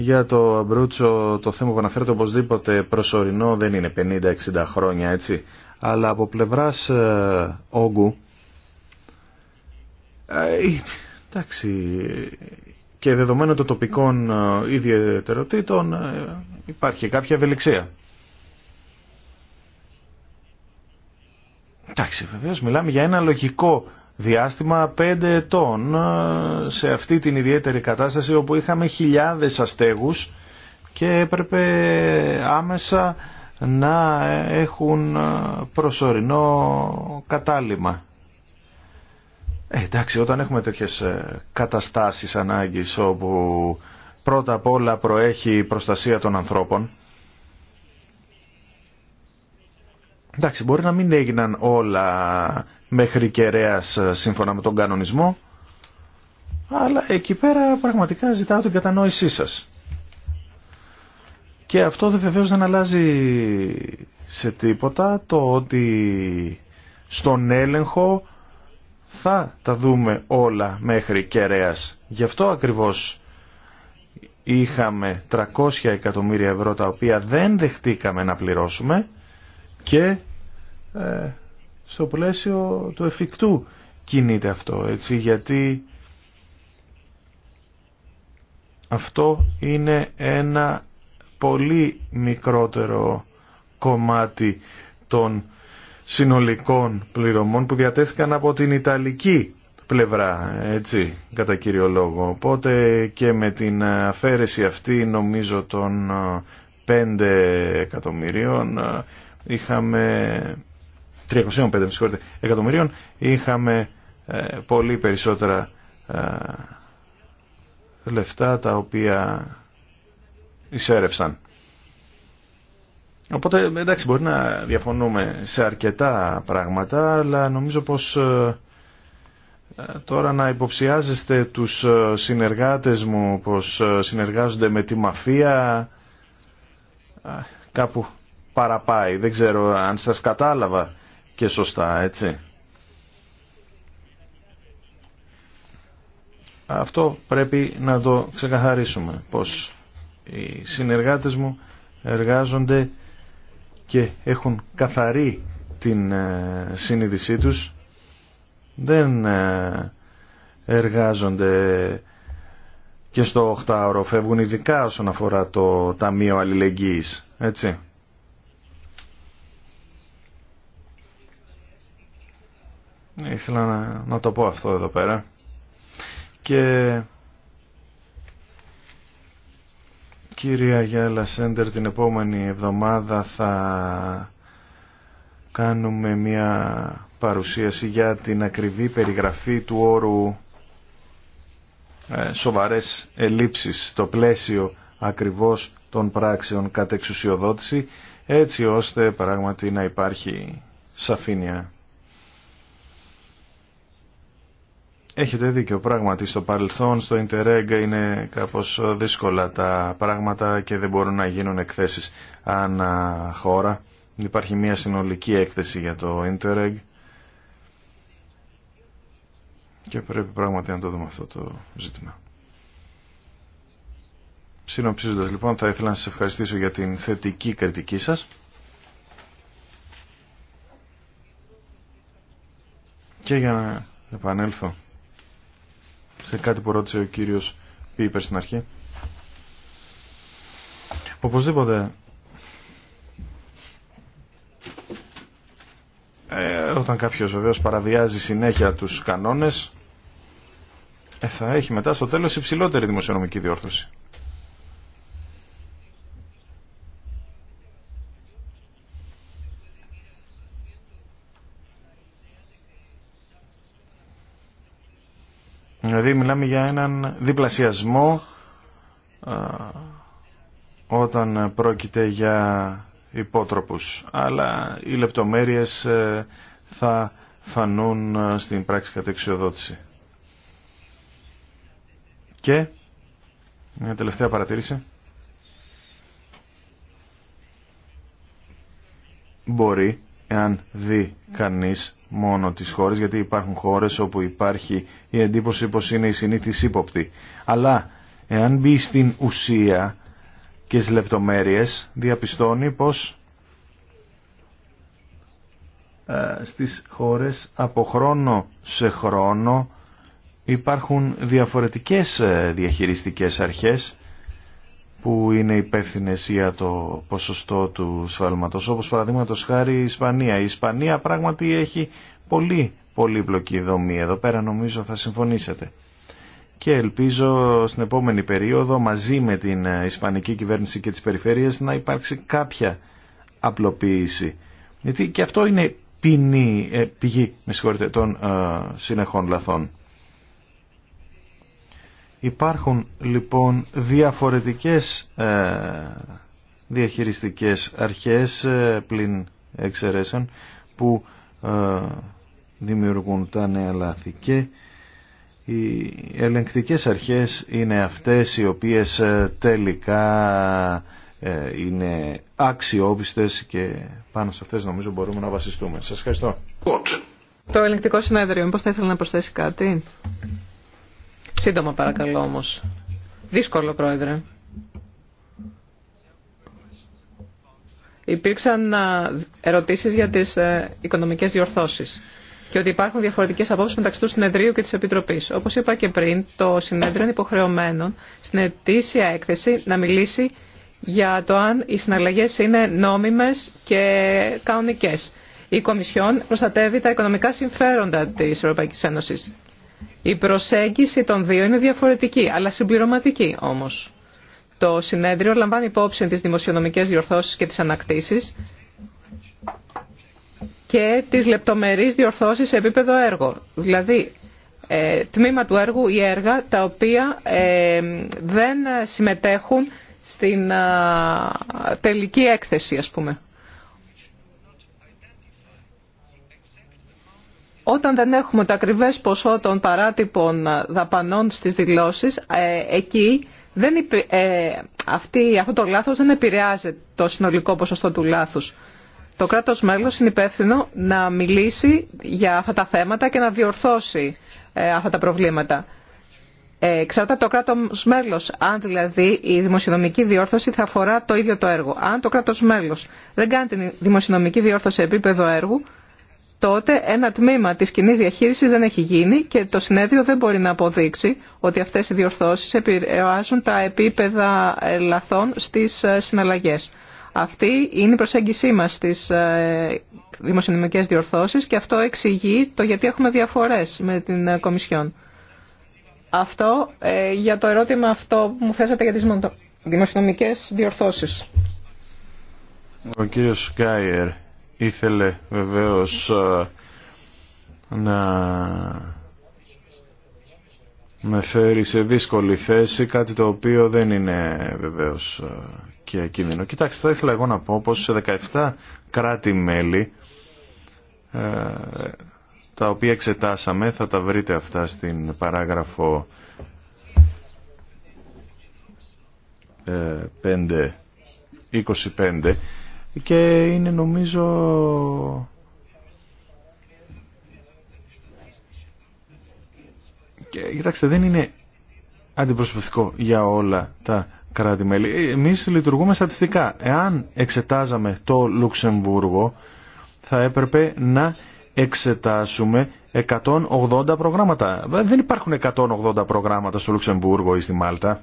Για το Αμπρούτσο το θέμα που αναφέρεται οπωσδήποτε προσωρινό δεν είναι 50-60 χρόνια έτσι. Αλλά από πλευράς ε, όγκου ε, ε, εντάξει και δεδομένου των τοπικών ε, ιδιαιτεροτήτων υπάρχει κάποια ευελιξία. Εντάξει βεβαίως μιλάμε για ένα λογικό διάστημα 5 ετών ε, σε αυτή την ιδιαίτερη κατάσταση όπου είχαμε χιλιάδες αστέγους και έπρεπε άμεσα να έχουν ε, προσωρινό κατάλημα. Ε, εντάξει, όταν έχουμε τέτοιες ε, καταστάσεις ανάγκης όπου πρώτα απ' όλα προέχει η προστασία των ανθρώπων Εντάξει, μπορεί να μην έγιναν όλα μέχρι κεραία ε, σύμφωνα με τον κανονισμό, αλλά εκεί πέρα πραγματικά ζητάω την κατανόησή σας. Και αυτό δεν βεβαίως δεν αλλάζει σε τίποτα το ότι στον έλεγχο θα τα δούμε όλα μέχρι κεραία. Γι' αυτό ακριβώς είχαμε 300 εκατομμύρια ευρώ τα οποία δεν δεχτήκαμε να πληρώσουμε και ε, στο πλαίσιο του εφικτού κινείται αυτό, έτσι, γιατί αυτό είναι ένα πολύ μικρότερο κομμάτι των συνολικών πληρωμών που διατέθηκαν από την Ιταλική πλευρά, έτσι, κατά κύριο λόγο. Οπότε και με την αφαίρεση αυτή νομίζω των 5 ε, εκατομμυρίων ε, είχαμε 305 εκατομμυρίων είχαμε ε, πολύ περισσότερα ε, λεφτά τα οποία εισέρευσαν. Οπότε εντάξει μπορεί να διαφωνούμε σε αρκετά πράγματα αλλά νομίζω πως ε, τώρα να υποψιάζεστε τους συνεργάτες μου πως συνεργάζονται με τη μαφία κάπου παραπάει. Δεν ξέρω αν σας κατάλαβα και σωστά, έτσι. Αυτό πρέπει να το ξεκαθαρίσουμε, πως οι συνεργάτες μου εργάζονται και έχουν καθαρή την ε, συνείδησή τους, δεν ε, εργάζονται και στο 8ωρο, φεύγουν ειδικά όσον αφορά το Ταμείο Αλληλεγγύης, έτσι. Ήθελα να, το πω αυτό εδώ πέρα. Και κυρία Γιάλα Σέντερ την επόμενη εβδομάδα θα κάνουμε μια παρουσίαση για την ακριβή περιγραφή του όρου ε, σοβαρές ελλείψεις στο πλαίσιο ακριβώς των πράξεων κατ' έτσι ώστε πράγματι να υπάρχει σαφήνεια Έχετε δίκιο πράγματι στο παρελθόν, στο Interreg είναι κάπως δύσκολα τα πράγματα και δεν μπορούν να γίνουν εκθέσεις ανά χώρα. Υπάρχει μια συνολική έκθεση για το Interreg και πρέπει πράγματι να το δούμε αυτό το ζήτημα. Συνοψίζοντας λοιπόν θα ήθελα να σας ευχαριστήσω για την θετική κριτική σας. Και για να επανέλθω σε κάτι που ρώτησε ο κύριος Πίπερ στην αρχή. Οπωσδήποτε ε, όταν κάποιος βεβαίως παραβιάζει συνέχεια τους κανόνες ε, θα έχει μετά στο τέλος υψηλότερη δημοσιονομική διόρθωση. Δηλαδή μιλάμε για έναν διπλασιασμό όταν πρόκειται για υπότροπους. Αλλά οι λεπτομέρειες ε, θα φανούν ε, στην πράξη κατεξιοδότηση. Και μια τελευταία παρατήρηση. Μπορεί εάν δει κανείς μόνο τις χώρες, γιατί υπάρχουν χώρες όπου υπάρχει η εντύπωση πως είναι η συνήθις ύποπτη. Αλλά εάν μπει στην ουσία και στις λεπτομέρειες, διαπιστώνει πως ε, στις χώρες από χρόνο σε χρόνο υπάρχουν διαφορετικές ε, διαχειριστικές αρχές που είναι υπεύθυνε για το ποσοστό του σφάλματος, όπως παραδείγματο χάρη η Ισπανία. Η Ισπανία πράγματι έχει πολύ πολύπλοκη δομή. Εδώ πέρα νομίζω θα συμφωνήσετε. Και ελπίζω στην επόμενη περίοδο μαζί με την Ισπανική κυβέρνηση και τις περιφέρειες να υπάρξει κάποια απλοποίηση. Γιατί και αυτό είναι ποινή, ε, πηγή με των ε, συνεχών λαθών. Υπάρχουν λοιπόν διαφορετικές ε, διαχειριστικές αρχές ε, πλην εξαιρέσεων που ε, δημιουργούν τα νέα λάθη και οι ελεγκτικές αρχές είναι αυτές οι οποίες τελικά είναι αξιόπιστες και πάνω σε αυτές νομίζω μπορούμε να βασιστούμε. Σας ευχαριστώ. Το ελεγκτικό συνέδριο, μήπως θα ήθελα να προσθέσει κάτι. Σύντομα παρακαλώ όμως. Δύσκολο πρόεδρε. Υπήρξαν ερωτήσεις για τις ε, οικονομικές διορθώσεις και ότι υπάρχουν διαφορετικές απόψεις μεταξύ του συνεδρίου και της Επιτροπής. Όπως είπα και πριν, το συνέδριο είναι υποχρεωμένο στην ετήσια έκθεση να μιλήσει για το αν οι συναλλαγές είναι νόμιμες και κανονικές. Η Κομισιόν προστατεύει τα οικονομικά συμφέροντα της Ευρωπαϊκής Ένωσης η προσέγγιση των δύο είναι διαφορετική, αλλά συμπληρωματική όμως. Το συνέδριο λαμβάνει υπόψη τις δημοσιονομικές διορθώσεις και τις ανακτήσεις και τις λεπτομερείς διορθώσεις σε επίπεδο έργο. Δηλαδή, ε, τμήμα του έργου ή έργα τα οποία ε, δεν συμμετέχουν στην τελική έκθεση, ας πούμε. Όταν δεν έχουμε τα ακριβές ποσό των παράτυπων δαπανών στις δηλώσεις, ε, εκεί δεν ε, αυτή, αυτό το λάθος δεν επηρεάζει το συνολικό ποσοστό του λάθους. Το κράτος μέλος είναι υπεύθυνο να μιλήσει για αυτά τα θέματα και να διορθώσει ε, αυτά τα προβλήματα. Ε, το κράτος μέλος, αν δηλαδή η δημοσιονομική διόρθωση θα αφορά το ίδιο το έργο. Αν το κράτος μέλος δεν κάνει τη δημοσιονομική διόρθωση επίπεδο έργου, τότε ένα τμήμα της κοινή διαχείρισης δεν έχει γίνει και το συνέδριο δεν μπορεί να αποδείξει ότι αυτές οι διορθώσεις επηρεάζουν τα επίπεδα λαθών στις ε, συναλλαγές. Αυτή είναι η προσέγγισή μας στις ε, δημοσιονομικές διορθώσεις και αυτό εξηγεί το γιατί έχουμε διαφορές με την ε, Κομισιόν. Αυτό για το ερώτημα αυτό που μου θέσατε για τις δημοσιονομικές διορθώσεις ήθελε βεβαίως ε, να με φέρει σε δύσκολη θέση, κάτι το οποίο δεν είναι βεβαίως ε, και κίνδυνο. Κοιτάξτε, θα ήθελα εγώ να πω πως σε 17 κράτη-μέλη ε, τα οποία εξετάσαμε, θα τα βρείτε αυτά στην παράγραφο 5, 25, και είναι νομίζω και, κοιτάξτε δεν είναι αντιπροσωπευτικό για όλα τα κράτη-μέλη. Εμείς λειτουργούμε στατιστικά. Εάν εξετάζαμε το Λουξεμβούργο θα έπρεπε να εξετάσουμε 180 προγράμματα. Δεν υπάρχουν 180 προγράμματα στο Λουξεμβούργο ή στη Μάλτα.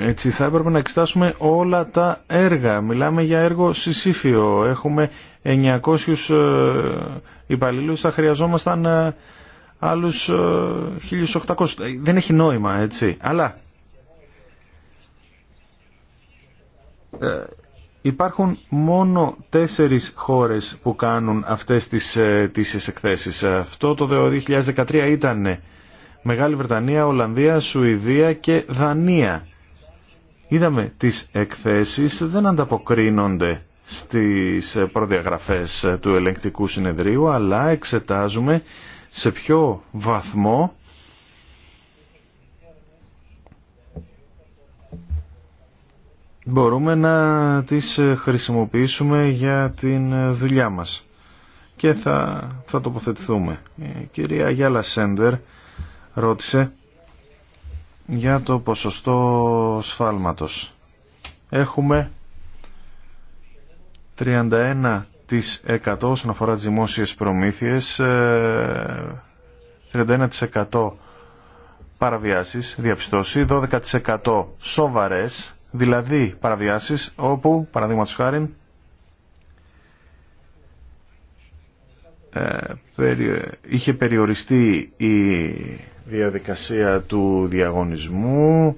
Έτσι θα έπρεπε να εξετάσουμε όλα τα έργα. Μιλάμε για έργο συσήφιο. Έχουμε 900 ε, υπαλλήλους, θα χρειαζόμασταν ε, άλλους 1800. Ε, δεν έχει νόημα, έτσι. Αλλά υπάρχουν μόνο τέσσερις χώρες που κάνουν αυτές τις, τις εκθέσεις. Αυτό το 2013 ήταν Μεγάλη Βρετανία, Ολλανδία, Σουηδία και Δανία είδαμε τις εκθέσεις δεν ανταποκρίνονται στις προδιαγραφές του ελεγκτικού συνεδρίου, αλλά εξετάζουμε σε ποιο βαθμό μπορούμε να τις χρησιμοποιήσουμε για την δουλειά μας. Και θα, θα τοποθετηθούμε. Η κυρία Γιάλα Σέντερ ρώτησε για το ποσοστό σφάλματος. Έχουμε 31% όσον αφορά τις δημόσιες προμήθειες, 31% ε, παραβιάσεις, διαπιστώσει, 12% σοβαρές, δηλαδή παραβιάσεις όπου, παραδείγματος χάρη, ε, είχε περιοριστεί η διαδικασία του διαγωνισμού,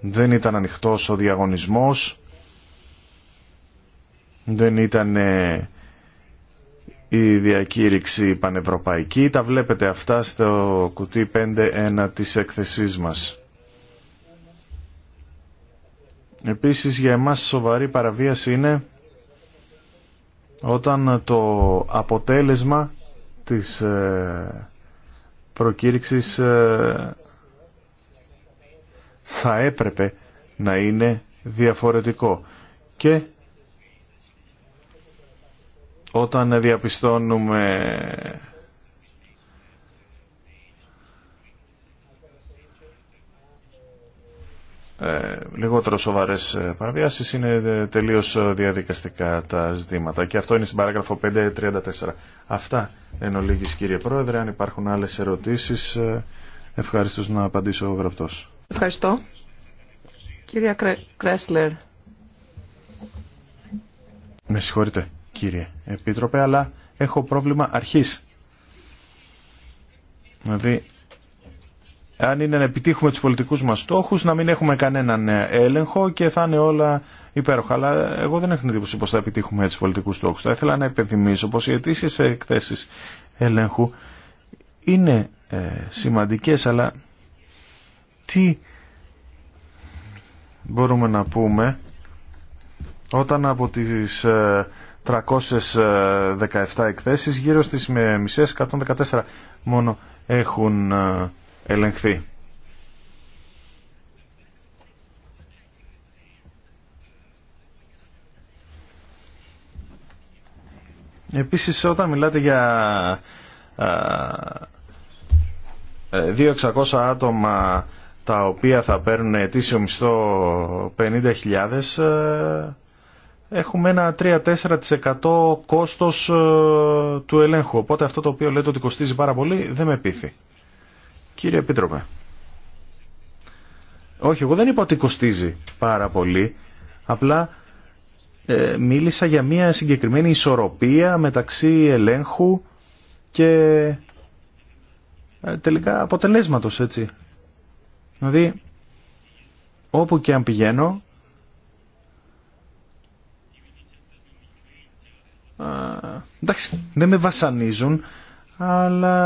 δεν ήταν ανοιχτός ο διαγωνισμός, δεν ήταν ε, η διακήρυξη πανευρωπαϊκή. Τα βλέπετε αυτά στο κουτί 5.1 της έκθεσής μας. Επίσης για εμάς σοβαρή παραβίαση είναι όταν το αποτέλεσμα της ε, προκήρυξης ε, θα έπρεπε να είναι διαφορετικό. Και όταν διαπιστώνουμε Ε, λιγότερο σοβαρέ ε, παραβιάσεις είναι ε, τελείως διαδικαστικά τα ζητήματα και αυτό είναι στην παράγραφο 534. Αυτά εν ολίγη κύριε Πρόεδρε, αν υπάρχουν άλλες ερωτήσεις ευχαριστώ να απαντήσω γραπτό. Ευχαριστώ. Κυρία Κρέσλερ. Με συγχωρείτε κύριε Επίτροπε, αλλά έχω πρόβλημα αρχή. Δηλαδή αν είναι να επιτύχουμε τους πολιτικούς μας στόχους, να μην έχουμε κανέναν ε, έλεγχο και θα είναι όλα υπέροχα. Αλλά εγώ δεν έχω εντύπωση πως θα επιτύχουμε τους πολιτικούς στόχους. Θα ήθελα να υπενθυμίσω πως οι αιτήσεις εκθέσεις έλεγχου είναι ε, σημαντικές, αλλά τι μπορούμε να πούμε όταν από τις... 317 ε, ε, εκθέσεις, γύρω στις μισές 114 μόνο έχουν ελεγχθεί. Επίσης όταν μιλάτε για 2.600 ε, άτομα τα οποία θα παίρνουν ετήσιο μισθό 50.000 ε, έχουμε ένα 3-4% κόστος ε, του ελέγχου. Οπότε αυτό το οποίο λέτε ότι κοστίζει πάρα πολύ δεν με πείθει. Κύριε Επίτροπε, όχι, εγώ δεν είπα ότι κοστίζει πάρα πολύ, απλά ε, μίλησα για μια συγκεκριμένη ισορροπία μεταξύ ελέγχου και ε, τελικά αποτελέσματος, έτσι. Δηλαδή, όπου και αν πηγαίνω, ε, εντάξει, δεν με βασανίζουν, αλλά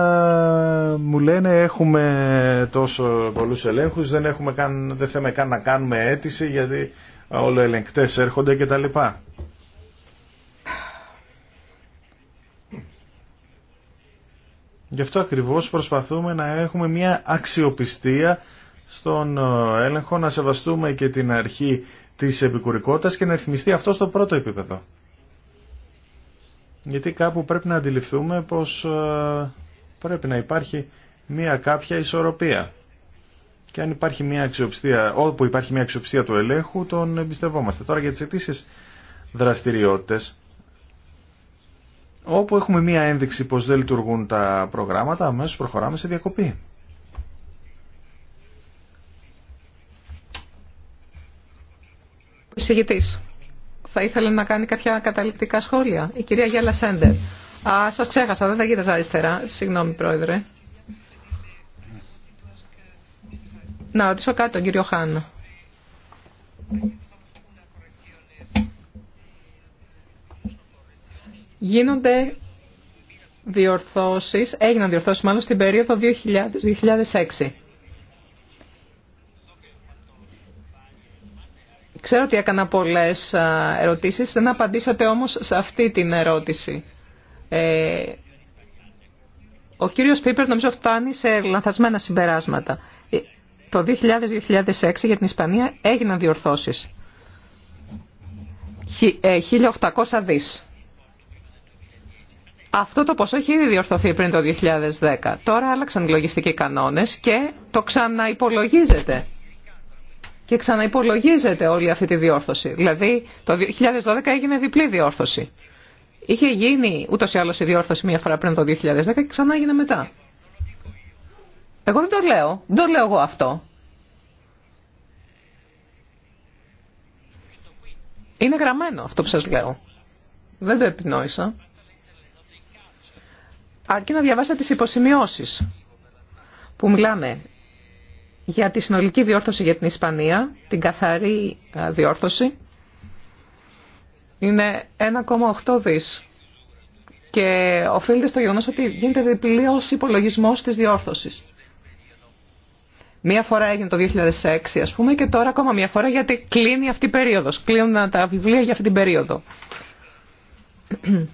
μου λένε έχουμε τόσο πολλούς ελέγχους, δεν, έχουμε καν, δεν θέλουμε καν να κάνουμε αίτηση γιατί όλο ελεγκτές έρχονται και τα λοιπά. Γι' αυτό ακριβώς προσπαθούμε να έχουμε μια αξιοπιστία στον ε, έλεγχο, να σεβαστούμε και την αρχή της επικουρικότητας και να ρυθμιστεί αυτό στο πρώτο επίπεδο γιατί κάπου πρέπει να αντιληφθούμε πως ε, πρέπει να υπάρχει μία κάποια ισορροπία. Και αν υπάρχει μια αξιοπιστία, όπου υπάρχει μια αξιοπιστία του ελέγχου, τον εμπιστευόμαστε. Τώρα για τις αιτήσεις δραστηριότητες, όπου έχουμε μια ένδειξη πως δεν λειτουργούν τα προγράμματα, αμέσως προχωράμε σε διακοπή. Εισηγητής θα ήθελε να κάνει κάποια καταληκτικά σχόλια. Η κυρία Γιάλα Σέντερ. Α, σας ξέχασα, δεν θα γίνεται αριστερά. Συγγνώμη, πρόεδρε. Να ρωτήσω κάτι τον κύριο Χάν. Γίνονται διορθώσεις, έγιναν διορθώσεις μάλλον στην περίοδο 2000-2006. Ξέρω ότι έκανα πολλές ερωτήσεις, δεν απαντήσατε όμως σε αυτή την ερώτηση. Ε, ο κύριος Πίπερ νομίζω φτάνει σε λανθασμένα συμπεράσματα. Ε, το 2000-2006 για την Ισπανία έγιναν διορθώσεις. 1.800 ε, δις. Αυτό το ποσό έχει ήδη διορθωθεί πριν το 2010. Τώρα άλλαξαν οι λογιστικοί κανόνες και το ξαναυπολογίζεται και ξαναυπολογίζεται όλη αυτή τη διόρθωση. Δηλαδή το 2012 έγινε διπλή διόρθωση. Είχε γίνει ούτως ή άλλω η αλλω η μία φορά πριν το 2010 και ξανά έγινε μετά. Εγώ δεν το λέω. Δεν το λέω εγώ αυτό. Είναι γραμμένο αυτό που σας λέω. Δεν το επινόησα. Αρκεί να διαβάσετε τις υποσημειώσεις που μιλάμε για τη συνολική διόρθωση για την Ισπανία, την καθαρή διόρθωση, είναι 1,8 δις. Και οφείλεται στο γεγονός ότι γίνεται ως υπολογισμός της διόρθωσης. Μία φορά έγινε το 2006 ας πούμε και τώρα ακόμα μία φορά γιατί κλείνει αυτή η περίοδος. Κλείνουν τα βιβλία για αυτή την περίοδο. [CLEARS THROAT]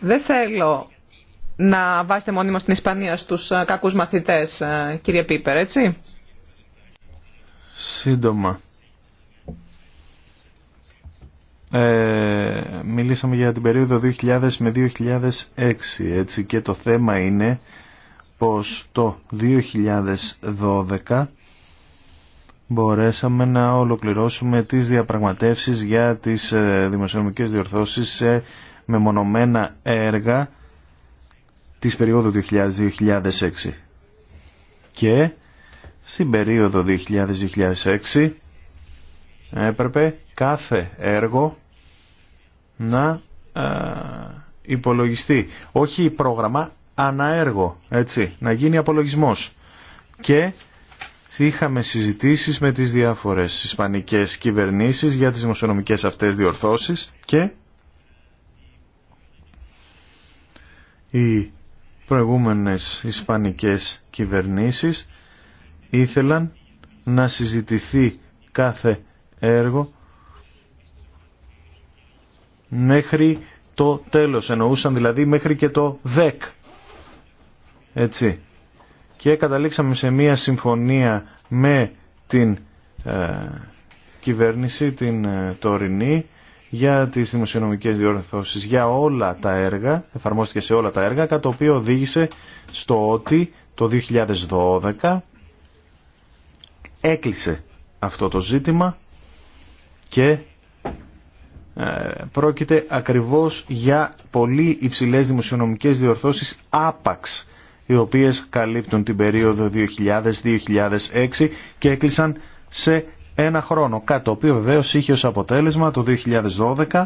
Δεν θέλω να βάζετε μόνιμα στην Ισπανία στους ε, κακούς μαθητές, ε, κύριε Πίπερ, έτσι. Σύντομα. Ε, μιλήσαμε για την περίοδο 2000 με 2006, έτσι, και το θέμα είναι πως το 2012 μπορέσαμε να ολοκληρώσουμε τις διαπραγματεύσεις για τις δημοσιονομικές διορθώσεις σε μεμονωμένα έργα της περίοδου 2000-2006. Και στην περίοδο 2000-2006 έπρεπε κάθε έργο να ε, υπολογιστεί. Όχι πρόγραμμα, αναέργο, έτσι, να γίνει απολογισμός. Και είχαμε συζητήσεις με τις διάφορες ισπανικές κυβερνήσεις για τις δημοσιονομικές αυτές διορθώσεις και η προηγούμενες ισπανικές κυβερνήσεις ήθελαν να συζητηθεί κάθε έργο μέχρι το τέλος. Εννοούσαν δηλαδή μέχρι και το ΔΕΚ. Έτσι. Και καταλήξαμε σε μία συμφωνία με την ε, κυβέρνηση, την ε, τωρινή, για τις δημοσιονομικές διορθώσεις, για όλα τα έργα, εφαρμόστηκε σε όλα τα έργα, κατά το οποίο οδήγησε στο ότι το 2012 έκλεισε αυτό το ζήτημα και ε, πρόκειται ακριβώς για πολύ υψηλές δημοσιονομικές διορθώσεις άπαξ οι οποίες καλύπτουν την περίοδο 2000-2006 και έκλεισαν σε ένα χρόνο. Κάτι το οποίο βεβαίως είχε ως αποτέλεσμα το 2012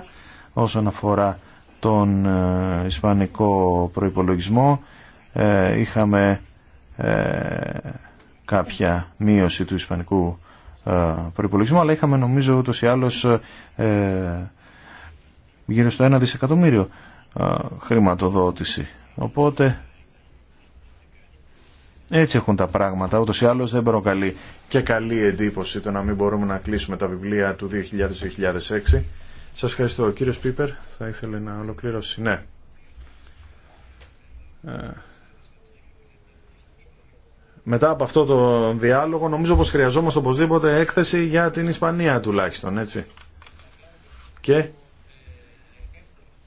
όσον αφορά τον ε, ισπανικό προϋπολογισμό ε, είχαμε ε, κάποια μείωση του ισπανικού προϋπολογισμού αλλά είχαμε νομίζω ούτως ή άλλως γύρω στο 1 δισεκατομμύριο χρηματοδότηση. Οπότε έτσι έχουν τα πράγματα, ούτως ή άλλως δεν προκαλεί και καλή εντύπωση το να μην μπορούμε να κλείσουμε τα βιβλία του 2000-2006. Σας ευχαριστώ. Ο κύριος Πίπερ θα ήθελε να ολοκληρώσει. Ναι. Ε, μετά από αυτό το διάλογο νομίζω πως χρειαζόμαστε οπωσδήποτε έκθεση για την Ισπανία τουλάχιστον, έτσι. Και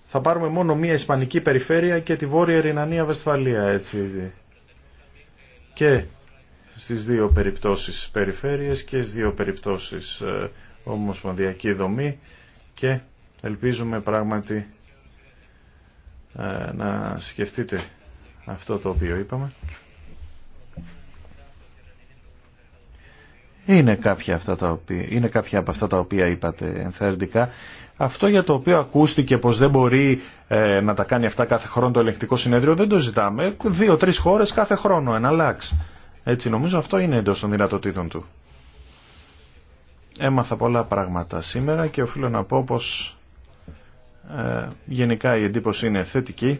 θα πάρουμε μόνο μία Ισπανική περιφέρεια και τη Βόρεια Ρινανία Βεσφαλία, έτσι και στις δύο περιπτώσεις περιφέρειες και στις δύο περιπτώσεις ε, ομοσπονδιακή δομή και ελπίζουμε πράγματι ε, να σκεφτείτε αυτό το οποίο είπαμε. Είναι κάποια, αυτά είναι κάποια από αυτά τα οποία είπατε ενθαρρυντικά. Αυτό για το οποίο ακούστηκε πως δεν μπορεί ε, να τα κάνει αυτά κάθε χρόνο το ελεγκτικό συνέδριο δεν το ζητάμε. Δύο-τρεις χώρες κάθε χρόνο, ένα λάξ. Έτσι νομίζω αυτό είναι εντό των δυνατοτήτων του. Έμαθα πολλά πράγματα σήμερα και οφείλω να πω πως ε, γενικά η εντύπωση είναι θετική.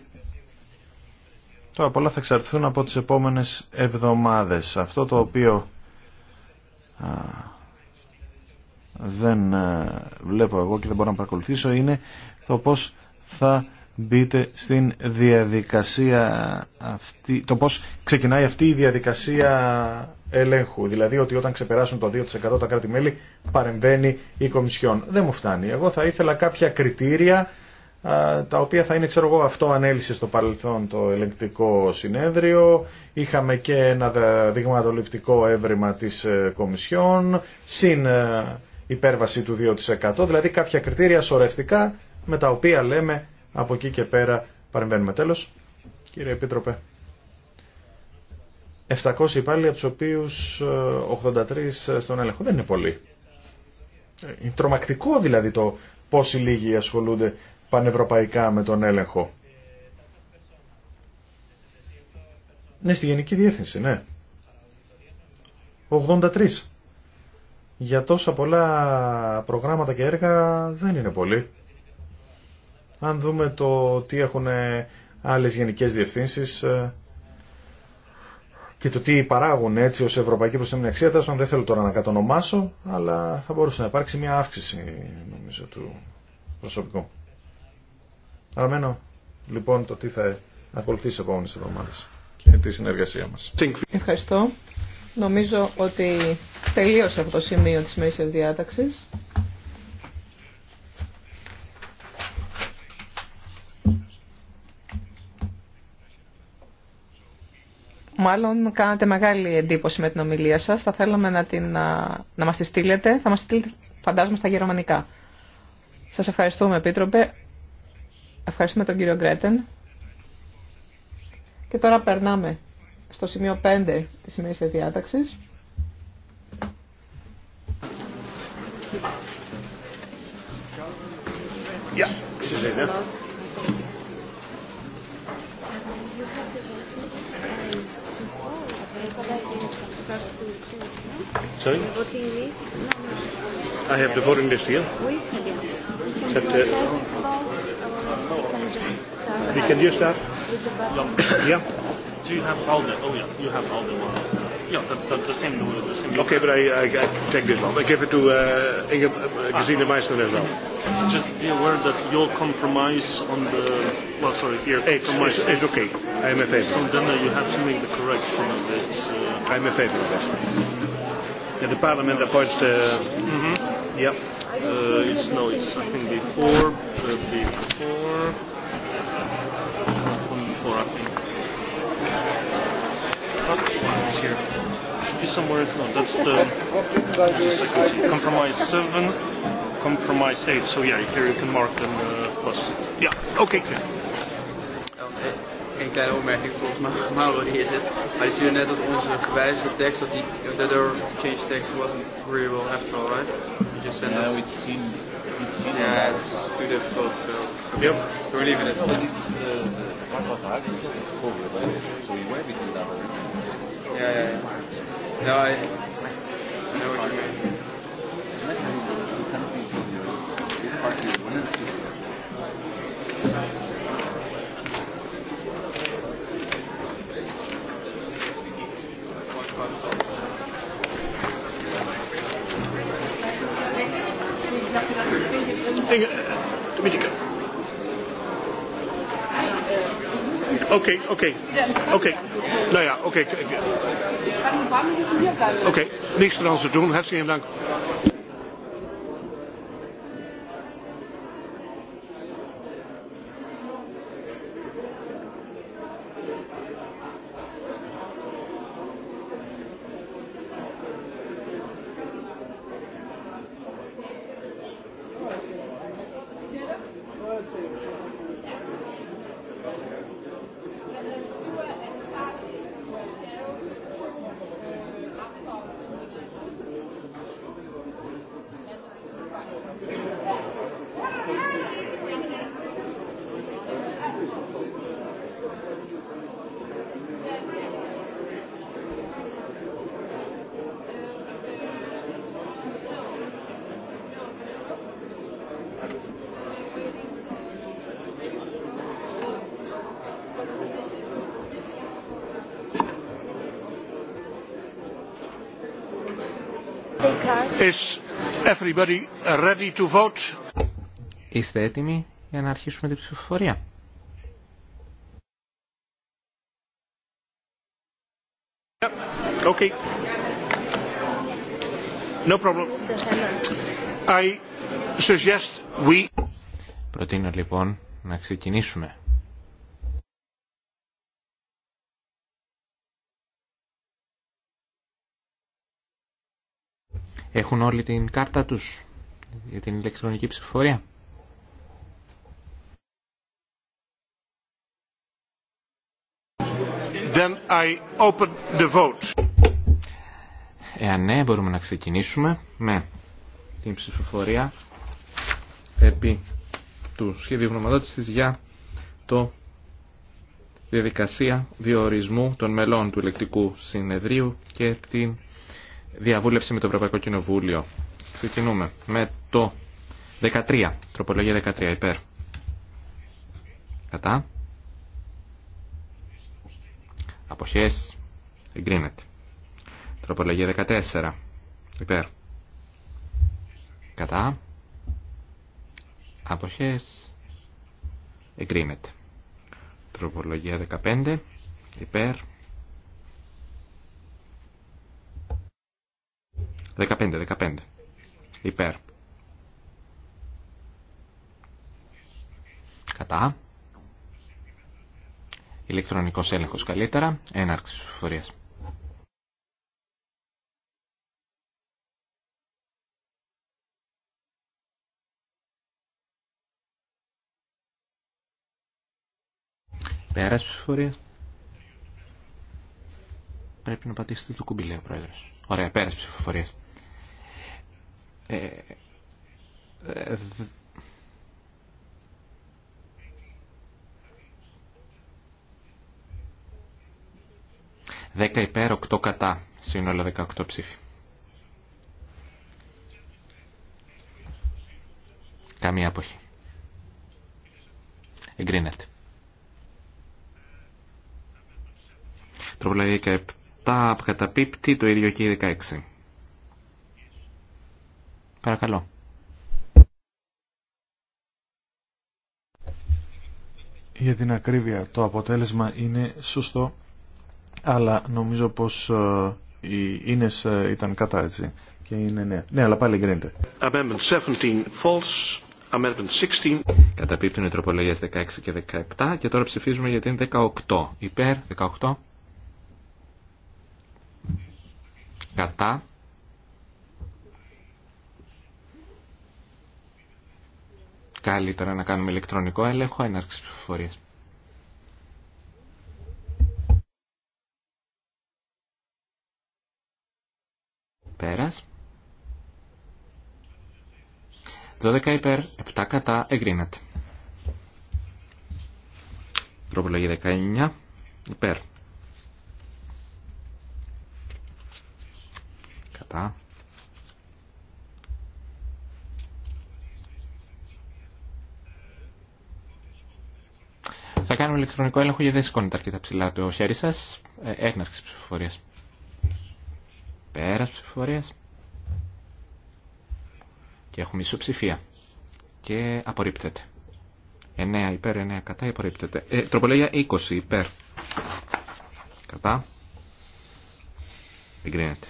Τώρα πολλά θα εξαρτηθούν από τις επόμενες εβδομάδες. Αυτό το οποίο... Α, δεν ε, βλέπω εγώ και δεν μπορώ να παρακολουθήσω είναι το πώς θα μπείτε στην διαδικασία αυτή, το πώς ξεκινάει αυτή η διαδικασία ελέγχου. Δηλαδή ότι όταν ξεπεράσουν το 2% τα κράτη-μέλη παρεμβαίνει η Κομισιόν. Δεν μου φτάνει. Εγώ θα ήθελα κάποια κριτήρια τα οποία θα είναι, ξέρω εγώ, αυτό ανέλησε στο παρελθόν το ελεγκτικό συνέδριο. Είχαμε και ένα δειγματοληπτικό έβριμα της ε, Κομισιόν, συν ε, υπέρβαση του 2%, δηλαδή κάποια κριτήρια σωρευτικά με τα οποία λέμε από εκεί και πέρα παρεμβαίνουμε. Τέλος, κύριε Επίτροπε, 700 υπάλληλοι από τους οποίους 83 ε, στον έλεγχο. Δεν είναι πολύ. Είναι τρομακτικό δηλαδή το πόσοι λίγοι ασχολούνται πανευρωπαϊκά με τον έλεγχο. Ναι, στη Γενική Διεύθυνση, ναι. 83 για τόσα πολλά προγράμματα και έργα δεν είναι πολύ. Αν δούμε το τι έχουν άλλες γενικές διευθύνσεις ε, και το τι παράγουν έτσι ως ευρωπαϊκή Προστασία δεν θέλω τώρα να κατονομάσω, αλλά θα μπορούσε να υπάρξει μια αύξηση νομίζω του προσωπικού. Αναμένω λοιπόν το τι θα ακολουθήσει επόμενες εβδομάδες και τη συνεργασία μας. Ευχαριστώ. Νομίζω ότι τελείωσε αυτό το σημείο της μέσης διάταξης. Μάλλον κάνατε μεγάλη εντύπωση με την ομιλία σας. Θα θέλαμε να, την, να, μας τη στείλετε. Θα μας τη στείλετε φαντάζομαι στα γερμανικά. Σας ευχαριστούμε Επίτροπε. Ευχαριστούμε τον κύριο Γκρέτεν. Και τώρα περνάμε στο σημείο 5 της ημερήσιας διάταξης. Sorry? Voting list? I have the voting list here. We can just start. Yeah. Do you have all the? Oh yeah, you have all the one. Yeah, that's, that's the same. The same okay, but I, I, I take this one. I give it to uh, Inge, uh, Gesine Meissner as well. Just be aware that your compromise on the, well, sorry, here, it's, compromise it's, it's okay. I'm a favor. So then uh, you have to make the correction of it. Uh, I'm a favor of that. Yeah, the parliament appoints the, mm-hmm. yeah. Uh, it's, no, it's, I think, before, uh, before, before, I think here. should be somewhere. that's the compromise seven, compromise eight. So yeah, here you can mark them plus. Yeah, okay. Een kleine opmerking volgens maar hier zit. Maar net dat onze gewijzigde tekst, dat die change text wasn't well after all, right? just send yeah, seen, it's too difficult, so. Yep. we're leaving it. Yeah, yeah. you Thank you. Okay, okay. Okay. Nou ja, okay. Okay, niks eraan te doen. Hartstikke Dank. Είστε έτοιμοι για να αρχίσουμε την ψηφοφορία. Okay. No problem. I suggest we... Προτείνω λοιπόν να ξεκινήσουμε. Έχουν όλοι την κάρτα τους για την ηλεκτρονική ψηφοφορία. Then I open the vote. Εάν ναι, μπορούμε να ξεκινήσουμε με την ψηφοφορία επί του σχεδίου γνωματότησης για το διαδικασία διορισμού των μελών του ηλεκτρικού συνεδρίου και την διαβούλευση με το Ευρωπαϊκό Κοινοβούλιο. Ξεκινούμε με το 13, τροπολογία 13, υπέρ. Κατά. Αποχές, εγκρίνεται. Τροπολογία 14, υπέρ. Κατά. Αποχές, εγκρίνεται. Τροπολογία 15, υπέρ. 15, 15. Υπέρ. Κατά. Ηλεκτρονικός έλεγχος καλύτερα. Έναρξη ψηφοφορίας. Πέρας ψηφοφορίας. Πρέπει να πατήσετε το κουμπί, λέει ο Πρόεδρος. Ωραία, πέρας ψηφοφορίας. Ε, ε, Δέκα υπέρ, οκτώ κατά. Σύνολο 18 ψήφι. Καμία αποχή. Εγκρίνεται. Τροπολογία 17 αποκαταπίπτει, το ίδιο και η 16. Παρακαλώ. Για την ακρίβεια το αποτέλεσμα είναι σωστό, αλλά νομίζω πως ε, οι Ίνες ε, ήταν κατά έτσι και είναι ναι. Ναι, αλλά πάλι εγκρίνεται. Amendment 17 false. Amendment 16. Καταπίπτουν οι τροπολογίες 16 και 17 και τώρα ψηφίζουμε για την 18. Υπέρ 18. Κατά. καλύτερα να κάνουμε ηλεκτρονικό έλεγχο έναρξης ψηφοφορίας. Πέρας. 12 υπέρ, 7 κατά, εγκρίνεται. Προπολογή 19, υπέρ. Κατά. κάνουμε ηλεκτρονικό έλεγχο γιατί δεν σηκώνετε αρκετά ψηλά το χέρι σα. Ε, Έναρξη ψηφοφορία. Πέρα ψηφοφορία. Και έχουμε ισοψηφία. Και απορρίπτεται. 9 υπέρ, 9 κατά, απορρίπτεται. Ε, τροπολογία 20 υπέρ. Κατά. Εγκρίνεται.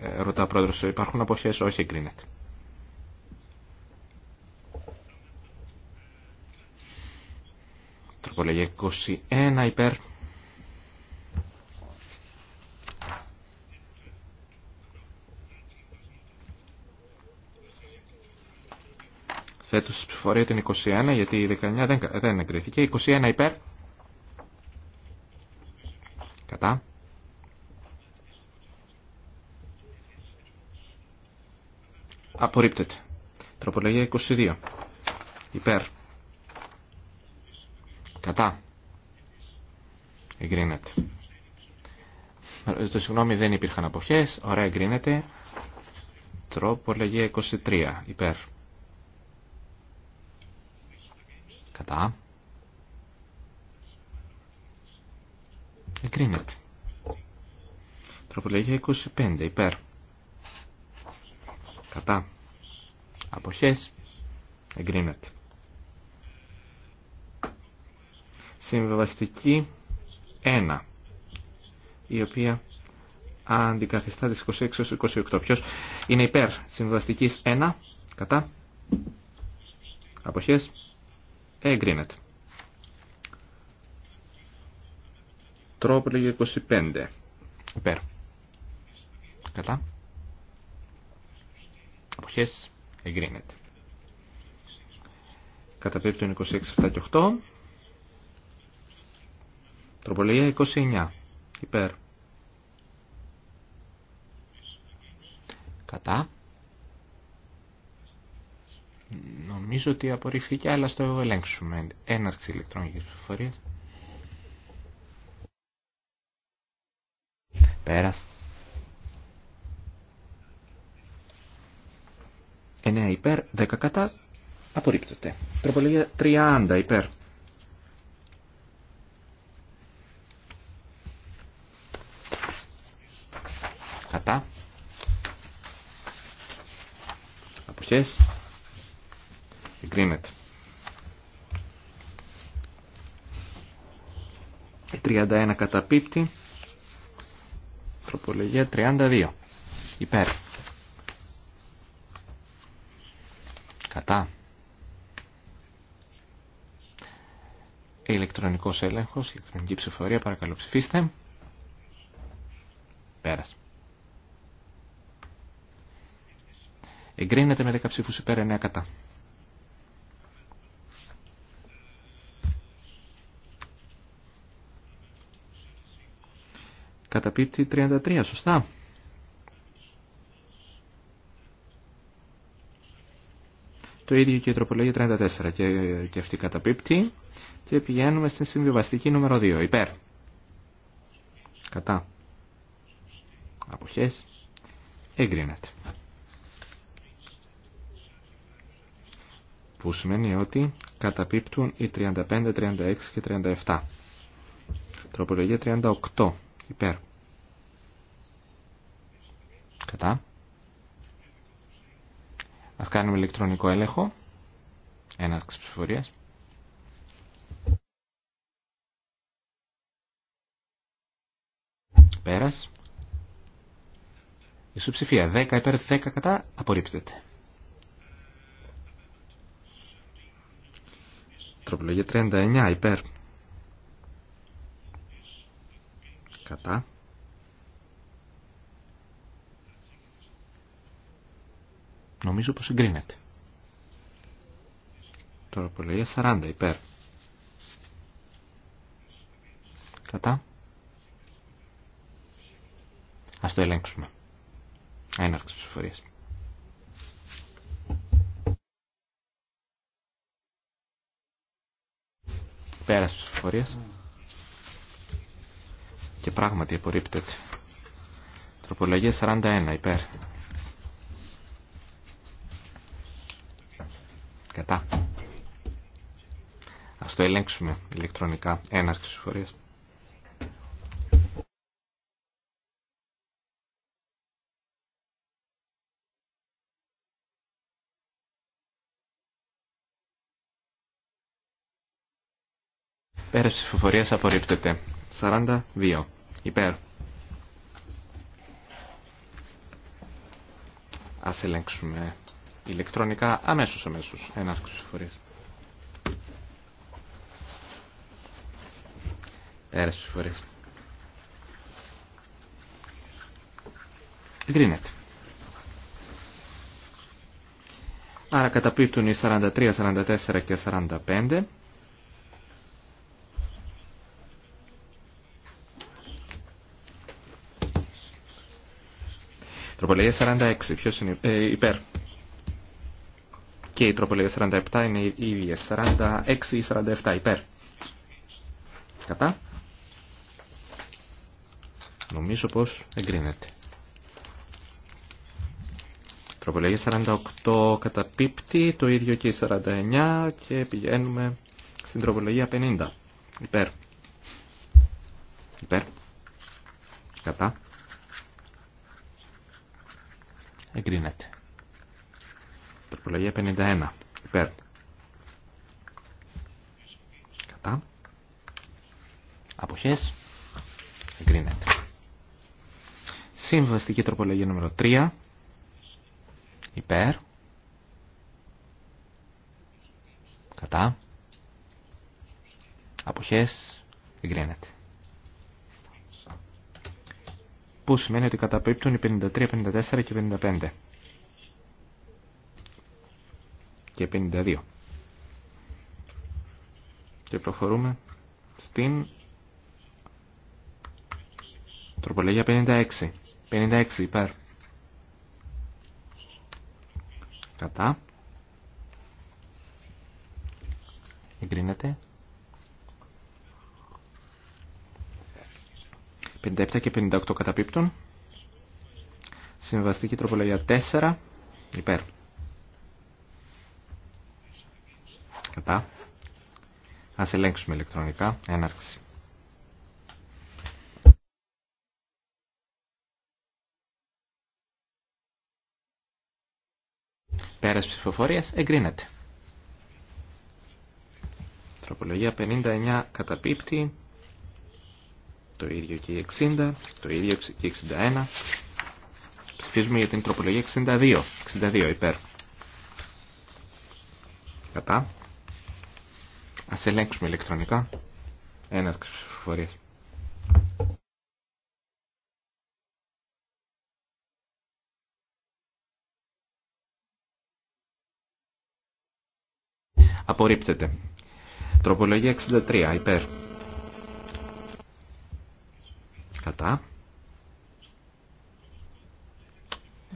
Ε, ρωτά πρόεδρο, υπάρχουν αποχέ, όχι εγκρίνεται. Τροπολογία 21 υπέρ. Θέτω στη ψηφορία την 21 γιατί η 19 δεν εγκρίθηκε. 21 υπέρ. Κατά. Απορρίπτεται. Τροπολογία 22. Υπέρ. Κατά. Εγκρίνεται. Το ε, συγγνώμη δεν υπήρχαν αποχές. Ωραία εγκρίνεται. λέγει 23. Υπέρ. Κατά. Εγκρίνεται. λέγει 25. Υπέρ. Κατά. Αποχές. Εγκρίνεται. Συμβαστική 1, η οποία αντικαθιστά τις 26 έως 28. Ποιος είναι υπέρ συμβαστικής 1, κατά, αποχές, εγκρίνεται. Τρόπο 25, υπέρ, κατά, αποχές, εγκρίνεται. Καταπέπτουν 26, 7 και 8. Τροπολογία 29. Υπέρ. Κατά. Νομίζω ότι απορριφθήκε, αλλά στο ελέγξουμε. Έναρξη ηλεκτρονική ψηφοφορία. Πέρα. 9 υπέρ, 10 κατά, απορρίπτωται. Τροπολογία 30 υπέρ. Αποχές. Εγκρίνεται. 31 καταπίπτει. Τροπολογία 32. Υπέρ. Κατά. Ηλεκτρονικός έλεγχος, ηλεκτρονική ψηφορία, παρακαλώ ψηφίστε. Πέρασε. Εγκρίνεται με 10 ψήφους υπέρ 9 κατά. Καταπίπτει 33, σωστά. Το ίδιο και η τροπολογία 34 και, και αυτή καταπίπτει. Και πηγαίνουμε στην συμβιβαστική νούμερο 2. Υπέρ. Κατά. Αποχές. Εγκρίνεται. που σημαίνει ότι καταπίπτουν οι 35, 36 και 37. Τροπολογία 38 υπέρ. Κατά. Ας κάνουμε ηλεκτρονικό έλεγχο. Έναρξη ψηφορίας. Πέρας. Ισοψηφία 10 υπέρ 10 κατά απορρίπτεται. Τροπολογία 39 υπέρ. Κατά. Νομίζω πως συγκρίνεται. Τροπολογία 40 υπέρ. Κατά. Ας το ελέγξουμε. Έναρξη ψηφορίας. Πέρας mm. Και πράγματι απορρίπτεται. Τροπολογία 41 υπέρ. Κατά. Ας το ελέγξουμε ηλεκτρονικά έναρξη ψηφοφορίας. Πέρας ψηφοφορίας απορρίπτεται. 42. Υπέρ. Ας ελέγξουμε ηλεκτρονικά αμέσως αμέσως έναρξη ψηφοφορίας. Πέρας ψηφοφορίας. Εγκρίνεται. Άρα καταπίπτουν οι 43, 44 και 45. Τροπολογία 46. Ποιος είναι ε, υπέρ. Και η τροπολογία 47 είναι η ίδια. 46 ή 47 υπέρ. Κατά. Νομίζω πως εγκρίνεται. Τροπολογία 48 καταπίπτει, το ίδιο και η 49 και πηγαίνουμε στην τροπολογία 50. Υπέρ. Υπέρ. Κατά. Εγκρίνεται. Τροπολογία 51. Υπέρ. Κατά. Αποχές. Εγκρίνεται. Συμβαστική τροπολογία νούμερο 3. Υπέρ. Κατά. Αποχές. Εγκρίνεται. που σημαίνει ότι καταπίπτουν οι 53, 54 και 55. Και 52. Και προχωρούμε στην τροπολογία 56. 56 υπέρ. Κατά. Εγκρίνεται. 57 και 58 καταπίπτων. Συμβαστική τροπολογία 4 υπέρ. Κατά. Ας ελέγξουμε ηλεκτρονικά. Έναρξη. Πέρας ψηφοφορίας εγκρίνεται. Τροπολογία 59 καταπίπτει το ίδιο και η 60, το ίδιο και η 61. Ψηφίζουμε για την τροπολογία 62, 62 υπέρ. Κατά. Ας ελέγξουμε ηλεκτρονικά. Έναρξη ψηφοφορίας. Απορρίπτεται. Τροπολογία 63 υπέρ.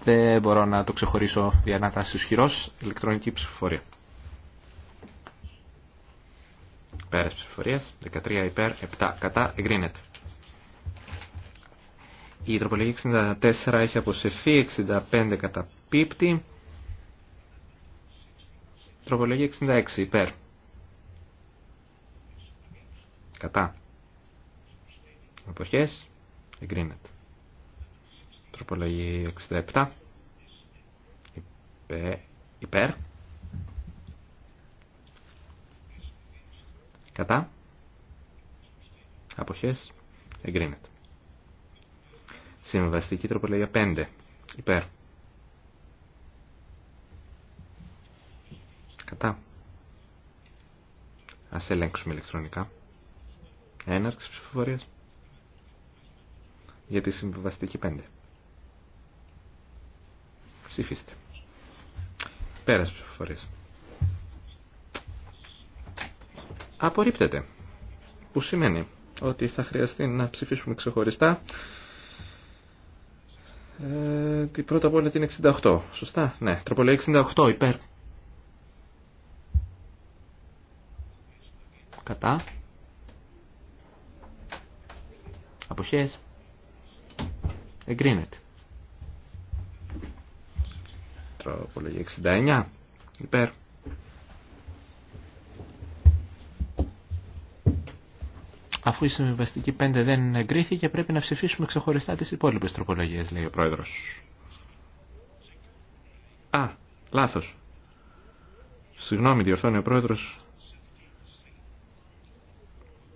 Δεν μπορώ να το ξεχωρίσω για να χειρός. Ηλεκτρονική ψηφοφορία. Πέρας ψηφοφορία, 13 υπέρ, 7 κατά. Εγκρίνεται. Η τροπολογία 64 έχει αποσυρθεί, 65 κατά πίπτη. Τροπολογία 66 υπέρ. Κατά. Αποχές. Εγκρίνεται. Τροπολογία 67. υπέρ. Κατά. Αποχές. Εγκρίνεται. Συμβαστική τροπολογία 5. Υπέρ. Κατά. Ας ελέγξουμε ηλεκτρονικά. Έναρξη ψηφοφορίας για τη συμβιβαστική 5. Ψηφίστε. Πέρας ψηφοφορίες. Απορρίπτεται. Που σημαίνει ότι θα χρειαστεί να ψηφίσουμε ξεχωριστά ε, πρώτα απ' όλα την 68. Σωστά. Ναι. Τροπολογία 68 υπέρ. Κατά. Αποχές. Εγκρίνεται. Τροπολογία 69. Υπέρ. Αφού η συμβιβαστική 5 δεν εγκρίθηκε, πρέπει να ψηφίσουμε ξεχωριστά τις υπόλοιπες τροπολογίες, λέει ο πρόεδρος. Α, λάθος. Συγγνώμη, διορθώνει ο πρόεδρος.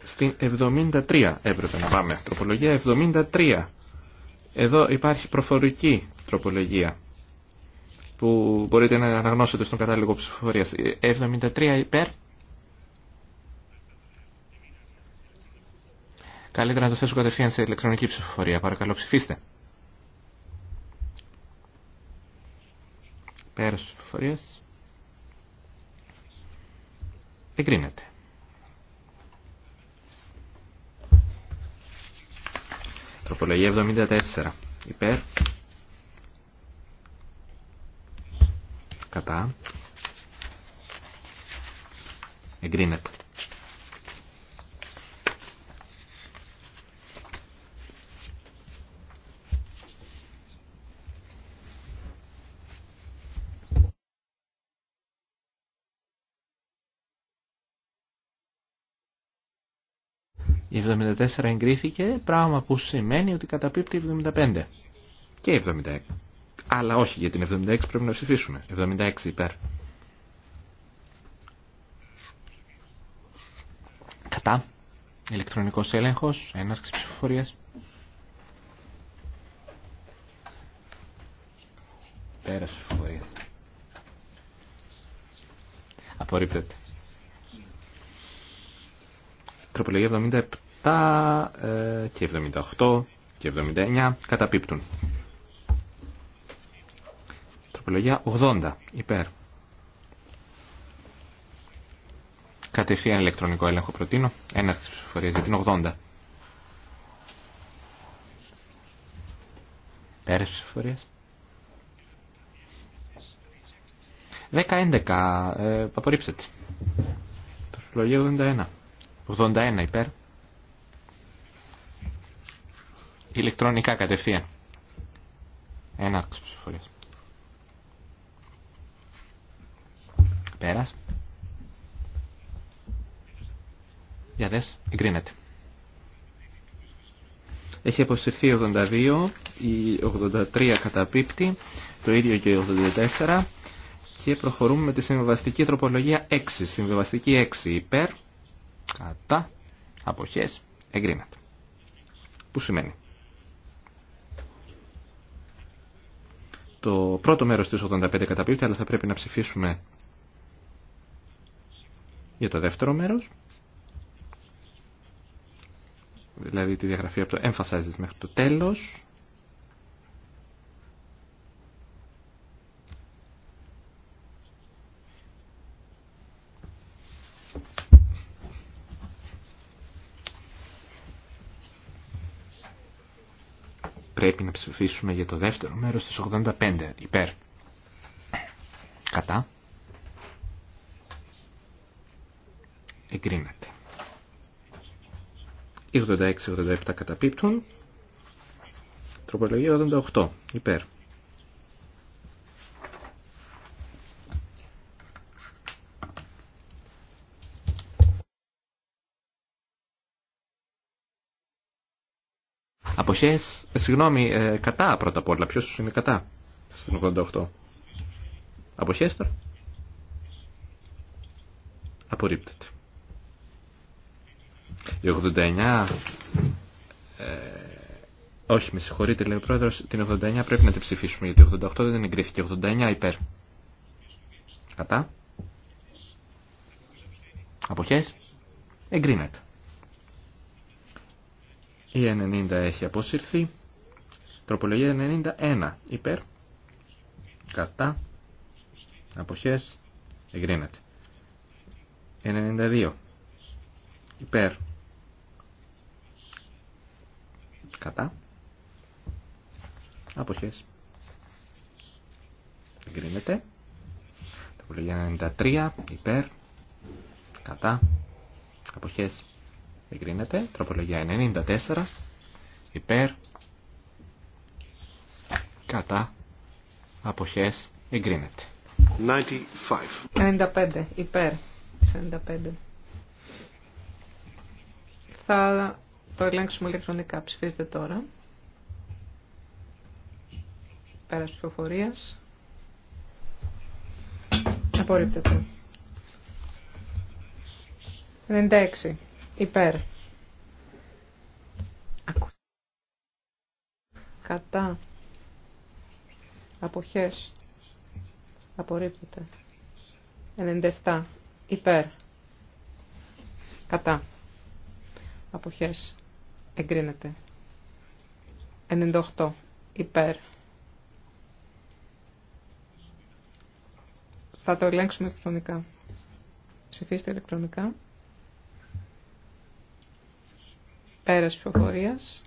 Στην 73 έπρεπε να πάμε. Τροπολογία 73. Εδώ υπάρχει προφορική τροπολογία που μπορείτε να αναγνώσετε στον κατάλληλο ψηφοφορίας. 73 υπέρ. Καλύτερα να το θέσω κατευθείαν σε ηλεκτρονική ψηφοφορία. Παρακαλώ ψηφίστε. Πέρας ψηφοφορίας. Εγκρίνεται. Τροπολογία 74. Υπέρ. Κατά. Εγκρίνεται. Η 74 εγκρίθηκε, πράγμα που σημαίνει ότι καταπίπτει η 75. Και η 76. Αλλά όχι, για την 76 πρέπει να ψηφίσουμε. 76 υπέρ. Κατά. Ηλεκτρονικός έλεγχος, έναρξη ψηφοφορίας. Πέρας ψηφοφορία. Απορρίπτεται. Τροπολογία τα ε, και 78 και 79 καταπίπτουν. Τροπολογία 80 υπέρ. Κατευθείαν ηλεκτρονικό έλεγχο προτείνω. Έναρξη της για την 80. περε ψηφοφορια ψηφοφορίας. 10-11. Ε, απορρίψετε. Τροπολογία 81. 81 υπέρ. ηλεκτρονικά κατευθείαν. Έναρξη ψηφοφορία. Πέρας. Για δες, εγκρίνεται. Έχει αποσυρθεί 82, η 83 καταπίπτει, το ίδιο και η 84 και προχωρούμε με τη συμβιβαστική τροπολογία 6. Συμβιβαστική 6 υπέρ, κατά, αποχές, εγκρίνεται. Που σημαίνει Το πρώτο μέρος της 85 καταπίπτει, αλλά θα πρέπει να ψηφίσουμε για το δεύτερο μέρος. Δηλαδή τη διαγραφή από το emphasizes μέχρι το τέλος. πρέπει να ψηφίσουμε για το δεύτερο μέρος της 85 υπέρ. Κατά. Εγκρίνεται. 86-87 καταπίπτουν. Τροπολογία 88 υπέρ. Αποχές, ε, συγγνώμη, ε, κατά πρώτα απ' όλα. Ποιος είναι κατά στην 88. Αποχέ. τώρα. Απορρίπτεται. Η 89... Ε, όχι, με συγχωρείτε, λέει ο πρόεδρο την 89 πρέπει να την ψηφίσουμε, γιατί 88 δεν εγκρίθηκε. 89 υπέρ. Κατά. Αποχές. Εγκρίνεται. Η 90 έχει αποσυρθεί. Τροπολογία 91 υπέρ. Κατά. Αποχές. Εγκρίνεται. 92 υπέρ. Κατά. Αποχές. Εγκρίνεται. Τροπολογία 93 υπέρ. Κατά. Αποχές εγκρίνεται. Τροπολογία 94 υπέρ κατά αποχές εγκρίνεται. 95. 95 υπέρ. 95. Θα το ελέγξουμε ηλεκτρονικά. Ψηφίζετε τώρα. Πέρας ψηφοφορίας. Απορρίπτεται. 96 Υπέρ. Κατά. Αποχές. Απορρίπτεται. 97. Υπέρ. Κατά. Αποχές. Εγκρίνεται. 98. Υπέρ. Θα το ελέγξουμε ηλεκτρονικά. Ψηφίστε ηλεκτρονικά. Πέρας ψηφοφορίας.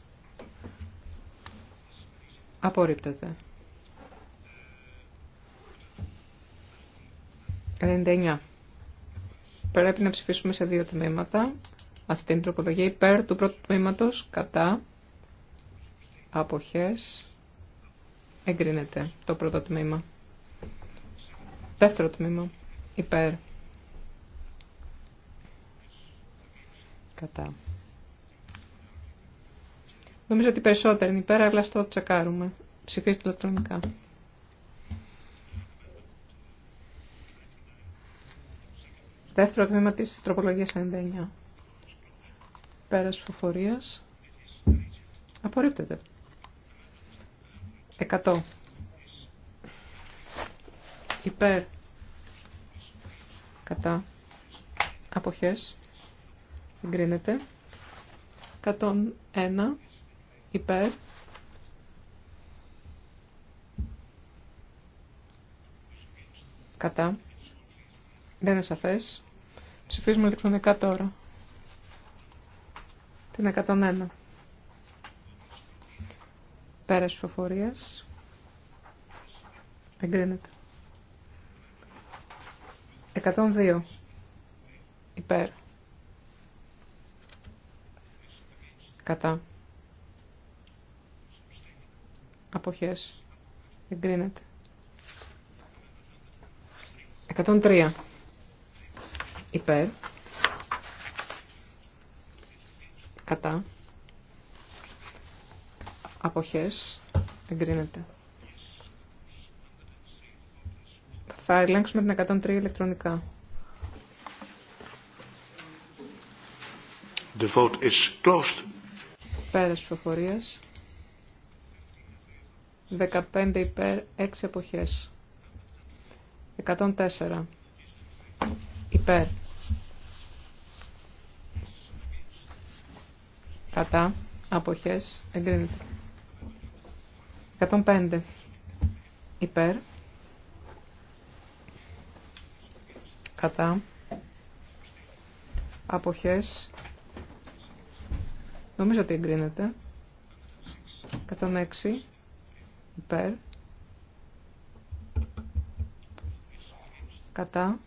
Απορρίπτεται. 99. Πρέπει να ψηφίσουμε σε δύο τμήματα. Αυτή είναι η τροπολογία υπέρ του πρώτου τμήματος, κατά, αποχές, εγκρίνεται το πρώτο τμήμα. Δεύτερο τμήμα, υπέρ, κατά. Νομίζω ότι περισσότερο είναι υπέρ, αλλά στο τσεκάρουμε. Ψηφίστε ηλεκτρονικά. Δεύτερο τμήμα της τροπολογίας 99. Πέρας φοφορίας. Απορρίπτεται. 100. Υπέρ. Κατά. Αποχές. Εγκρίνεται. 101 υπέρ κατά δεν είναι σαφές ψηφίζουμε ηλεκτρονικά τώρα την 101 πέρας ψηφοφορίας εγκρίνεται 102 υπέρ κατά αποχές εγκρίνεται 103 υπέρ κατά αποχές εγκρίνεται θα ελέγξουμε την 103 ηλεκτρονικά The vote is closed. Πέρας προφορίας 15 υπέρ 6 εποχές. 104 υπέρ. Κατά αποχές εγκρίνεται. 105 υπέρ. Κατά αποχές νομίζω ότι εγκρίνεται. 106 Υπέρ. Κατά.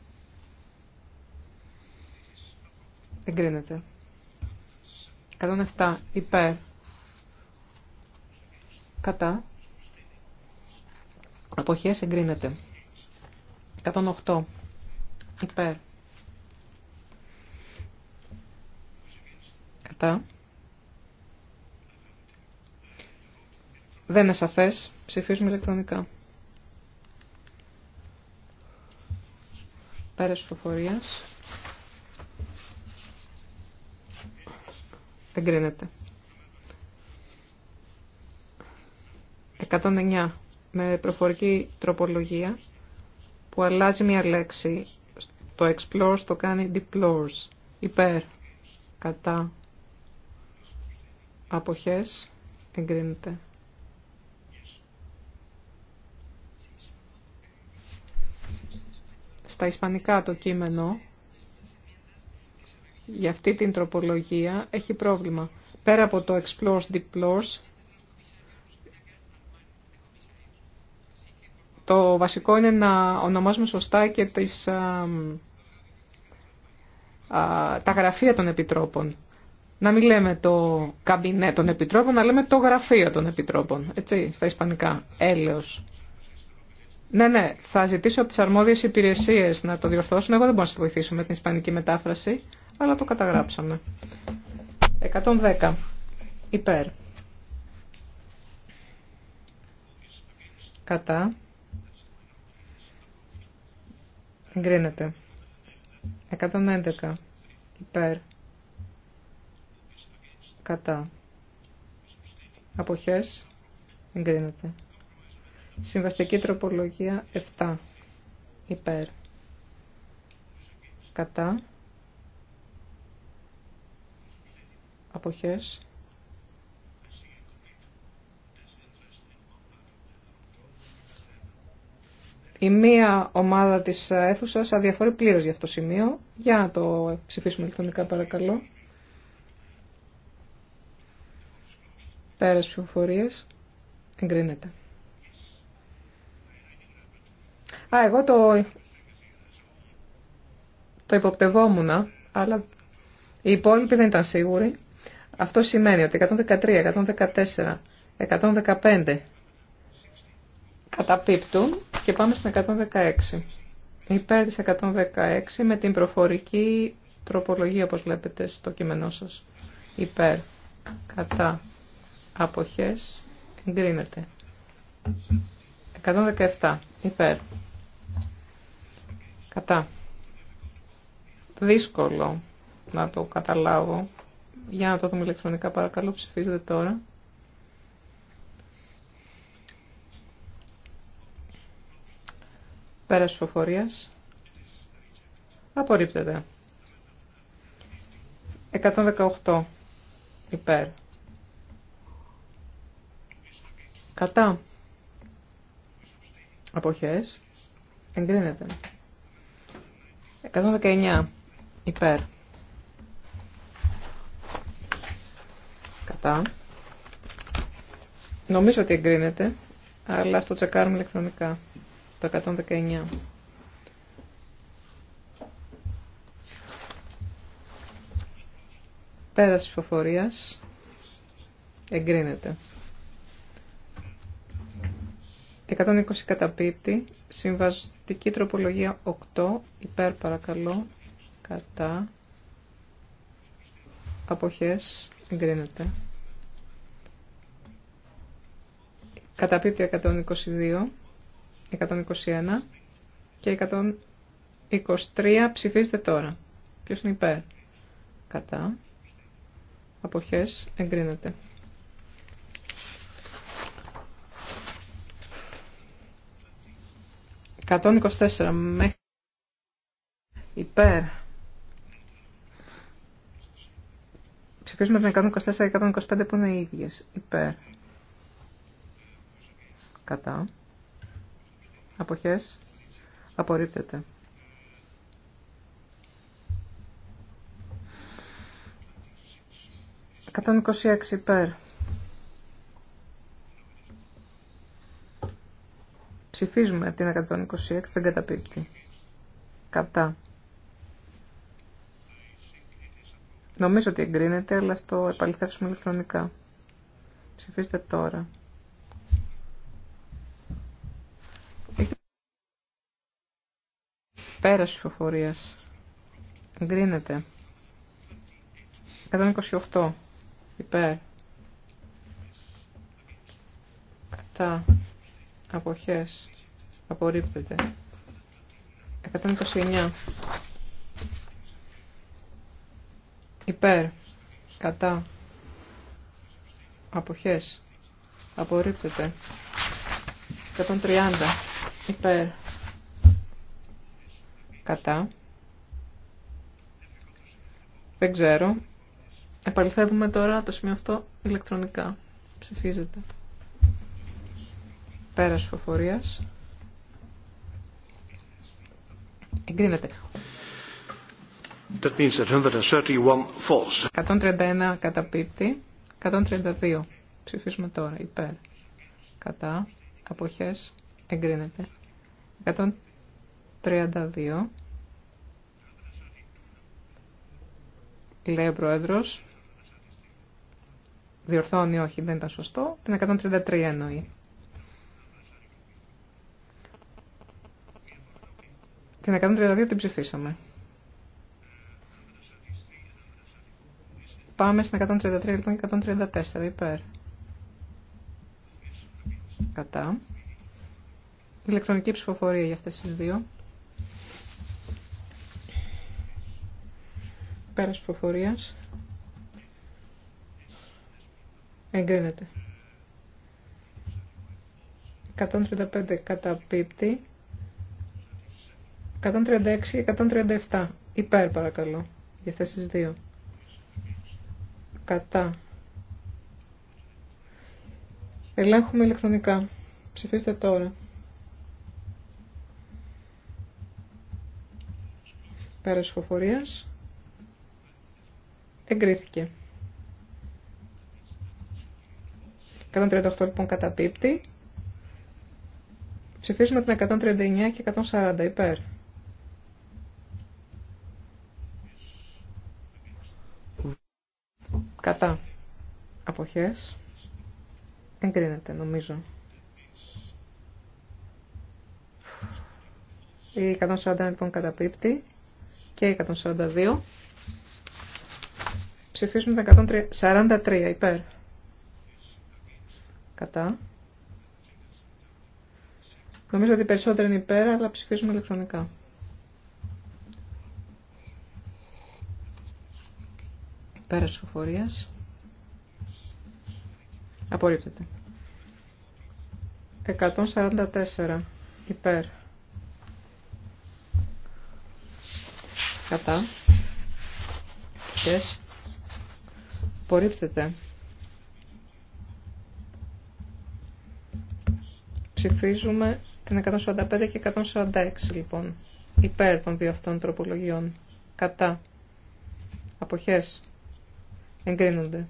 Εγκρίνεται. 107. Υπέρ. Κατά. Αποχές εγκρίνεται. 108. Υπέρ. Κατά. Δεν είναι σαφές. Ψηφίζουμε ηλεκτρονικά. Πέρας προφορίας. Εγκρίνεται. 109 με προφορική τροπολογία που αλλάζει μια λέξη. Το explores το κάνει deplores. Υπέρ. Κατά. Αποχές. Εγκρίνεται. στα ισπανικά το κείμενο για αυτή την τροπολογία έχει πρόβλημα. Πέρα από το explores, deplores, το βασικό είναι να ονομάζουμε σωστά και τις, τα γραφεία των επιτρόπων. Να μην λέμε το καμπινέ των επιτρόπων, να λέμε το γραφείο των επιτρόπων, έτσι, στα ισπανικά, έλεος. Ναι, ναι, θα ζητήσω από τι αρμόδιε υπηρεσίε να το διορθώσουν. Εγώ δεν μπορώ να σα βοηθήσω με την ισπανική μετάφραση, αλλά το καταγράψαμε. 110. Υπέρ. Κατά. Εγκρίνεται. 111. Υπέρ. Κατά. Αποχές. Εγκρίνεται. Συμβαστική τροπολογία 7. Υπέρ. Κατά. Αποχές. Η μία ομάδα της αίθουσας αδιαφορεί πλήρως για αυτό το σημείο. Για να το ψηφίσουμε ηλεκτρονικά παρακαλώ. Πέρας ψηφοφορίες. Εγκρίνεται. Α, εγώ το, το υποπτευόμουν, αλλά οι υπόλοιποι δεν ήταν σίγουροι. Αυτό σημαίνει ότι 113, 114, 115 καταπίπτουν και πάμε στην 116. Υπέρ της 116 με την προφορική τροπολογία όπως βλέπετε στο κείμενό σας. Υπέρ, κατά, αποχές, εγκρίνεται. 117. Υπέρ, κατά. Δύσκολο να το καταλάβω. Για να το δούμε ηλεκτρονικά παρακαλώ ψηφίζετε τώρα. Πέρας φοφορίας. Απορρίπτεται. 118 υπέρ. Κατά. Αποχές. Εγκρίνεται. 119 υπέρ. Κατά. Νομίζω ότι εγκρίνεται, αλλά στο τσεκάρουμε ηλεκτρονικά. Το 119. Πέρας ψηφοφορίας εγκρίνεται. 120 καταπίπτει. Συμβαστική τροπολογία 8. Υπέρ παρακαλώ. Κατά. Αποχές. Εγκρίνεται. Καταπίπτει 122, 121 και 123 ψηφίστε τώρα. Ποιος είναι υπέρ. Κατά. Αποχές εγκρίνεται. 124 μέχρι υπέρ. Ψηφίζουμε την 124 και 125 που είναι οι ίδιες. Υπέρ. Κατά. Αποχές. Απορρίπτεται. 126 υπέρ. Ψηφίζουμε την 126, δεν καταπίπτει. Κατά. Νομίζω ότι εγκρίνεται, αλλά στο επαληθεύσουμε ηλεκτρονικά. Ψηφίστε τώρα. τη ψηφοφορίας. Εγκρίνεται. 128. Υπέρ. Κατά. Αποχές. Απορρίπτεται. 129. Υπέρ. Κατά. Αποχές. Απορρίπτεται. 130. Υπέρ. Κατά. Δεν ξέρω. Επαληθεύουμε τώρα το σημείο αυτό ηλεκτρονικά. Ψηφίζεται. Πέρας φοφορίας. Εγκρίνεται. 131 falls. 131 καταπίπτει. 132. Ψηφίσουμε τώρα. Υπέρ. Κατά. Αποχές. Εγκρίνεται. 132. Λέει ο Πρόεδρος. Διορθώνει όχι, δεν ήταν σωστό. Την 133 εννοεί. Την 132 την ψηφίσαμε. Πάμε στην 133 λοιπόν και 134 υπέρ. Κατά. Ηλεκτρονική ψηφοφορία για αυτές τις δύο. Πέρας ψηφοφορίας. Εγκρίνεται. 135 κατά πίπτη. 136 και 137. Υπέρ παρακαλώ. Για θέσεις 2. Κατά. Ελέγχουμε ηλεκτρονικά. Ψηφίστε τώρα. Πέρα σχοφορίας. Εγκρίθηκε. 138 λοιπόν καταπίπτει. Ψηφίσουμε την 139 και 140 υπέρ. Κατά. Αποχές. Εγκρίνεται νομίζω. Η 141 λοιπόν καταπίπτει και η 142. Ψηφίσουμε τα 143 υπέρ. Κατά. Νομίζω ότι περισσότερο είναι υπέρ, αλλά ψηφίζουμε ηλεκτρονικά. Πέρα φοφορίας. Απορρίπτεται. 144 υπέρ. Κατά. Yes. Απορρίπτεται. Ψηφίζουμε την 145 και 146 λοιπόν. Υπέρ των δύο αυτών τροπολογιών. Κατά. Αποχές. Εγκρίνονται.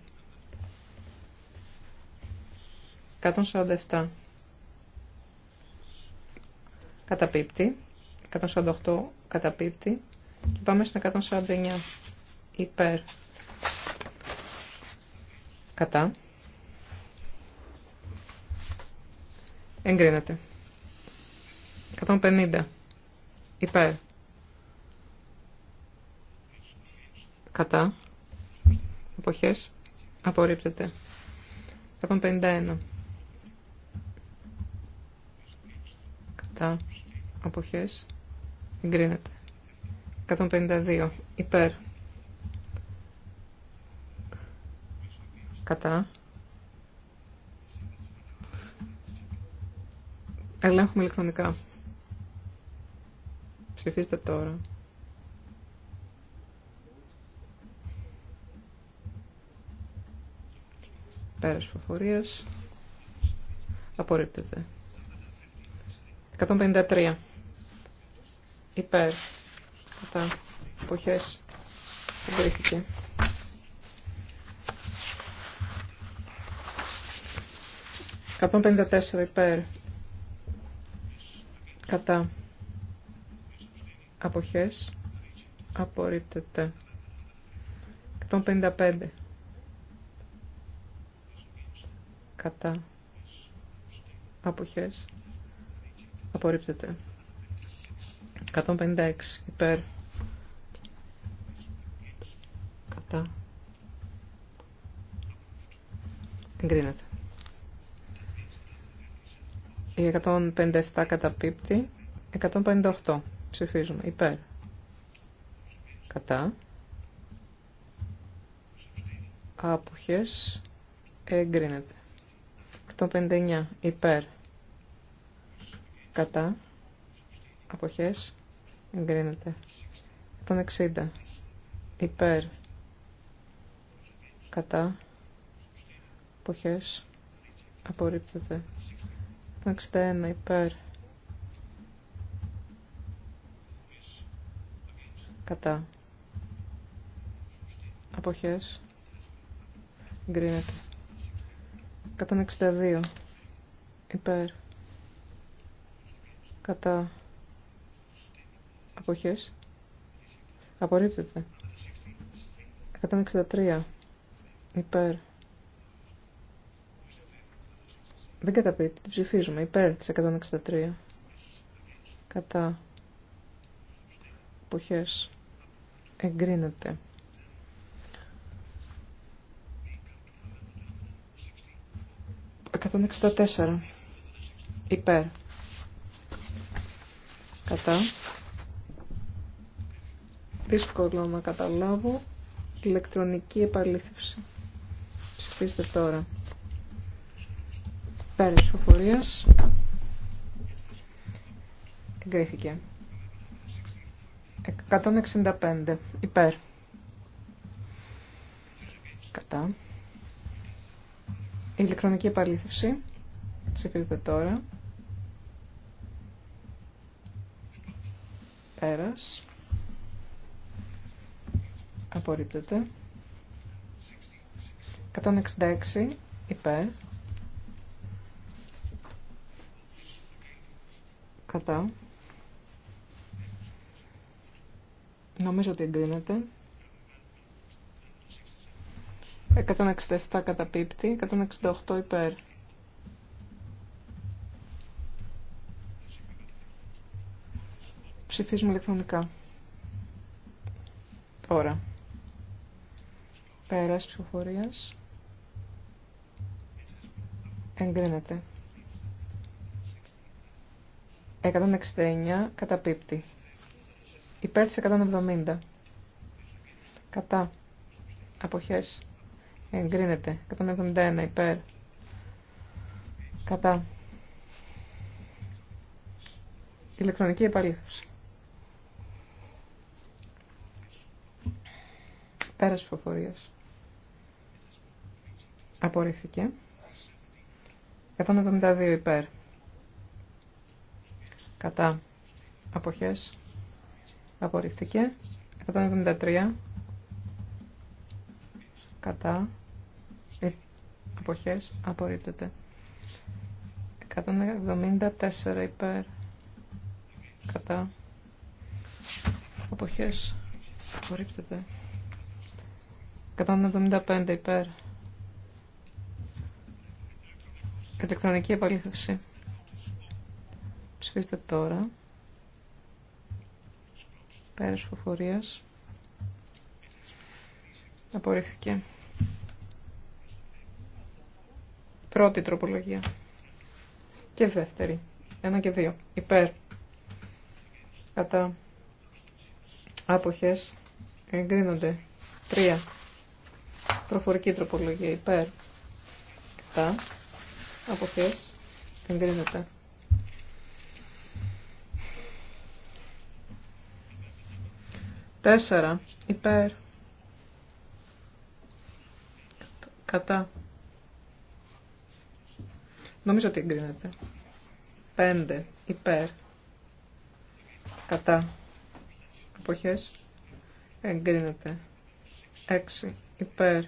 147. Καταπίπτει. 148 καταπίπτει. Και πάμε στην 149. Υπέρ. Κατά. Εγκρίνεται. 150. Υπέρ. Κατά. Αποχές. Απορρίπτεται. 151. Κατά. Αποχές. Εγκρίνεται. 152. Υπέρ. Κατά. Ελέγχουμε ηλεκτρονικά. Ψηφίστε τώρα. Πέρας ψηφοφορίας. Απορρίπτεται. 153. Υπέρ. Κατά. Εποχές. Εγκρίθηκε. 154 υπέρ. Κατά. Αποχές. Απορρίπτεται. 155 κατά αποχές απορρίπτεται 156 υπέρ κατά εγκρίνεται η 157 καταπίπτει 158 ψηφίζουμε υπέρ κατά άποχες εγκρίνεται το 59 υπέρ κατά αποχές εγκρίνεται 60 υπέρ κατά αποχές απορρίπτεται 61 υπέρ κατά αποχές εγκρίνεται 162 υπέρ κατά αποχές απορρίπτεται 163 υπέρ δεν καταπείτε. την ψηφίζουμε υπέρ της 163 κατά αποχές εγκρίνεται 164 υπέρ κατά δύσκολο να καταλάβω ηλεκτρονική επαλήθευση ψηφίστε τώρα πέρα ψηφοφορίας εγκρίθηκε 165 υπέρ κατά η ηλεκτρονική επαλήθευση. Ψηφίζεται τώρα. Πέρας. Απορρίπτεται. 166 υπέρ. Κατά. Νομίζω ότι εγκρίνεται. 167 κατά πίπτη. 168 υπέρ. Ψηφίζουμε ηλεκτρονικά. Τώρα. Πέρας ψηφοφορίας. Εγκρίνεται. 169 κατά πίπτη. Υπέρ της 170. Κατά. Αποχές. Εγκρίνεται. 171 υπέρ. Κατά. Ηλεκτρονική επαλήθευση. Πέρας ψηφοφορίας. Απορρίφθηκε. 172 υπέρ. Κατά. Αποχές. Απορρίφθηκε. 173. Κατά εποχές απορρίπτεται. 174 υπέρ κατά εποχές απορρίπτεται. 175 υπέρ ηλεκτρονική επαλήθευση. Ψηφίστε τώρα. Πέρας φοφορίας. Απορρίφθηκε. Πρώτη τροπολογία. Και δεύτερη. Ένα και δύο. Υπέρ. Κατά. Άποχες. Εγκρίνονται. Τρία. Προφορική τροπολογία. Υπέρ. Κατά. Άποχες. εγκρίνονται Τέσσερα. Υπέρ. Κατά. Νομίζω ότι εγκρίνεται. 5 υπέρ κατά εποχές εγκρίνεται 6 υπέρ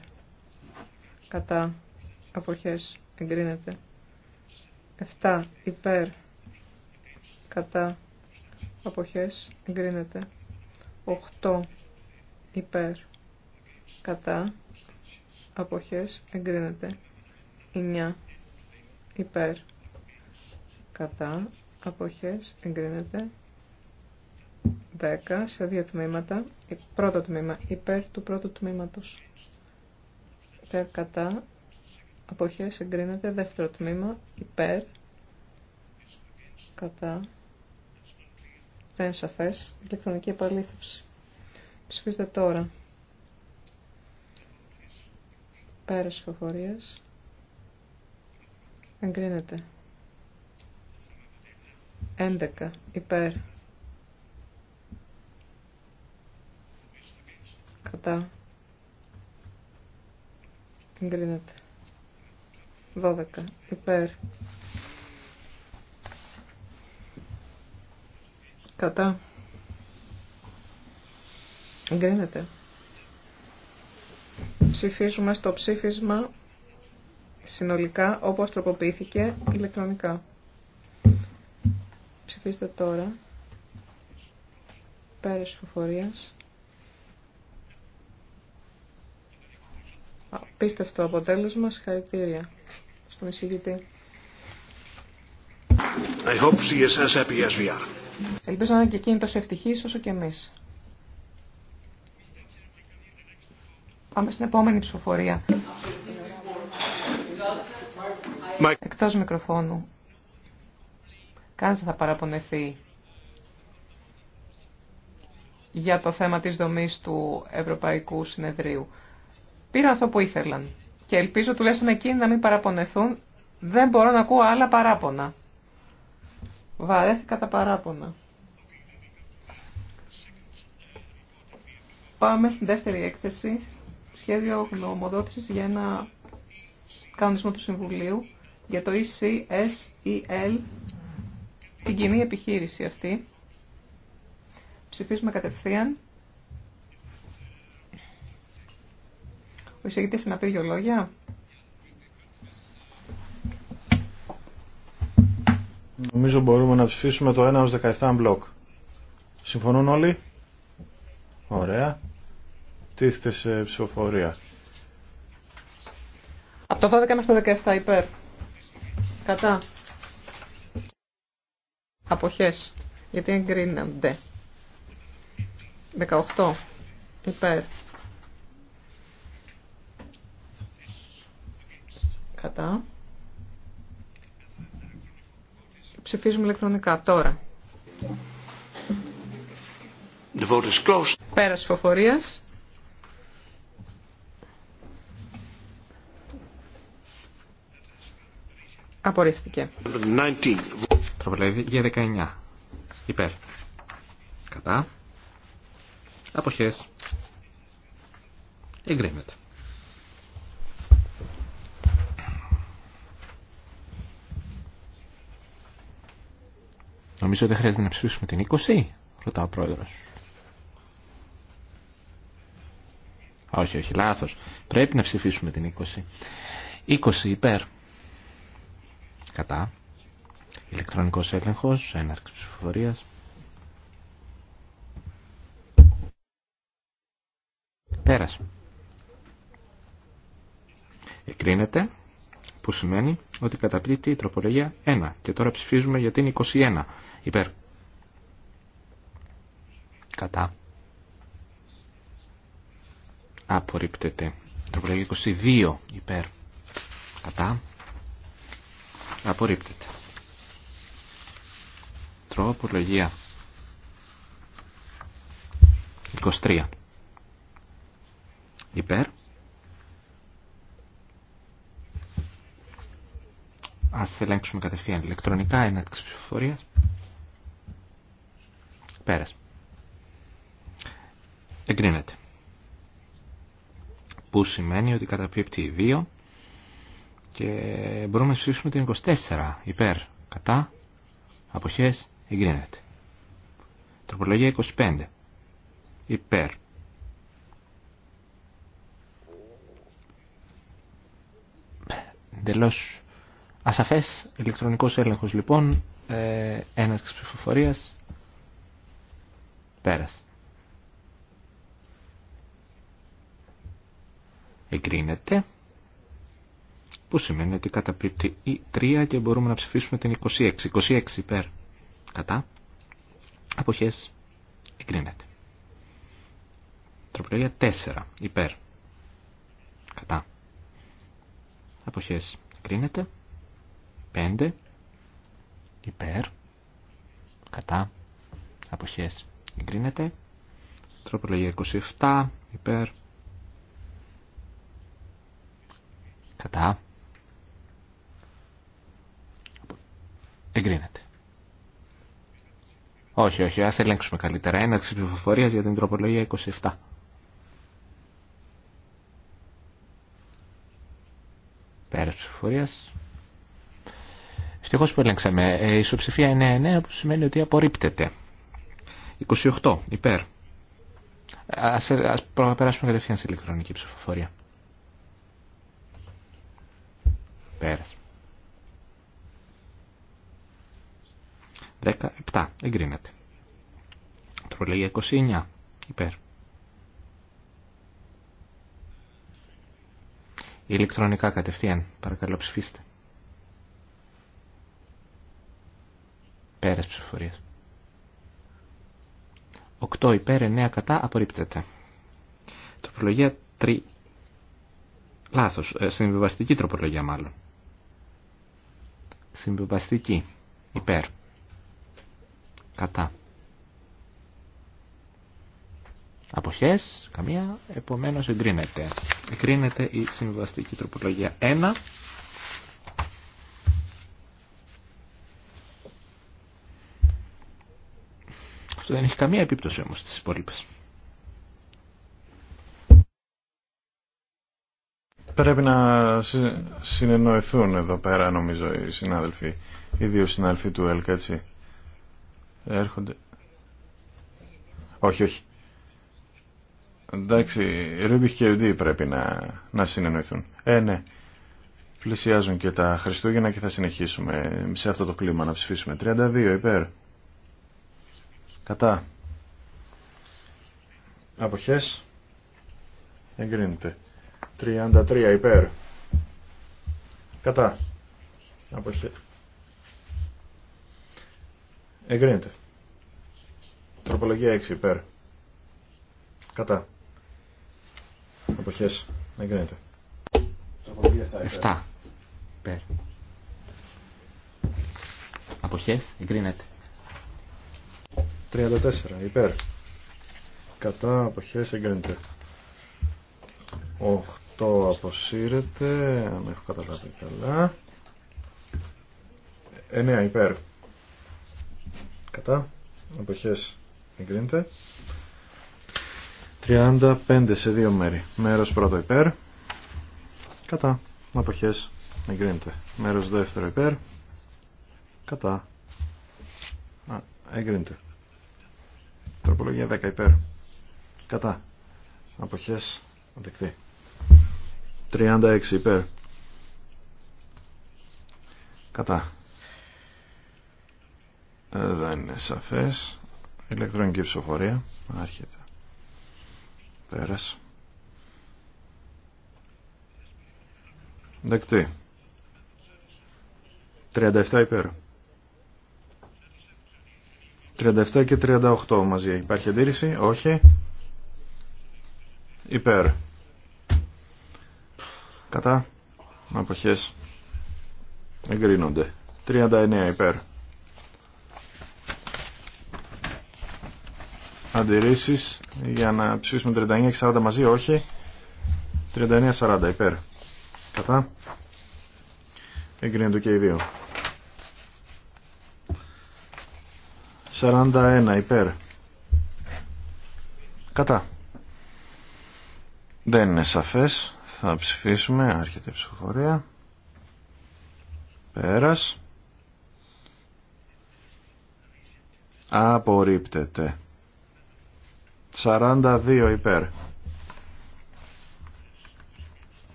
κατά εποχές εγκρίνεται 7 υπέρ κατά εποχές εγκρίνεται 8 υπέρ κατά εποχές εγκρίνεται 9 υπέρ κατά αποχές εγκρίνεται 10 σε δύο τμήματα ε, πρώτο τμήμα υπέρ του πρώτου τμήματος υπέρ κατά αποχές εγκρίνεται δεύτερο τμήμα υπέρ κατά δεν σαφές ηλεκτρονική επαλήθευση ψηφίστε τώρα πέρα φοφορίας Εγκρίνεται. 11. Υπέρ. Κατά. Εγκρίνεται. 12. Υπέρ. Κατά. Εγκρίνεται. Ψηφίζουμε στο ψήφισμα συνολικά όπως τροποποιήθηκε ηλεκτρονικά. Ψηφίστε τώρα. Πέρας ψηφοφορία. Απίστευτο αποτέλεσμα. Συγχαρητήρια στον εισηγητή. I hope she is as happy as we are. Ελπίζω να είναι και εκείνη τόσο ευτυχής όσο και εμείς. Πάμε στην επόμενη ψηφοφορία. Εκτός μικροφώνου. Κανείς θα παραπονεθεί για το θέμα της δομής του Ευρωπαϊκού Συνεδρίου. Πήραν αυτό που ήθελαν και ελπίζω τουλάχιστον εκείνοι να μην παραπονεθούν. Δεν μπορώ να ακούω άλλα παράπονα. Βαρέθηκα τα παράπονα. Πάμε στην δεύτερη έκθεση, σχέδιο γνωμοδότησης για ένα κανονισμό του Συμβουλίου για το ECSEL, την κοινή επιχείρηση αυτή. Ψηφίζουμε κατευθείαν. Ο εισηγητής να πει δυο λόγια. Νομίζω μπορούμε να ψηφίσουμε το 1 ως 17 μπλοκ. Συμφωνούν όλοι. Ωραία. Τίθεται σε ψηφοφορία. Από το 12 μέχρι το 17 υπέρ. Κατά. Αποχές. Γιατί εγκρίνονται. 18. Υπέρ. Κατά. Ψηφίζουμε ηλεκτρονικά τώρα. The vote is closed. Πέρας Απορρίφθηκε. 19. για 19. Υπέρ. Κατά. Αποχές. Εγκρίνεται. Νομίζω δεν χρειάζεται να ψηφίσουμε την 20, ρωτά ο πρόεδρος. Όχι, όχι, λάθος. Πρέπει να ψηφίσουμε την 20. 20 υπέρ. Κατά. Ηλεκτρονικός έλεγχος, έναρξη ψηφοφορίας. Πέρασε. Εκρίνεται, που σημαίνει ότι καταπλήττει η τροπολογία 1. Και τώρα ψηφίζουμε για την 21. Υπέρ. Κατά. Απορρίπτεται. Τροπολογία 22. Υπέρ. Κατά. Απορρίπτεται. Τροπολογία 23. Υπέρ. Ας ελέγξουμε κατευθείαν ηλεκτρονικά έναρξη ψηφοφορία. Πέρας. Εγκρίνεται. Που σημαίνει ότι καταπίπτει 2 και μπορούμε να ψηφίσουμε την 24 υπέρ, κατά, αποχές, εγκρίνεται. Τροπολογία 25 υπέρ. Εντελώ ασαφές ηλεκτρονικός έλεγχος λοιπόν, ε, έναρξη ψηφοφορίας, πέρασε. Εγκρίνεται που σημαίνει ότι καταπίπτει η 3 και μπορούμε να ψηφίσουμε την 26. 26 υπέρ. Κατά. Αποχές. Εγκρίνεται. Τροπολογία 4 υπέρ. Κατά. Αποχές. Εγκρίνεται. 5 υπέρ. Κατά. Αποχές. Εγκρίνεται. Τροπολογία 27 υπέρ. Κατά Εγκρίνεται. Όχι, όχι, ας ελέγξουμε καλύτερα. Έναρξη ψηφοφορία για την τροπολογία 27. Πέρας ψηφοφορίας. Ευτυχώς που ελέγξαμε. Ε, η ισοψηφία 9-9 ναι, που σημαίνει ότι απορρίπτεται. 28. Υπέρ. Ας, ας περάσουμε κατευθείαν σε ηλεκτρονική ψηφοφορία. Πέρας. 17. Εγκρίνεται. Τροπολογία 29. Υπέρ. Ηλεκτρονικά κατευθείαν. Παρακαλώ ψηφίστε. Πέρας ψηφοφορία. 8 υπέρ, 9 κατά, απορρίπτεται. Τροπολογία 3. Λάθος. Ε, συμβιβαστική τροπολογία μάλλον. Συμβιβαστική. Υπέρ. Κατά. Αποχές, καμία, επομένως εγκρίνεται. Εγκρίνεται η συμβαστική τροπολογία 1. Αυτό δεν έχει καμία επίπτωση όμως στις υπόλοιπες. Πρέπει να συνεννοηθούν εδώ πέρα νομίζω οι συνάδελφοι, οι δύο συνάδελφοι του ΕΛΚ έτσι έρχονται. Όχι, όχι. Εντάξει, Ρούμπιχ και Ουντί πρέπει να, να συνεννοηθούν. Ε, ναι. Πλησιάζουν και τα Χριστούγεννα και θα συνεχίσουμε σε αυτό το κλίμα να ψηφίσουμε. 32 υπέρ. Κατά. Αποχές. Εγκρίνεται. 33 υπέρ. Κατά. Αποχές. Εγκρίνεται. Τροπολογία 6 υπέρ. Κατά. Αποχές. Εγκρίνεται. Τροπολογία 7 υπέρ. 7 Αποχές. Εγκρίνεται. 34 υπέρ. Κατά. Αποχές. Εγκρίνεται. 8 αποσύρεται. Αν έχω καταλάβει καλά. 9 υπέρ κατά εποχές εγκρίνεται 35 σε δύο μέρη μέρος πρώτο υπέρ κατά εποχές εγκρίνεται μέρος δεύτερο υπέρ κατά Α, εγκρίνεται τροπολογία 10 υπέρ κατά αποχές αντεκτή 36 υπέρ κατά ε, δεν είναι σαφές ηλεκτρονική ψηφοφορία άρχεται πέρας δεκτή 37 υπέρ 37 και 38 μαζί υπάρχει αντίρρηση όχι υπέρ κατά αποχές εγκρίνονται 39 υπέρ αντιρρήσει για να ψηφίσουμε 39 40 μαζί, όχι. 39-40 υπέρ. Κατά. Εγκρίνεται και οι δύο. 41 υπέρ. Κατά. Δεν είναι σαφές. Θα ψηφίσουμε. Άρχεται η ψηφοφορία. Πέρας. Απορρίπτεται. 42 υπέρ.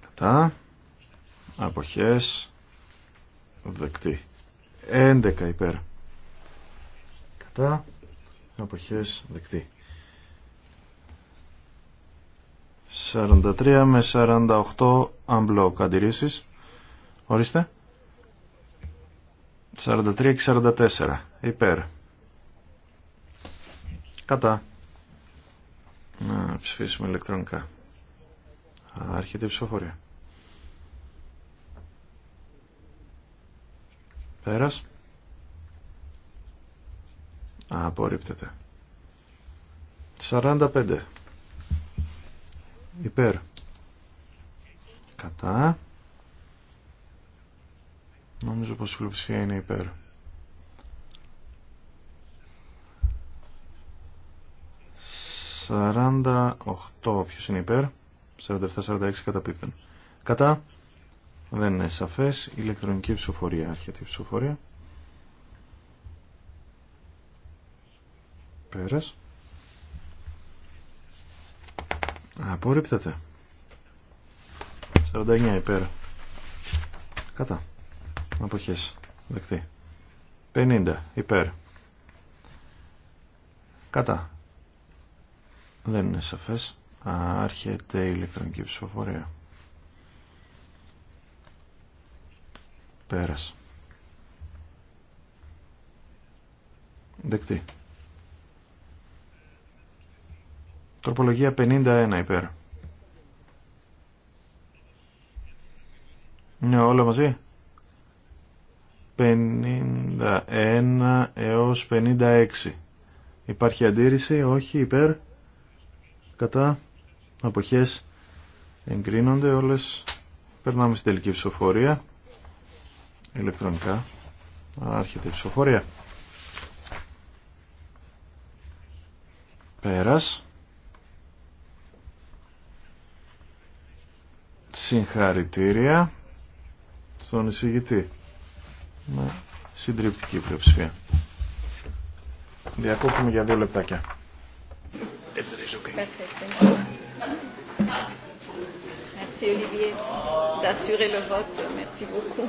Κατά. Αποχές. Δεκτή. 11 υπέρ. Κατά. Αποχές. Δεκτή. 43 με 48 αμπλοκ αντιρρήσεις. Ορίστε. 43 και 44. Υπέρ. Κατά. Να ψηφίσουμε ηλεκτρονικά. Άρχεται η ψηφοφορία. Πέρας. Απορρίπτεται. 45. Υπέρ. Κατά. Νομίζω πως η φιλοψηφία είναι υπέρ. 48 ποιος είναι υπέρ 47-46 πίπεν κατά δεν είναι σαφές ηλεκτρονική ψηφοφορία αρχιετή ψηφοφορία πέρας απορρίπτεται 49 υπέρ κατά αποχές δεκτή 50 υπέρ κατά δεν είναι σαφές. Άρχεται η ηλεκτρονική ψηφοφορία. Πέρασε. Δεκτή. Τροπολογία 51 υπέρ. Ναι, όλα μαζί. 51 έως 56. Υπάρχει αντίρρηση, όχι υπέρ κατά αποχές εγκρίνονται όλες περνάμε στην τελική ψηφοφορία ηλεκτρονικά άρχεται η ψηφοφορία πέρας συγχαρητήρια στον εισηγητή με συντριπτική πλειοψηφία διακόπτουμε για δύο λεπτάκια if that is okay. Perfect, thank you. Merci Olivier d'assurer le vote. Merci beaucoup.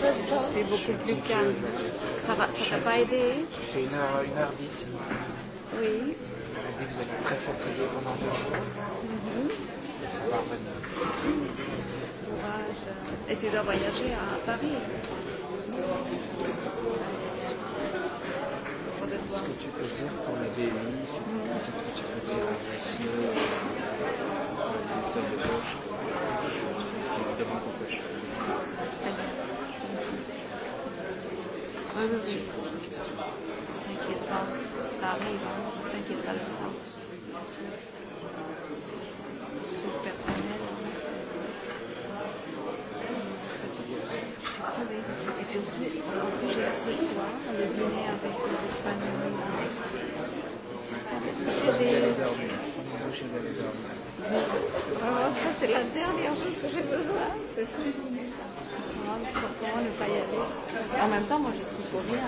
Je suis beaucoup plus calme. Ça va, ça t'a pas aidé C'est une heure, une heure dix. Oui. dit vous allez être très fatigué pendant deux jours. Mm -hmm. Et ça va revenir. Courage. Et tu dois voyager à Paris ce que tu peux dire pour la T'inquiète pas, ça arrive, hein. t'inquiète pas de ça. Je suis ce soir le dîner avec les Espagnols. Tu savais ça c'est la dernière chose que j'ai besoin, c'est ça. Pourquoi ne pas y aller En même temps, moi je suis pour rien.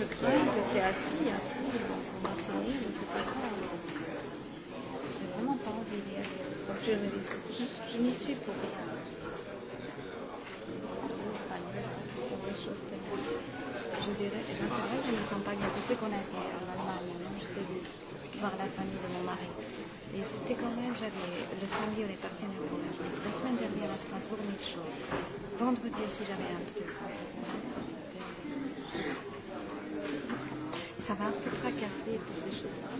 Je crains que c'est assis, assis, on va finir, je ne sais pas quoi. J'ai vraiment pas envie d'y aller. Donc je me dis, je n'y suis pour rien. chose que je dirais, et c'est vrai, je ne sens pas bien. tout ce qu'on a été en Allemagne, non, j'étais voir la famille de mon mari. Et c'était quand même, j'avais le samedi, on est parti en Allemagne. La semaine dernière à Strasbourg, même chose. Vendredi aussi, j'avais un truc. Ça m'a un peu fracassé, toutes ces choses-là.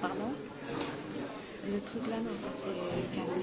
Pardon Le truc là, non, ça c'est calmé,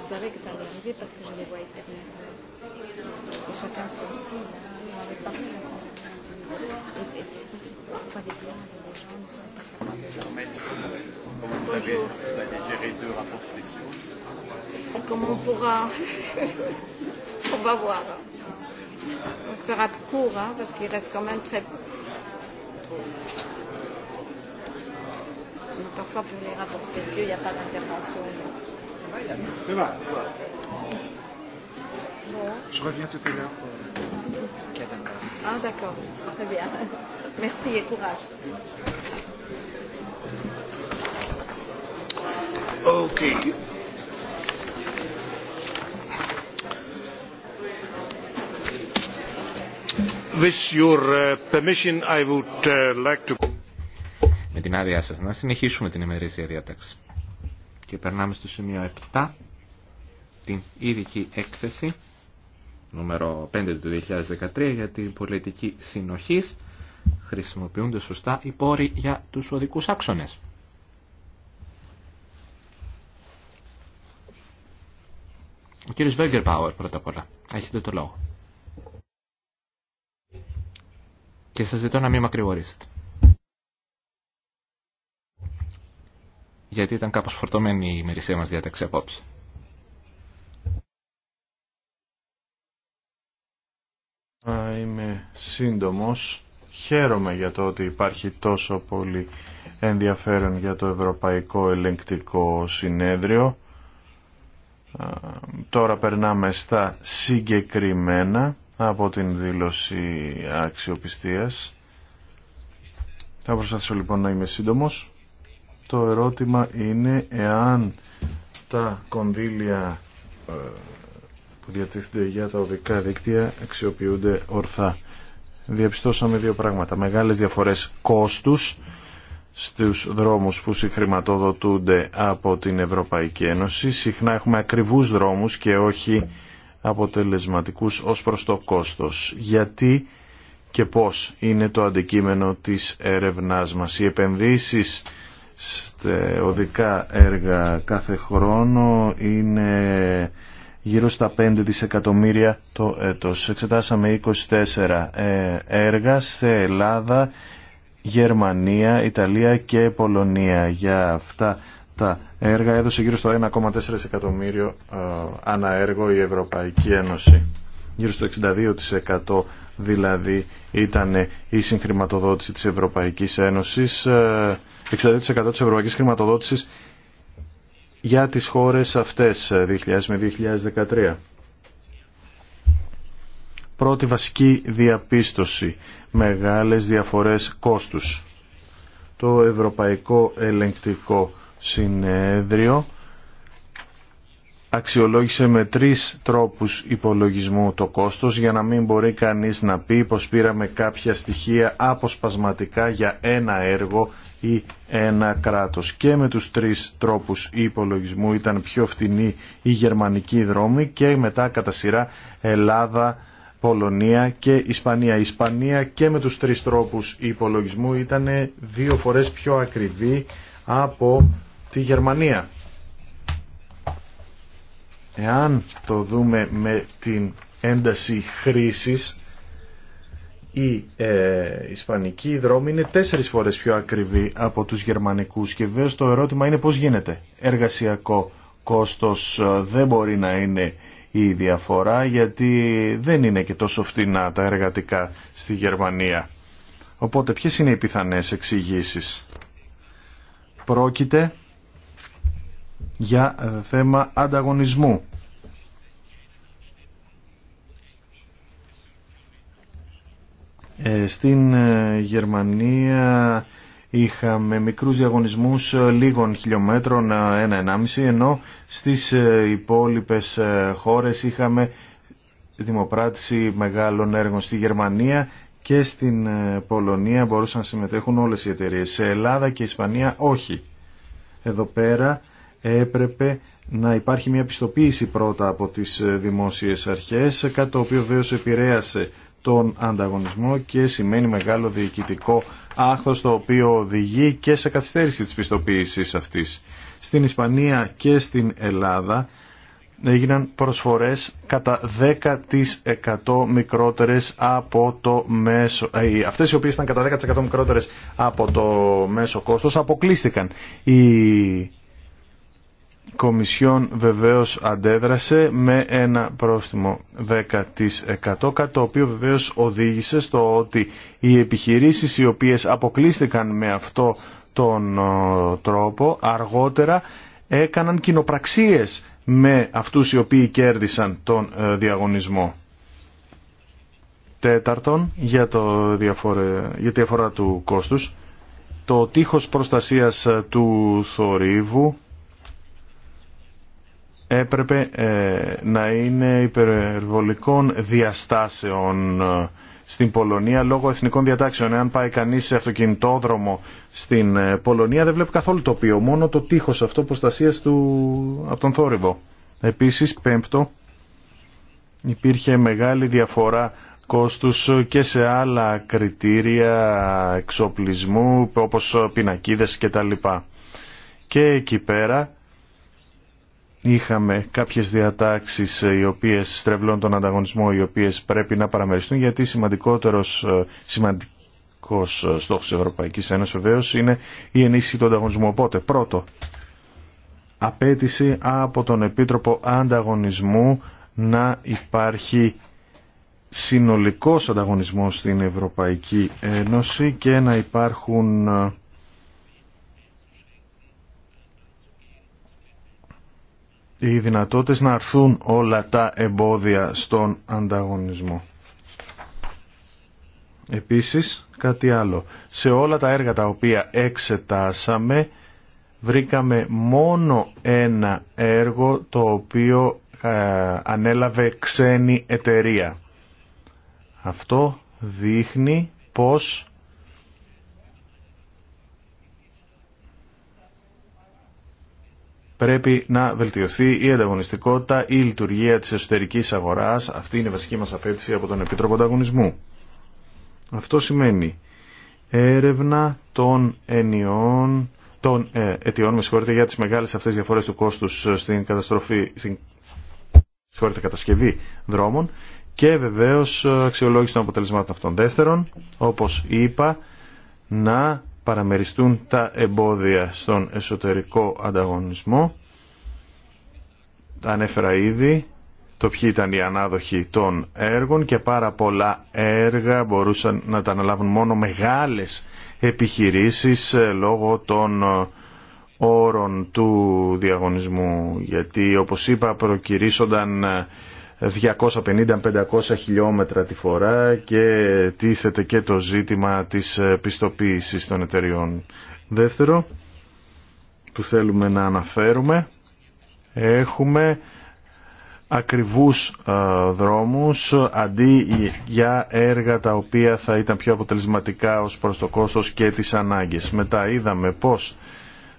Vous savez que ça allait arriver parce que je les vois terminer. Et chacun son style. Ils m'avaient parlé. Et parfois des gens, des gens ne sont pas capables Comment vous avez, vous géré deux rapports spéciaux Comment on pourra On va voir. On sera court, hein, parce qu'il reste quand même très parfois pour les rapports spéciaux, il n'y a pas d'intervention. Je reviens tout à l'heure Ah d'accord, très bien. Merci et courage. Ok. With your permission, I would like to με την άδειά σας. Να συνεχίσουμε την ημερήσια διάταξη. Και περνάμε στο σημείο 7, την ειδική έκθεση, νούμερο 5 του 2013, για την πολιτική συνοχής. Χρησιμοποιούνται σωστά οι πόροι για τους οδικούς άξονες. Ο κύριος Βέγκερ Πάουερ πρώτα απ' όλα. Έχετε το λόγο. Και σας ζητώ να μην μακρηγορήσετε. γιατί ήταν κάπως φορτωμένη η ημερησία μας διάταξη απόψε. Είμαι σύντομος. Χαίρομαι για το ότι υπάρχει τόσο πολύ ενδιαφέρον για το Ευρωπαϊκό Ελεγκτικό Συνέδριο. Τώρα περνάμε στα συγκεκριμένα από την δήλωση αξιοπιστίας. Θα προσπαθήσω λοιπόν να είμαι σύντομος. Το ερώτημα είναι εάν τα κονδύλια ε, που διατίθενται για τα οδικά δίκτυα αξιοποιούνται ορθά. Διαπιστώσαμε δύο πράγματα. Μεγάλες διαφορές κόστους στους δρόμους που συγχρηματοδοτούνται από την Ευρωπαϊκή Ένωση. Συχνά έχουμε ακριβούς δρόμους και όχι αποτελεσματικούς ως προς το κόστος. Γιατί και πώς είναι το αντικείμενο της έρευνάς μας. Οι επενδύσεις στα οδικά έργα κάθε χρόνο είναι γύρω στα 5 δισεκατομμύρια το έτος. Εξετάσαμε 24 ε, έργα σε Ελλάδα, Γερμανία, Ιταλία και Πολωνία. Για αυτά τα έργα έδωσε γύρω στο 1,4 δισεκατομμύριο ε, αναέργο η Ευρωπαϊκή Ένωση. Γύρω στο 62% δηλαδή ήταν η συγχρηματοδότηση της Ευρωπαϊκής Ένωσης, 62% ε, της ευρωπαϊκής χρηματοδότησης για τις χώρες αυτές 2000 ε, με 2013. Πρώτη βασική διαπίστωση, μεγάλες διαφορές κόστους. Το Ευρωπαϊκό Ελεγκτικό Συνέδριο αξιολόγησε με τρεις τρόπους υπολογισμού το κόστος για να μην μπορεί κανείς να πει πως πήραμε κάποια στοιχεία αποσπασματικά για ένα έργο ή ένα κράτος. Και με τους τρεις τρόπους υπολογισμού ήταν πιο φτηνή η γερμανική δρόμη και μετά κατά σειρά Ελλάδα, Πολωνία και Ισπανία. Η Ισπανία και με τους τρεις τρόπους υπολογισμού ήταν δύο φορές πιο ακριβή από τη Γερμανία. Εάν το δούμε με την ένταση χρήσης, η ε, ισπανική δρόμη είναι τέσσερις φορές πιο ακριβή από τους γερμανικούς και βέβαια το ερώτημα είναι πώς γίνεται. Εργασιακό κόστος ε, δεν μπορεί να είναι η διαφορά γιατί δεν είναι και τόσο φτηνά τα εργατικά στη Γερμανία. Οπότε ποιες είναι οι πιθανές εξηγήσει. Πρόκειται για ε, θέμα ανταγωνισμού. Ε, στην ε, Γερμανία είχαμε μικρούς διαγωνισμούς λίγων χιλιόμετρων, ένα-ενάμιση, ενώ στις υπόλοιπες χώρες είχαμε δημοπράτηση μεγάλων έργων στη Γερμανία και στην Πολωνία μπορούσαν να συμμετέχουν όλες οι εταιρείες. Σε Ελλάδα και Ισπανία όχι. Εδώ πέρα έπρεπε να υπάρχει μια πιστοποίηση πρώτα από τις ε, δημόσιες αρχές, κάτι το οποίο βέβαιως επηρέασε τον ανταγωνισμό και σημαίνει μεγάλο διοικητικό άχθος το οποίο οδηγεί και σε καθυστέρηση της πιστοποίησης αυτής. Στην Ισπανία και στην Ελλάδα έγιναν προσφορές κατά 10% μικρότερες από το μέσο... Ε, αυτές οι οποίες ήταν κατά 10% μικρότερες από το μέσο κόστος αποκλείστηκαν. Οι Κομισιόν βεβαίως αντέδρασε με ένα πρόστιμο 10% το οποίο βεβαίως οδήγησε στο ότι οι επιχειρήσεις οι οποίες αποκλείστηκαν με αυτό τον τρόπο αργότερα έκαναν κοινοπραξίες με αυτούς οι οποίοι κέρδισαν τον ε, διαγωνισμό. Τέταρτον, για, το για τη διαφορά του κόστους, το τείχος προστασίας ε, του θορύβου έπρεπε ε, να είναι υπερβολικών διαστάσεων ε, στην Πολωνία λόγω εθνικών διατάξεων. Εάν πάει κανείς σε αυτοκινητόδρομο στην ε, Πολωνία δεν βλέπει καθόλου τοπίο, μόνο το τείχος αυτό προστασίας του από τον θόρυβο. Επίσης, πέμπτο, υπήρχε μεγάλη διαφορά κόστους και σε άλλα κριτήρια εξοπλισμού όπως πινακίδες κτλ. Και εκεί πέρα είχαμε κάποιες διατάξεις ε, οι οποίες στρεβλώνουν τον ανταγωνισμό, οι οποίες πρέπει να παραμεριστούν, γιατί σημαντικότερος, ε, σημαντικός ε, στόχος της Ευρωπαϊκής Ένωσης βεβαίω είναι η ενίσχυση του ανταγωνισμού. Οπότε, πρώτο, απέτηση από τον Επίτροπο Ανταγωνισμού να υπάρχει συνολικός ανταγωνισμός στην Ευρωπαϊκή Ένωση και να υπάρχουν οι δυνατότητες να αρθούν όλα τα εμπόδια στον ανταγωνισμό. Επίσης, κάτι άλλο. Σε όλα τα έργα τα οποία εξετάσαμε, βρήκαμε μόνο ένα έργο το οποίο ε, ανέλαβε ξένη εταιρεία. Αυτό δείχνει πως πρέπει να βελτιωθεί η ανταγωνιστικότητα, η η λειτουργία της εσωτερικής αγοράς. Αυτή είναι η βασική μας απέτηση από τον Επίτροπο Ανταγωνισμού. Αυτό σημαίνει έρευνα των ενιών, των ε, αιτιών με συγχωρείτε, για τις μεγάλες αυτές διαφορές του κόστους ε, στην καταστροφή, στην κατασκευή δρόμων και βεβαίως ε, αξιολόγηση των αποτελεσμάτων αυτών. Δεύτερον, όπως είπα, να παραμεριστούν τα εμπόδια στον εσωτερικό ανταγωνισμό. Τα ανέφερα ήδη το ποιοι ήταν οι ανάδοχοι των έργων και πάρα πολλά έργα μπορούσαν να τα αναλάβουν μόνο μεγάλες επιχειρήσεις ε, λόγω των ε, όρων του διαγωνισμού γιατί όπως είπα προκυρήσονταν ε, 250-500 χιλιόμετρα τη φορά και τίθεται και το ζήτημα της ε, πιστοποίησης των εταιριών. Δεύτερο, που θέλουμε να αναφέρουμε, έχουμε ακριβούς ε, δρόμους αντί για έργα τα οποία θα ήταν πιο αποτελεσματικά ως προς το κόστος και τις ανάγκες. Μετά είδαμε πως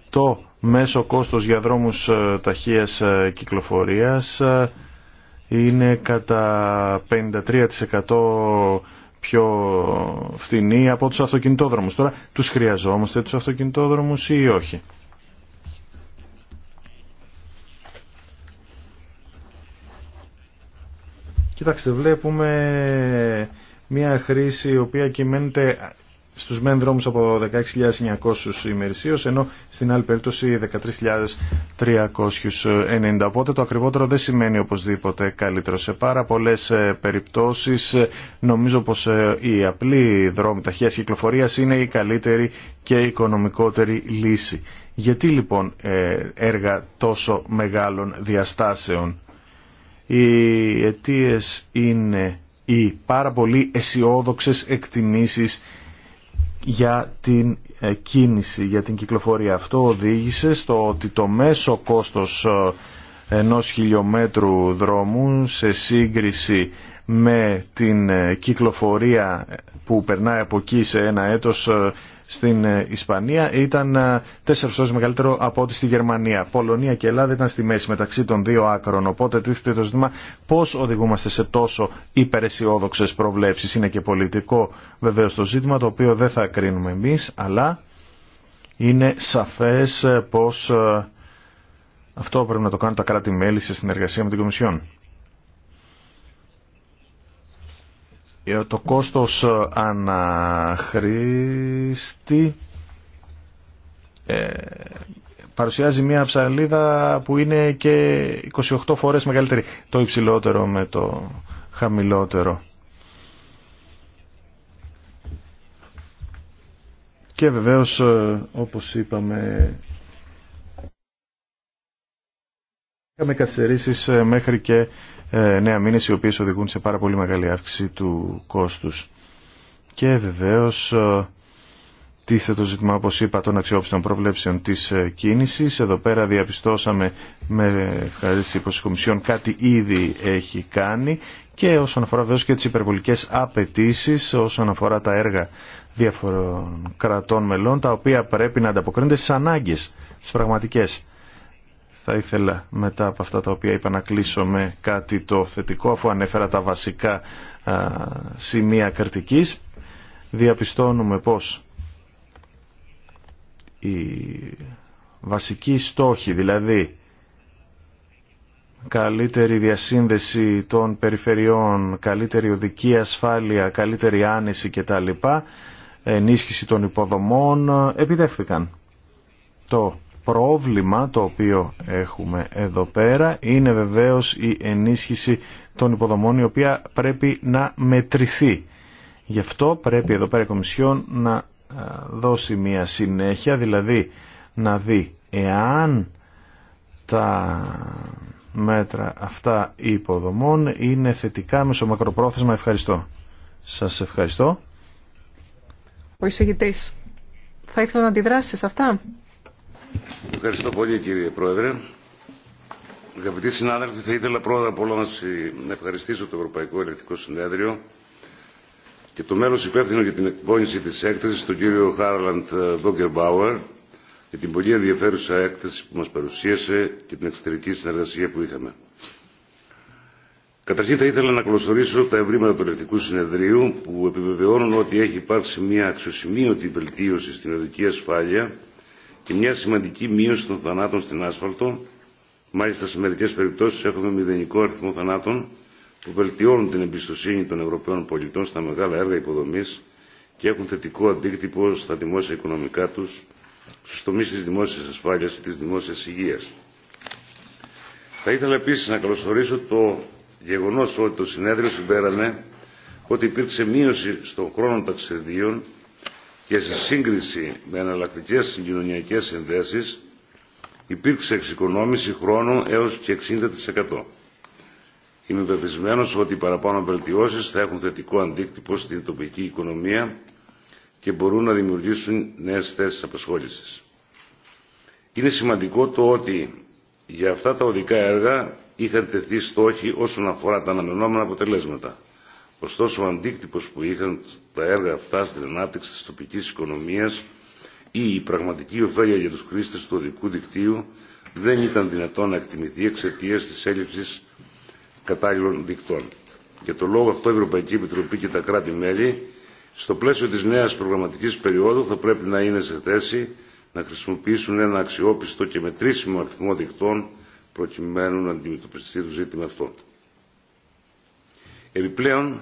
το μέσο κόστος για δρόμους ε, ταχείας κυκλοφορίας είναι κατά 53% πιο φθηνή από τους αυτοκινητόδρομους. Τώρα, τους χρειαζόμαστε τους αυτοκινητόδρομους ή όχι. Κοιτάξτε, βλέπουμε μια χρήση η οποία κυμαίνεται στους μεν δρόμου από 16.900 ημερησίω ενώ στην άλλη περίπτωση 13.390. Οπότε το ακριβότερο δεν σημαίνει οπωσδήποτε καλύτερο. Σε πάρα πολλές ε, περιπτώσεις ε, νομίζω πως ε, η απλή δρόμη ταχεία κυκλοφορία είναι η καλύτερη και οικονομικότερη λύση. Γιατί λοιπόν έργα τόσο μεγάλων διαστάσεων. Οι αιτίες είναι οι πάρα πολύ αισιόδοξε εκτιμήσεις για την ε, κίνηση, για την κυκλοφορία. Αυτό οδήγησε στο ότι το μέσο κόστος ε, ενός χιλιόμετρου δρόμου σε σύγκριση με την ε, κυκλοφορία που περνάει από εκεί σε ένα έτος στην ε, Ισπανία ήταν ε, τέσσερι φορές μεγαλύτερο από ό,τι στη Γερμανία. Πολωνία και Ελλάδα ήταν στη μέση μεταξύ των δύο άκρων. Οπότε τίθεται το ζήτημα πώ οδηγούμαστε σε τόσο υπεραισιόδοξε προβλέψει, Είναι και πολιτικό βεβαίω το ζήτημα το οποίο δεν θα κρίνουμε εμεί, αλλά είναι σαφές ε, πως αυτό πρέπει να το κάνουν τα κράτη-μέλη σε συνεργασία με την Κομισιόν. Ε, το κόστος ε, αναχρήστη ε, παρουσιάζει μια ψαλίδα που είναι και 28 φορές μεγαλύτερη. Το υψηλότερο με το χαμηλότερο. Και βεβαίως, όπως είπαμε, είχαμε καθυστερήσεις μέχρι και ε, νέα μήνες οι οποίες οδηγούν σε πάρα πολύ μεγάλη αύξηση του κόστους. Και βεβαίως ε, τίθετο το ζήτημα όπως είπα των αξιόπιστων προβλέψεων της ε, κίνησης. Εδώ πέρα διαπιστώσαμε με ευχαρίστηση πως η Κομισιόν κάτι ήδη έχει κάνει και όσον αφορά βεβαίως και τις υπερβολικές απαιτήσει όσον αφορά τα έργα διαφορών κρατών μελών τα οποία πρέπει να ανταποκρίνονται στις ανάγκες, στις πραγματικές. Θα ήθελα μετά από αυτά τα οποία είπα να κλείσω με κάτι το θετικό αφού ανέφερα τα βασικά σημεία κριτικής. Διαπιστώνουμε πως η βασική στόχη, δηλαδή καλύτερη διασύνδεση των περιφερειών, καλύτερη οδική ασφάλεια, καλύτερη άνεση κτλ, ενίσχυση των υποδομών, επιδέχθηκαν. Το πρόβλημα το οποίο έχουμε εδώ πέρα είναι βεβαίως η ενίσχυση των υποδομών η οποία πρέπει να μετρηθεί. Γι' αυτό πρέπει εδώ πέρα η Κομισιόν να ε, δώσει μια συνέχεια, δηλαδή να δει εάν τα μέτρα αυτά υποδομών είναι θετικά μεσομακροπρόθεσμα. Ευχαριστώ. Σας ευχαριστώ. Ο εισηγητής, θα ήθελα να αντιδράσει σε αυτά. Ευχαριστώ πολύ κύριε Πρόεδρε. Αγαπητοί συνάδελφοι, θα ήθελα πρώτα απ' όλα να ευχαριστήσω το Ευρωπαϊκό Ελεκτικό Συνέδριο και το μέλος υπεύθυνο για την εκπόνηση της έκθεσης, τον κύριο Χάραλαντ Μπάουερ για την πολύ ενδιαφέρουσα έκθεση που μας παρουσίασε και την εξωτερική συνεργασία που είχαμε. Καταρχήν θα ήθελα να καλωσορίσω τα ευρήματα του Ελεκτικού Συνεδρίου που επιβεβαιώνουν ότι έχει υπάρξει μια αξιοσημείωτη βελτίωση στην οδική ασφάλεια και μια σημαντική μείωση των θανάτων στην άσφαλτο. Μάλιστα, σε μερικέ περιπτώσει έχουμε μηδενικό αριθμό θανάτων που βελτιώνουν την εμπιστοσύνη των Ευρωπαίων πολιτών στα μεγάλα έργα υποδομή και έχουν θετικό αντίκτυπο στα δημόσια οικονομικά του, στου τομεί τη δημόσια ασφάλεια και τη δημόσια υγεία. Θα ήθελα επίση να καλωσορίσω το γεγονό ότι το συνέδριο συμπέρανε ότι υπήρξε μείωση στον χρόνο ταξιδίων και σε σύγκριση με εναλλακτικέ συγκοινωνιακέ συνδέσει υπήρξε εξοικονόμηση χρόνου έως και 60%. Είμαι πεπισμένο ότι οι παραπάνω βελτιώσει θα έχουν θετικό αντίκτυπο στην τοπική οικονομία και μπορούν να δημιουργήσουν νέε θέσει απασχόλησης. Είναι σημαντικό το ότι για αυτά τα οδικά έργα είχαν τεθεί στόχοι όσον αφορά τα αναμενόμενα αποτελέσματα Ωστόσο, ο αντίκτυπος που είχαν τα έργα αυτά στην ανάπτυξη της τοπικής οικονομίας ή η πραγματική ωφέλεια για τους χρήστες του οδικού δικτύου δεν ήταν δυνατόν να εκτιμηθεί εξαιτία της έλλειψης κατάλληλων δικτών. Για το λόγο αυτό η Ευρωπαϊκή Επιτροπή και τα κράτη-μέλη στο πλαίσιο της νέας προγραμματικής περίοδου θα πρέπει να είναι σε θέση να χρησιμοποιήσουν ένα αξιόπιστο και μετρήσιμο αριθμό δικτών προκειμένου να αντιμετωπιστεί το ζήτημα αυτό. Επιπλέον,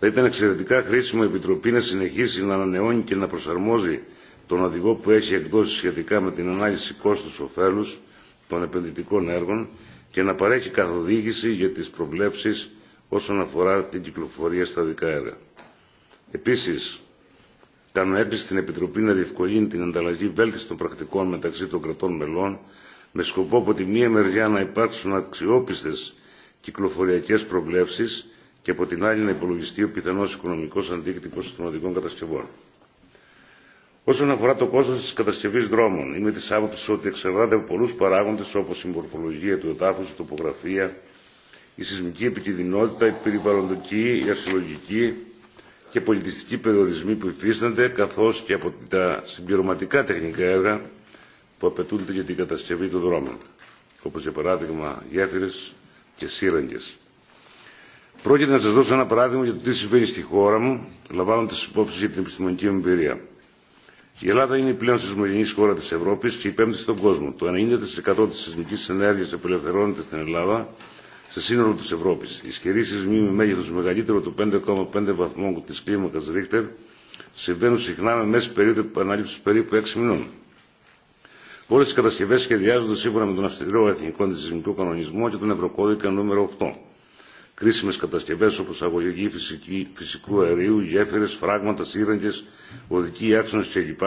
θα ήταν εξαιρετικά χρήσιμο η Επιτροπή να συνεχίσει να ανανεώνει και να προσαρμόζει τον οδηγό που έχει εκδώσει σχετικά με την ανάλυση κόστος-οφέλους των επενδυτικών έργων και να παρέχει καθοδήγηση για τι προβλέψει όσον αφορά την κυκλοφορία στα δικά έργα. Επίση, κάνω έπειση στην Επιτροπή να διευκολύνει την ανταλλαγή βέλτιστων πρακτικών μεταξύ των κρατών μελών με σκοπό από τη μία μεριά να υπάρξουν αξιόπιστε κυκλοφοριακέ προβλέψει και από την άλλη να υπολογιστεί ο πιθανό οικονομικό αντίκτυπο των οδικών κατασκευών. Όσον αφορά το κόστο τη κατασκευή δρόμων, είμαι τη άποψη ότι εξαρτάται από πολλού παράγοντε όπω η μορφολογία του εδάφου, η τοπογραφία, η σεισμική επικινδυνότητα, η περιβαλλοντική, η αρχαιολογική και πολιτιστική περιορισμοί που υφίστανται, καθώ και από τα συμπληρωματικά τεχνικά έργα που απαιτούνται για την κατασκευή των δρόμων, όπω για παράδειγμα γέφυρε και σύραγγες. Πρόκειται να σα δώσω ένα παράδειγμα για το τι συμβαίνει στη χώρα μου, λαμβάνοντα υπόψη για την επιστημονική μου εμπειρία. Η Ελλάδα είναι η πλέον σεισμογενή χώρα τη Ευρώπη και η πέμπτη στον κόσμο. Το 90% τη σεισμική ενέργεια απελευθερώνεται στην Ελλάδα σε σύνολο τη Ευρώπη. Ισχυροί σεισμοί με μέγεθο μεγαλύτερο του 5,5 βαθμών τη κλίμακα Ρίχτερ συμβαίνουν συχνά με μέση περίοδο επανάληψη περίπου 6 μηνών. Όλε οι κατασκευέ σχεδιάζονται σύμφωνα με τον αυστηρό εθνικό αντισυσμικό κανονισμό και τον Ευρωκώδικα νούμερο 8. Κρίσιμε κατασκευέ όπω αγωγή φυσικού αερίου, γέφυρε, φράγματα, σύραγγε, οδικοί άξονες κλπ.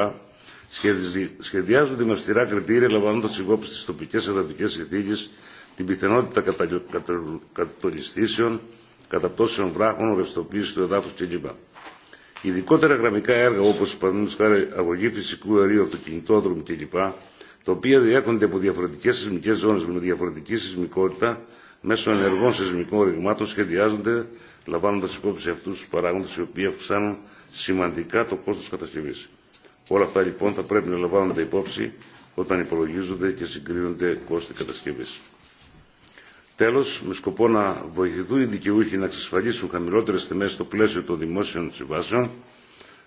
Σχεδιάζονται με αυστηρά κριτήρια λαμβάνοντα υπόψη τι τοπικέ εδαφικέ συνθήκε, την πιθανότητα κατολιστήσεων, καταπτώσεων βράχων, ρευστοποίηση του εδάφου κλπ. Ειδικότερα γραμμικά έργα όπω παραδείγματο χάρη αγωγή φυσικού αερίου, αυτοκινητόδρομου κλπ. τα οποία διέχονται από διαφορετικέ σεισμικέ ζώνε με διαφορετική σεισμικότητα μέσω ενεργών σεισμικών ρηγμάτων σχεδιάζονται λαμβάνοντα υπόψη αυτού του παράγοντε οι οποίοι αυξάνουν σημαντικά το κόστο κατασκευή. Όλα αυτά λοιπόν θα πρέπει να λαμβάνονται υπόψη όταν υπολογίζονται και συγκρίνονται κόστη κατασκευή. Τέλο, με σκοπό να βοηθηθούν οι δικαιούχοι να εξασφαλίσουν χαμηλότερε τιμέ στο πλαίσιο των δημόσιων συμβάσεων,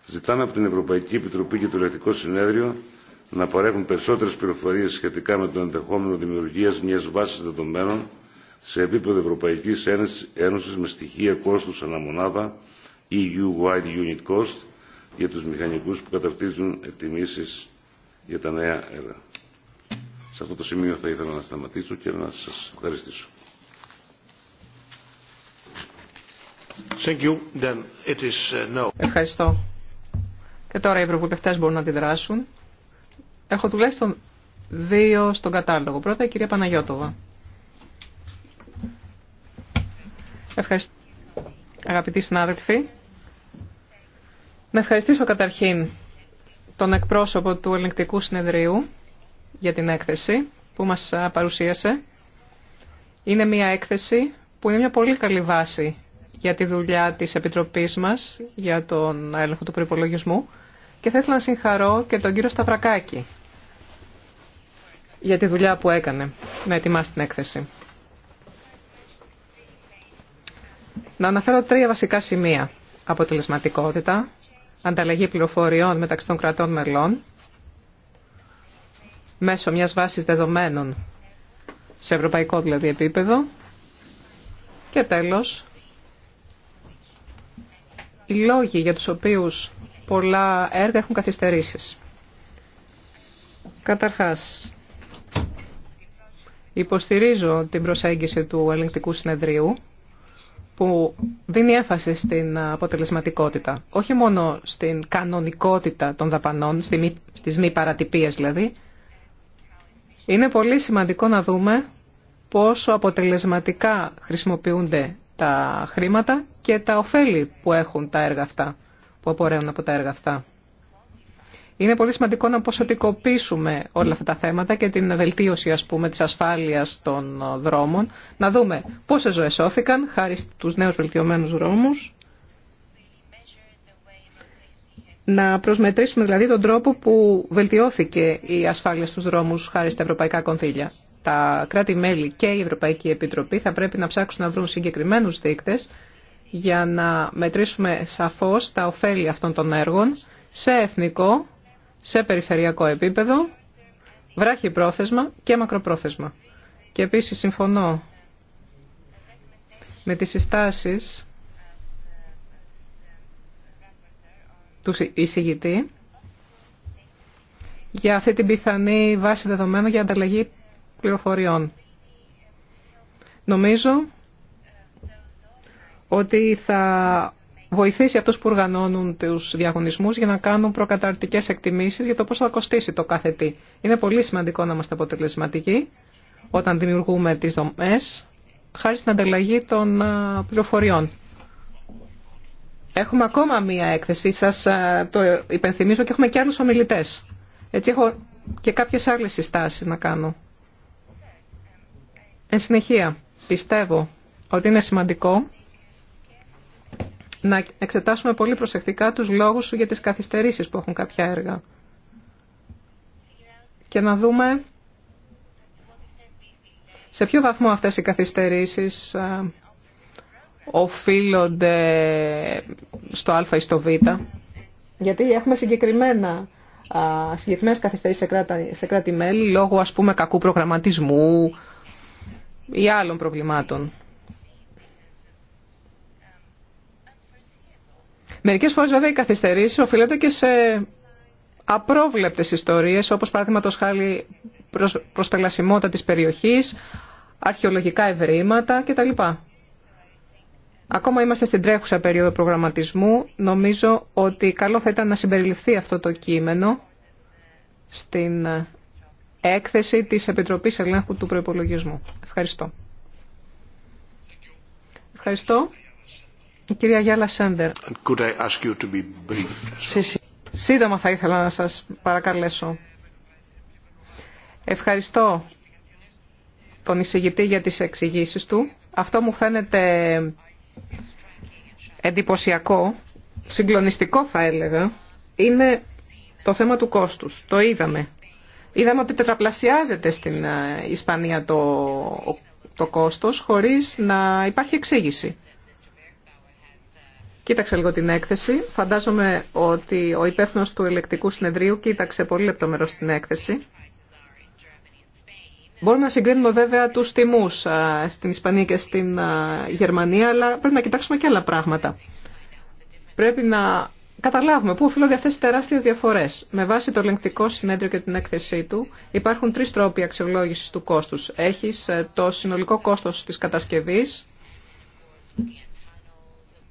ζητάμε από την Ευρωπαϊκή Επιτροπή και το Ελεκτικό Συνέδριο να παρέχουν περισσότερε πληροφορίε σχετικά με το ενδεχόμενο δημιουργία μια βάση δεδομένων σε επίπεδο Ευρωπαϊκής Ένωσης με στοιχεία κόστους αναμονάδα EU-wide unit cost για τους μηχανικούς που καταρτίζουν εκτιμήσεις για τα νέα έργα. Σε αυτό το σημείο θα ήθελα να σταματήσω και να σας ευχαριστήσω. Thank you. Then it is uh, no. Ευχαριστώ. Και τώρα οι ευρωβουλευτές μπορούν να αντιδράσουν. Έχω τουλάχιστον δύο στον κατάλογο. Πρώτα η κυρία Παναγιώτοβα. Ευχαριστώ. Αγαπητοί συνάδελφοι, να ευχαριστήσω καταρχήν τον εκπρόσωπο του Ελεγκτικού Συνεδρίου για την έκθεση που μας παρουσίασε. Είναι μια έκθεση που είναι μια πολύ καλή βάση για τη δουλειά της Επιτροπής μας για τον έλεγχο του προϋπολογισμού και θα ήθελα να συγχαρώ και τον κύριο Σταυρακάκη για τη δουλειά που έκανε να ετοιμάσει την έκθεση. Να αναφέρω τρία βασικά σημεία. Αποτελεσματικότητα, ανταλλαγή πληροφοριών μεταξύ των κρατών μελών, μέσω μιας βάσης δεδομένων σε ευρωπαϊκό δηλαδή επίπεδο και τέλος οι λόγοι για τους οποίους πολλά έργα έχουν καθυστερήσεις. Καταρχάς, υποστηρίζω την προσέγγιση του ελεγκτικού συνεδρίου που δίνει έμφαση στην αποτελεσματικότητα, όχι μόνο στην κανονικότητα των δαπανών, στις μη παρατυπίες δηλαδή. Είναι πολύ σημαντικό να δούμε πόσο αποτελεσματικά χρησιμοποιούνται τα χρήματα και τα ωφέλη που έχουν τα έργα αυτά, που απορρέουν από τα έργα αυτά. Είναι πολύ σημαντικό να ποσοτικοποιήσουμε όλα αυτά τα θέματα και την βελτίωση ας πούμε της ασφάλειας των ε, δρόμων. Να δούμε πόσες ζωές σώθηκαν χάρη στους νέους βελτιωμένους δρόμους. Να προσμετρήσουμε δηλαδή τον τρόπο που βελτιώθηκε η ασφάλεια στους δρόμους χάρη στα ευρωπαϊκά κονδύλια. Τα κράτη-μέλη και η Ευρωπαϊκή Επιτροπή θα πρέπει να ψάξουν να βρουν συγκεκριμένους δείκτες για να μετρήσουμε σαφώς τα ωφέλη αυτών των έργων σε εθνικό σε περιφερειακό επίπεδο, βράχει πρόθεσμα και μακροπρόθεσμα. Και επίσης συμφωνώ με τις συστάσεις του εισηγητή για αυτή την πιθανή βάση δεδομένων για ανταλλαγή πληροφοριών. Νομίζω ότι θα βοηθήσει αυτούς που οργανώνουν τους διαγωνισμούς για να κάνουν προκαταρτικές εκτιμήσεις για το πώς θα κοστίσει το κάθε τι. Είναι πολύ σημαντικό να είμαστε αποτελεσματικοί όταν δημιουργούμε τις δομές χάρη στην ανταλλαγή των πληροφοριών. Έχουμε ακόμα μία έκθεση, σας το υπενθυμίζω και έχουμε και άλλους ομιλητές. Έτσι έχω και κάποιες άλλες συστάσεις να κάνω. Εν συνεχεία, πιστεύω ότι είναι σημαντικό να εξετάσουμε πολύ προσεκτικά τους λόγους για τις καθυστερήσεις που έχουν κάποια έργα και να δούμε σε ποιο βαθμό αυτές οι καθυστερήσεις ε, οφείλονται στο α ή στο β. Γιατί έχουμε συγκεκριμένα συγκεκριμένες καθυστερήσεις σε κράτη-μέλη λόγω ας πούμε κακού προγραμματισμού ή άλλων προβλημάτων. Μερικές φορές βέβαια οι καθυστερήσεις οφείλονται και σε απρόβλεπτες ιστορίες όπως παραδείγματο χάρη προσπελασιμότητα της περιοχής, αρχαιολογικά ευρήματα κτλ. Ακόμα είμαστε στην τρέχουσα περίοδο προγραμματισμού. Νομίζω ότι καλό θα ήταν να συμπεριληφθεί αυτό το κείμενο στην έκθεση της Επιτροπής Ελέγχου του Προϋπολογισμού. Ευχαριστώ. Ευχαριστώ κυρία Γιάλα Σέντερ. Σύντομα θα ήθελα να σας παρακαλέσω. Ευχαριστώ τον εισηγητή για τις εξηγήσει του. Αυτό μου φαίνεται εντυπωσιακό, συγκλονιστικό θα έλεγα, είναι το θέμα του κόστους. Το είδαμε. Είδαμε ότι τετραπλασιάζεται στην ε, Ισπανία το, το κόστος χωρίς να υπάρχει εξήγηση. Κοίταξε λίγο την έκθεση. Φαντάζομαι ότι ο υπεύθυνο του ελεκτικού συνεδρίου κοίταξε πολύ λεπτομερό την έκθεση. Μπορούμε να συγκρίνουμε βέβαια τους τιμούς στην Ισπανία και στην Γερμανία, αλλά πρέπει να κοιτάξουμε και άλλα πράγματα. Πρέπει να καταλάβουμε πού οφείλονται αυτές οι τεράστιες διαφορές. Με βάση το ελεγκτικό συνέδριο και την έκθεσή του υπάρχουν τρεις τρόποι αξιολόγησης του κόστους. Έχεις ε, το συνολικό κόστος της κατασκευής,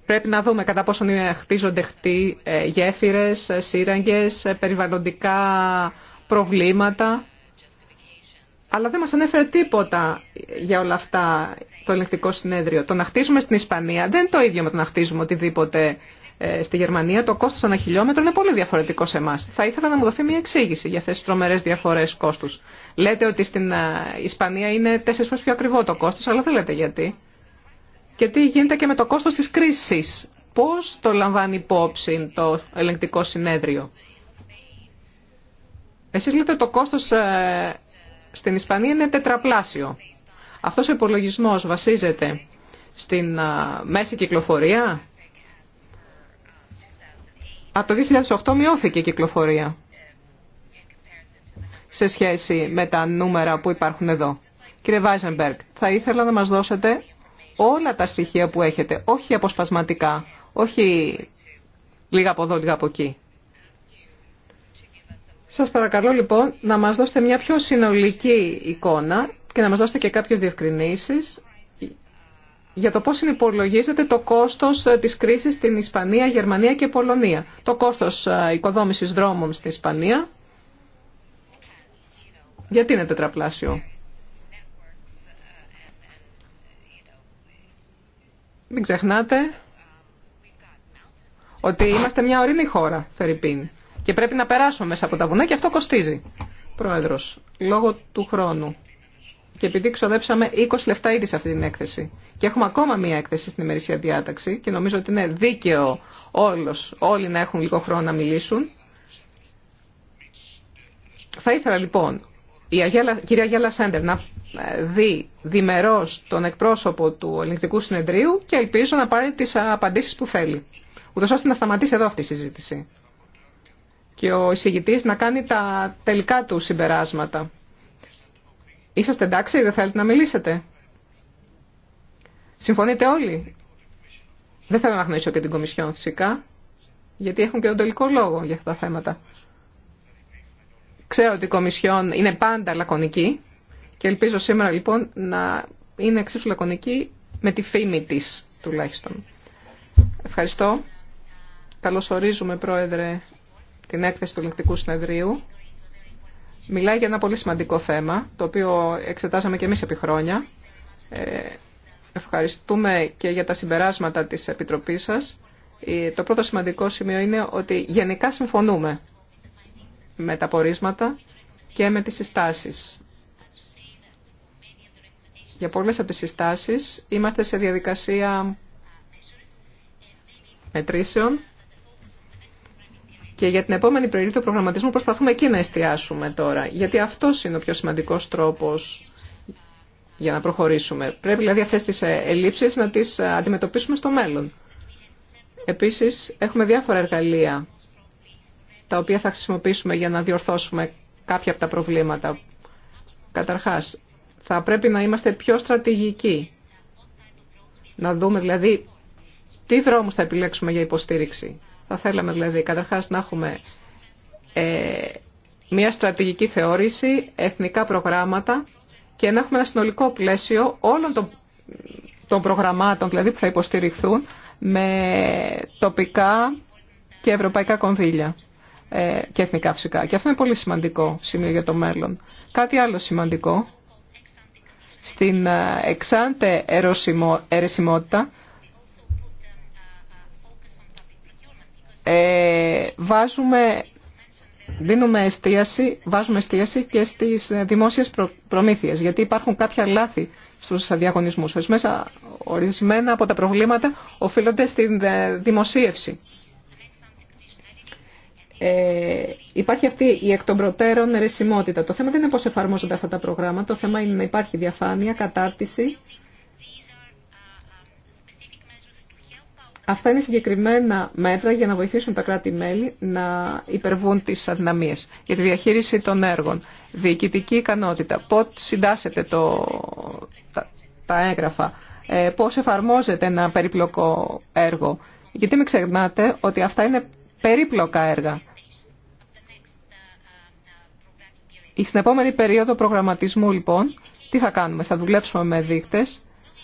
Πρέπει να δούμε κατά πόσον χτίζονται χτί, ε, γέφυρες, ε, σύραγγες, ε, περιβαλλοντικά προβλήματα. Αλλά δεν μας ανέφερε τίποτα για όλα αυτά το ελεκτικό συνέδριο. Το να χτίζουμε στην Ισπανία δεν είναι το ίδιο με το να χτίζουμε οτιδήποτε στη Γερμανία. Το κόστος ανά χιλιόμετρο είναι πολύ διαφορετικό σε εμά. Θα ήθελα να μου δοθεί μια εξήγηση για αυτές τις τρομερές διαφορές κόστους. Λέτε ότι στην Ισπανία είναι τέσσερις φορές πιο ακριβό το κόστος, αλλά δεν λέτε γιατί και τι γίνεται και με το κόστος της κρίσης. Πώς το λαμβάνει υπόψη το ελεγκτικό συνέδριο. Εσείς λέτε το κόστος ε, στην Ισπανία είναι τετραπλάσιο. Αυτός ο υπολογισμός βασίζεται στην ε, μέση κυκλοφορία. Από το 2008 μειώθηκε η κυκλοφορία σε σχέση με τα νούμερα που υπάρχουν εδώ. Κύριε Βάιζενμπεργκ, θα ήθελα να μας δώσετε όλα τα στοιχεία που έχετε, όχι αποσπασματικά, όχι λίγα από εδώ, λίγα από εκεί. Σας παρακαλώ λοιπόν να μας δώσετε μια πιο συνολική εικόνα και να μας δώσετε και κάποιες διευκρινήσεις για το πώς συνυπολογίζεται το κόστος ε, της κρίσης στην Ισπανία, Γερμανία και Πολωνία. Το κόστος ε, οικοδόμησης δρόμων στην Ισπανία, γιατί είναι τετραπλάσιο. Μην ξεχνάτε ότι είμαστε μια ορεινή χώρα, Φερρυπίν, και πρέπει να περάσουμε μέσα από τα βουνά και αυτό κοστίζει. Πρόεδρος, λόγω του χρόνου και επειδή ξοδέψαμε 20 λεφτά ήδη σε αυτή την έκθεση και έχουμε ακόμα μία έκθεση στην ημερησία διάταξη και νομίζω ότι είναι δίκαιο όλος, όλοι να έχουν λίγο χρόνο να μιλήσουν. Θα ήθελα λοιπόν η Αγέλα, κυρία Γιάλα Σέντερ να ε, δει διμερός τον εκπρόσωπο του Ελληνικού Συνεδρίου και ελπίζω να πάρει τις απαντήσεις που θέλει. Ούτως ώστε να σταματήσει εδώ αυτή η συζήτηση. Και ο εισηγητής να κάνει τα τελικά του συμπεράσματα. Είσαστε εντάξει, δεν θέλετε να μιλήσετε. Συμφωνείτε όλοι. Δεν θέλω να γνωρίσω και την Κομισιόν φυσικά, γιατί έχουν και τον τελικό λόγο για αυτά τα θέματα. Ξέρω ότι η Κομισιόν είναι πάντα λακωνική και ελπίζω σήμερα λοιπόν να είναι εξίσου λακωνική με τη φήμη της τουλάχιστον. Ευχαριστώ. Καλωσορίζουμε, Πρόεδρε, την έκθεση του Ελεκτικού Συνεδρίου. Μιλάει για ένα πολύ σημαντικό θέμα, το οποίο εξετάσαμε και εμείς επί χρόνια. Ε, ευχαριστούμε και για τα συμπεράσματα της Επιτροπής σας. Ε, το πρώτο σημαντικό σημείο είναι ότι γενικά συμφωνούμε με τα πορίσματα και με τις συστάσεις. Για πολλές από τις συστάσεις είμαστε σε διαδικασία μετρήσεων και για την επόμενη περίοδο του προγραμματισμού προσπαθούμε εκεί να εστιάσουμε τώρα, γιατί αυτό είναι ο πιο σημαντικός τρόπος για να προχωρήσουμε. Πρέπει δηλαδή αυτές τις ε, ελλείψεις να τις ε, αντιμετωπίσουμε στο μέλλον. Επίσης, έχουμε διάφορα εργαλεία τα οποία θα χρησιμοποιήσουμε για να διορθώσουμε κάποια από τα προβλήματα. Καταρχάς, θα πρέπει να είμαστε πιο στρατηγικοί. Να δούμε δηλαδή τι δρόμους θα επιλέξουμε για υποστήριξη. Θα θέλαμε δηλαδή καταρχάς να έχουμε ε, μια στρατηγική θεώρηση, εθνικά προγράμματα και να έχουμε ένα συνολικό πλαίσιο όλων των, προγραμμάτων δηλαδή, που θα υποστηριχθούν με τοπικά και ευρωπαϊκά κονδύλια. Ε, και εθνικά φυσικά. Και αυτό είναι πολύ σημαντικό σημείο για το μέλλον. Κάτι άλλο σημαντικό, στην ε, εξάντε αιρεσιμότητα ε, βάζουμε, δίνουμε εστίαση, βάζουμε εστίαση και στις δημόσιες προμήθειες, γιατί υπάρχουν κάποια λάθη στους διαγωνισμούς. Ορισμένα από τα προβλήματα οφείλονται στην δημοσίευση. Ε, υπάρχει αυτή η εκ των προτέρων ρεσιμότητα. Το θέμα δεν είναι πώς εφαρμόζονται αυτά τα προγράμματα, το θέμα είναι να υπάρχει διαφάνεια, κατάρτιση. Αυτά είναι συγκεκριμένα μέτρα για να βοηθήσουν τα κράτη-μέλη να υπερβούν τις αδυναμίες για τη διαχείριση των έργων. Διοικητική ικανότητα, πώς συντάσσεται το, τα, έγγραφα, ε, πώς εφαρμόζεται ένα περίπλοκο έργο. Γιατί μην ξεχνάτε ότι αυτά είναι περίπλοκα έργα. Στην επόμενη περίοδο προγραμματισμού, λοιπόν, τι θα κάνουμε. Θα δουλέψουμε με δείκτες,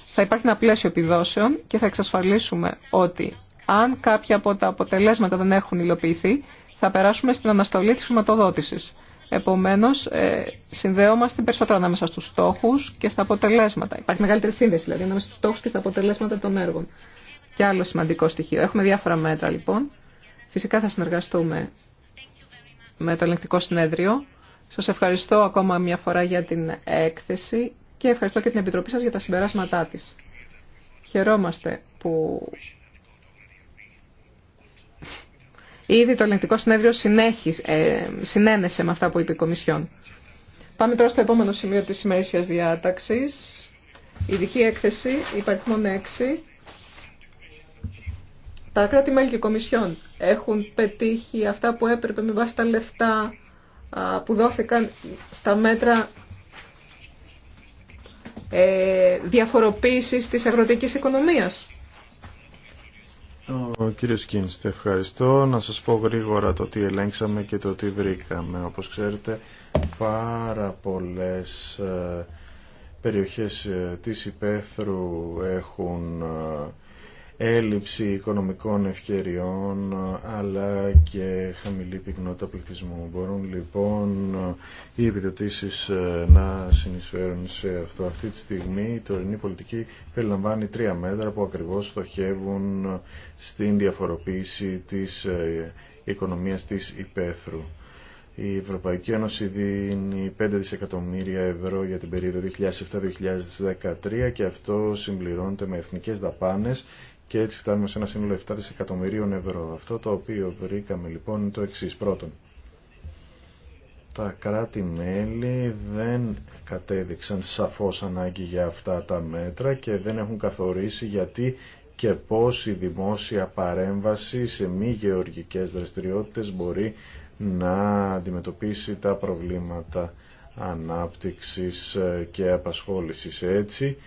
θα υπάρχει ένα πλαίσιο επιδόσεων και θα εξασφαλίσουμε ότι αν κάποια από τα αποτελέσματα δεν έχουν υλοποιηθεί, θα περάσουμε στην αναστολή της χρηματοδότησης. Επομένως, ε, συνδέομαστε περισσότερο ανάμεσα στους στόχους και στα αποτελέσματα. Υπάρχει μεγαλύτερη σύνδεση, δηλαδή, ανάμεσα στους στόχους και στα αποτελέσματα των έργων. Και άλλο σημαντικό στοιχείο. Έχουμε διάφορα μέτρα, λοιπόν. Φυσικά θα συνεργαστούμε με το ελεγκτικό συνέδριο σας ευχαριστώ ακόμα μια φορά για την έκθεση και ευχαριστώ και την Επιτροπή σας για τα συμπεράσματά της. Χαιρόμαστε που ήδη το ελεγκτικό συνέδριο συνέχισε, ε, συνένεσε με αυτά που είπε η Κομισιόν. Πάμε τώρα στο επόμενο σημείο της ημερήσιας διάταξης. Ειδική έκθεση υπαριθμών 6. Τα κράτη-μέλη και Κομισιόν έχουν πετύχει αυτά που έπρεπε με βάση τα λεφτά που δόθηκαν στα μέτρα ε, διαφοροποίησης της αγροτικής οικονομίας. Ο κύριος ευχαριστώ. Να σας πω γρήγορα το τι ελέγξαμε και το τι βρήκαμε. Όπως ξέρετε, πάρα πολλές ε, περιοχές ε, της Υπέθρου έχουν έλλειψη οικονομικών ευκαιριών αλλά και χαμηλή πυκνότητα πληθυσμού. Μπορούν λοιπόν οι επιδοτήσεις ε, να συνεισφέρουν σε αυτό. Αυτή τη στιγμή η τωρινή πολιτική περιλαμβάνει τρία μέτρα που ακριβώς στοχεύουν στην διαφοροποίηση της ε, οικονομίας της υπαίθρου. Η Ευρωπαϊκή Ένωση δίνει 5 δισεκατομμύρια ευρώ για την περίοδο 2007-2013 και αυτό συμπληρώνεται με εθνικές δαπάνες και έτσι φτάνουμε σε ένα σύνολο 7 δισεκατομμυρίων ευρώ. Αυτό το οποίο βρήκαμε λοιπόν είναι το εξή. Πρώτον, τα κράτη-μέλη δεν κατέδειξαν σαφώς ανάγκη για αυτά τα μέτρα και δεν έχουν καθορίσει γιατί και πώς η δημόσια παρέμβαση σε μη γεωργικές δραστηριότητες μπορεί να αντιμετωπίσει τα προβλήματα ανάπτυξης και απασχόλησης. Έτσι,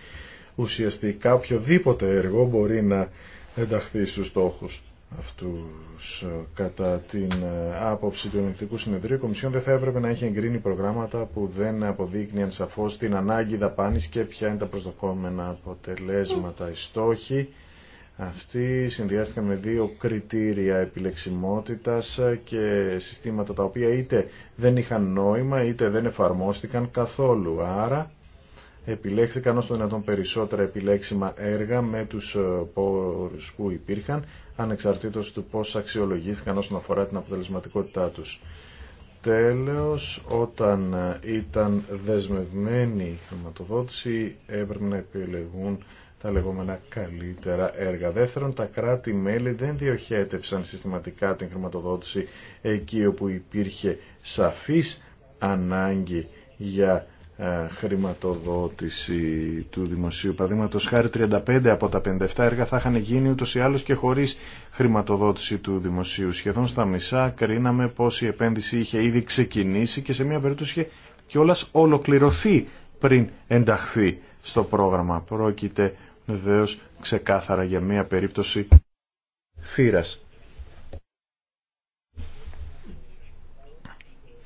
ουσιαστικά οποιοδήποτε έργο μπορεί να ενταχθεί στους στόχους αυτούς. Κατά την ε, άποψη του Ενεκτικού Συνεδρίου, η Κομισιόν δεν θα έπρεπε να έχει εγκρίνει προγράμματα που δεν αποδείκνυαν σαφώς την ανάγκη δαπάνης και ποια είναι τα προσδοκόμενα αποτελέσματα. Οι στόχοι αυτοί συνδυάστηκαν με δύο κριτήρια επιλεξιμότητας και συστήματα τα οποία είτε δεν είχαν νόημα είτε δεν εφαρμόστηκαν καθόλου. Άρα επιλέχθηκαν όσο δυνατόν περισσότερα επιλέξιμα έργα με τους ε, πόρους που υπήρχαν, ανεξαρτήτως του πώς αξιολογήθηκαν όσον αφορά την αποτελεσματικότητά τους. Τέλος, όταν ε, ήταν δεσμευμένη η χρηματοδότηση, έπρεπε να επιλεγούν τα λεγόμενα καλύτερα έργα. Δεύτερον, τα κράτη-μέλη δεν διοχέτευσαν συστηματικά την χρηματοδότηση εκεί όπου υπήρχε σαφής ανάγκη για ε, χρηματοδότηση του δημοσίου. Παραδείγματο χάρη 35 από τα 57 έργα θα είχαν γίνει ούτω ή άλλω και χωρί χρηματοδότηση του δημοσίου. Σχεδόν στα μισά κρίναμε πω η επένδυση είχε ήδη ξεκινήσει και σε μια περίπτωση και κιόλα ολοκληρωθεί πριν ενταχθεί στο πρόγραμμα. Πρόκειται βεβαίω ξεκάθαρα για μια περίπτωση φύρας.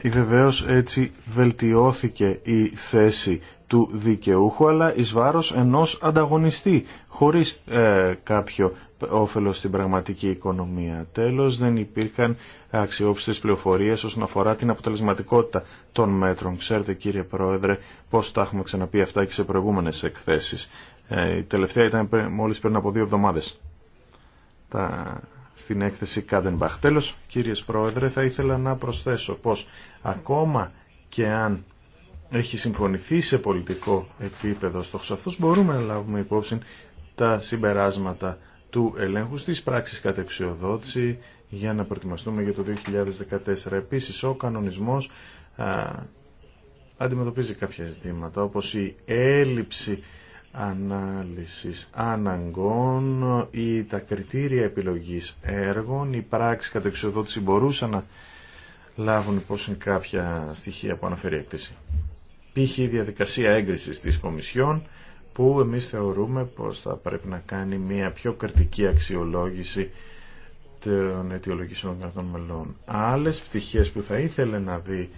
βεβαίως έτσι βελτιώθηκε η θέση του δικαιούχου αλλά εις βάρος ενός ανταγωνιστή χωρίς ε, κάποιο όφελος στην πραγματική οικονομία. Τέλος δεν υπήρχαν αξιόπιστες πληροφορίες όσον αφορά την αποτελεσματικότητα των μέτρων. Ξέρετε κύριε Πρόεδρε πώς τα έχουμε ξαναπεί αυτά και σε προηγούμενες εκθέσεις. Ε, η τελευταία ήταν μόλις πριν από δύο εβδομάδες. Τα στην έκθεση Κάντενμπαχ. Τέλος, κύριες Πρόεδρε, θα ήθελα να προσθέσω πως ακόμα και αν έχει συμφωνηθεί σε πολιτικό επίπεδο στόχος αυτός, μπορούμε να λάβουμε υπόψη τα συμπεράσματα του ελέγχου στις πράξεις κατεξιοδότηση για να προετοιμαστούμε για το 2014. Επίσης, ο κανονισμός αντιμετωπίζει κάποια ζητήματα, όπως η έλλειψη ανάλυσης αναγκών ή τα κριτήρια επιλογής έργων, οι πράξεις κατά εξοδότηση μπορούσαν να λάβουν υπόψη κάποια στοιχεία που αναφέρει η τα κριτηρια επιλογης εργων η πραξη κατα εξοδοτηση μπορουσαν να λαβουν υποψη καποια στοιχεια που αναφερει η εκθεση Π.χ. η διαδικασία έγκρισης της Κομισιόν που εμείς θεωρούμε πως θα πρέπει να κάνει μια πιο κριτική αξιολόγηση των αιτιολογήσεων των μελών. Άλλες πτυχές που θα ήθελε να δει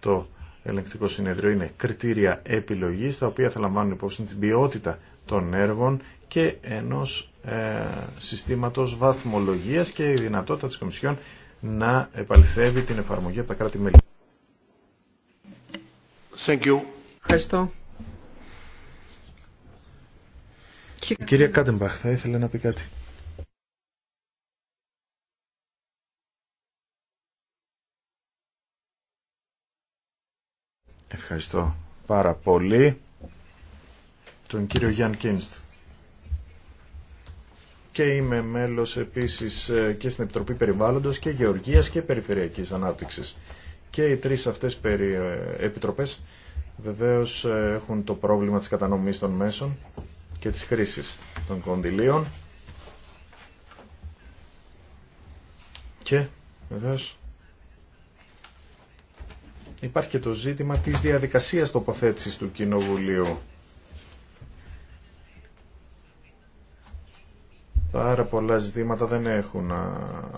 το ελεγκτικό συνεδρίο είναι κριτήρια επιλογής τα οποία θα λαμβάνουν υπόψη την ποιότητα των έργων και ενός ε, συστήματος βαθμολογίας και η δυνατότητα της Κομισιόν να επαληθεύει την εφαρμογή από τα κράτη-μέλη. Ευχαριστώ. Κυρία Κάντεμπαχ, θα ήθελε να πει κάτι. Ευχαριστώ πάρα πολύ τον κύριο Γιάν Κίνστ. Και είμαι μέλος επίσης ε, και στην Επιτροπή Περιβάλλοντος και Γεωργίας και Περιφερειακής Ανάπτυξης. Και οι τρεις αυτές ε, επιτροπές βεβαίως ε, έχουν το πρόβλημα της κατανομής των μέσων και της χρήσης των κονδυλίων. Και βεβαίως υπάρχει και το ζήτημα της διαδικασίας τοποθέτησης του Κοινοβουλίου. Πάρα πολλά ζητήματα δεν έχουν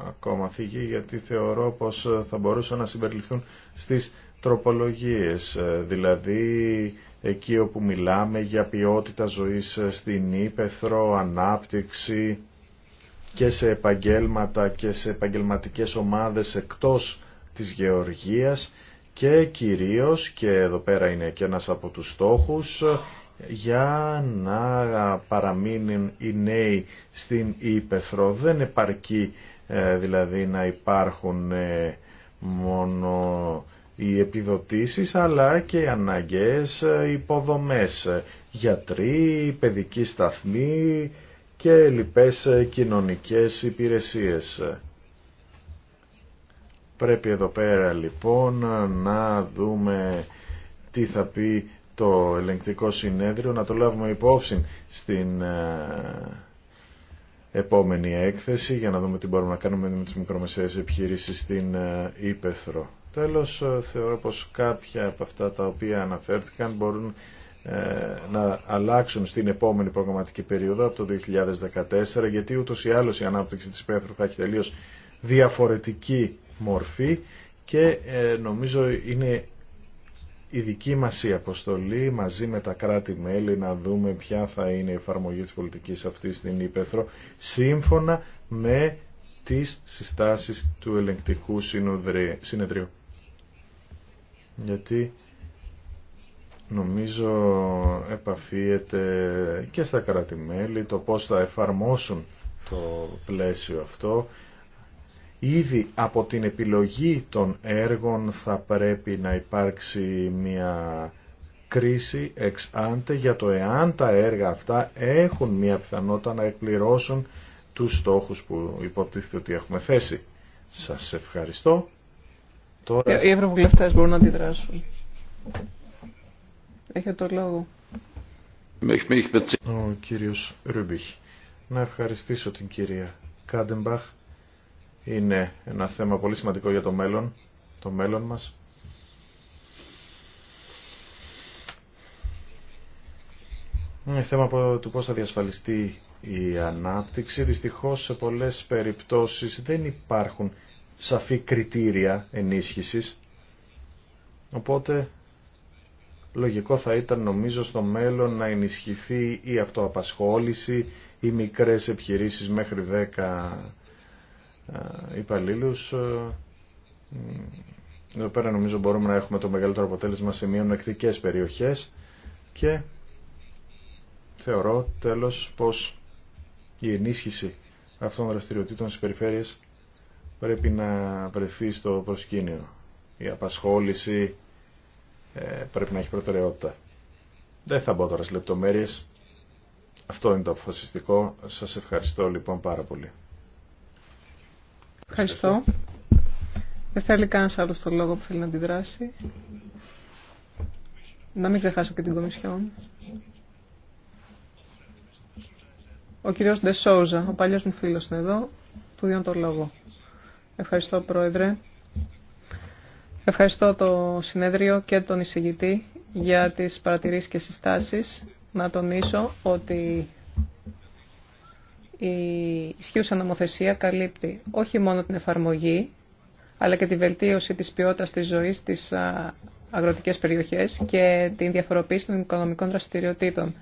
ακόμα θυγεί γιατί θεωρώ πως θα μπορούσαν να συμπεριληφθούν στις τροπολογίες. Ε, δηλαδή εκεί όπου μιλάμε για ποιότητα ζωής στην Ήπεθρο, ανάπτυξη και σε επαγγέλματα και σε επαγγελματικές ομάδες εκτός της γεωργίας και κυρίως, και εδώ πέρα είναι και ένας από τους στόχους, για να παραμείνουν οι νέοι στην Ήπεθρο. Δεν επαρκεί ε, δηλαδή να υπάρχουν ε, μόνο οι επιδοτήσεις αλλά και οι αναγκαίες ε, υποδομές, γιατροί, παιδικοί σταθμοί και λοιπές κοινωνικές υπηρεσίες. Πρέπει εδώ πέρα λοιπόν να δούμε τι θα πει το ελεγκτικό συνέδριο, να το λάβουμε υπόψη στην ε, επόμενη έκθεση για να δούμε τι μπορούμε να κάνουμε με τις μικρομεσαίες επιχειρήσεις στην ε, Ήπεθρο. Τέλος, ε, θεωρώ πως κάποια από αυτά τα οποία αναφέρθηκαν μπορούν να αλλάξουν στην επόμενη προγραμματική περίοδο από το 2014 γιατί ούτως ή άλλως η ανάπτυξη της Πέθρου θα έχει τελείως διαφορετική μορφή και ε, νομίζω είναι η δική μας η αποστολή μαζί με τα κράτη-μέλη να δούμε ποια θα είναι η εφαρμογή της πολιτικής αυτής στην Ήπεθρο σύμφωνα με τις συστάσεις του ελεγκτικού συνεδρίου. Γιατί νομίζω επαφίεται και στα κράτη-μέλη το πώς θα εφαρμόσουν το πλαίσιο αυτό Ήδη από την επιλογή των έργων θα πρέπει να υπάρξει μια κρίση εξ για το εάν τα έργα αυτά έχουν μια πιθανότητα να εκπληρώσουν τους στόχους που υποτίθεται ότι έχουμε θέσει. Σας ευχαριστώ. Τώρα... Οι ευρωβουλευτές μπορούν να αντιδράσουν. Έχετε το λόγο. Ο κύριος Ρούμπιχ. Να ευχαριστήσω την κυρία Κάντεμπαχ είναι ένα θέμα πολύ σημαντικό για το μέλλον, το μέλλον μας. Είναι θέμα του πώς θα διασφαλιστεί η ανάπτυξη. Δυστυχώς σε πολλές περιπτώσεις δεν υπάρχουν σαφή κριτήρια ενίσχυσης. Οπότε λογικό θα ήταν νομίζω στο μέλλον να ενισχυθεί η αυτοαπασχόληση, οι μικρές επιχειρήσεις μέχρι 10 ε, υπαλλήλου. Ε, εδώ πέρα νομίζω μπορούμε να έχουμε το μεγαλύτερο αποτέλεσμα σε μειονεκτικές περιοχές και θεωρώ τέλος πως η ενίσχυση αυτών των δραστηριοτήτων στις περιφέρειες πρέπει να βρεθεί στο προσκήνιο. Η απασχόληση ε, πρέπει να έχει προτεραιότητα. Δεν θα μπω τώρα στις λεπτομέρειες. Αυτό είναι το αποφασιστικό. Σας ευχαριστώ λοιπόν πάρα πολύ. Ευχαριστώ. Δεν θέλει κανένα άλλο το λόγο που θέλει να αντιδράσει. Να μην ξεχάσω και την Κομισιόν. Ο κύριος Ντεσόζα, ο παλιός μου φίλος είναι εδώ, του δίνω το λόγο. Ευχαριστώ Πρόεδρε. Ευχαριστώ το συνέδριο και τον εισηγητή για τις παρατηρήσεις και συστάσεις. Να τονίσω ότι η ισχύουσα νομοθεσία καλύπτει όχι μόνο την εφαρμογή, αλλά και τη βελτίωση της ποιότητας της ζωής στις αγροτικές περιοχές και την διαφοροποίηση των οικονομικών δραστηριοτήτων.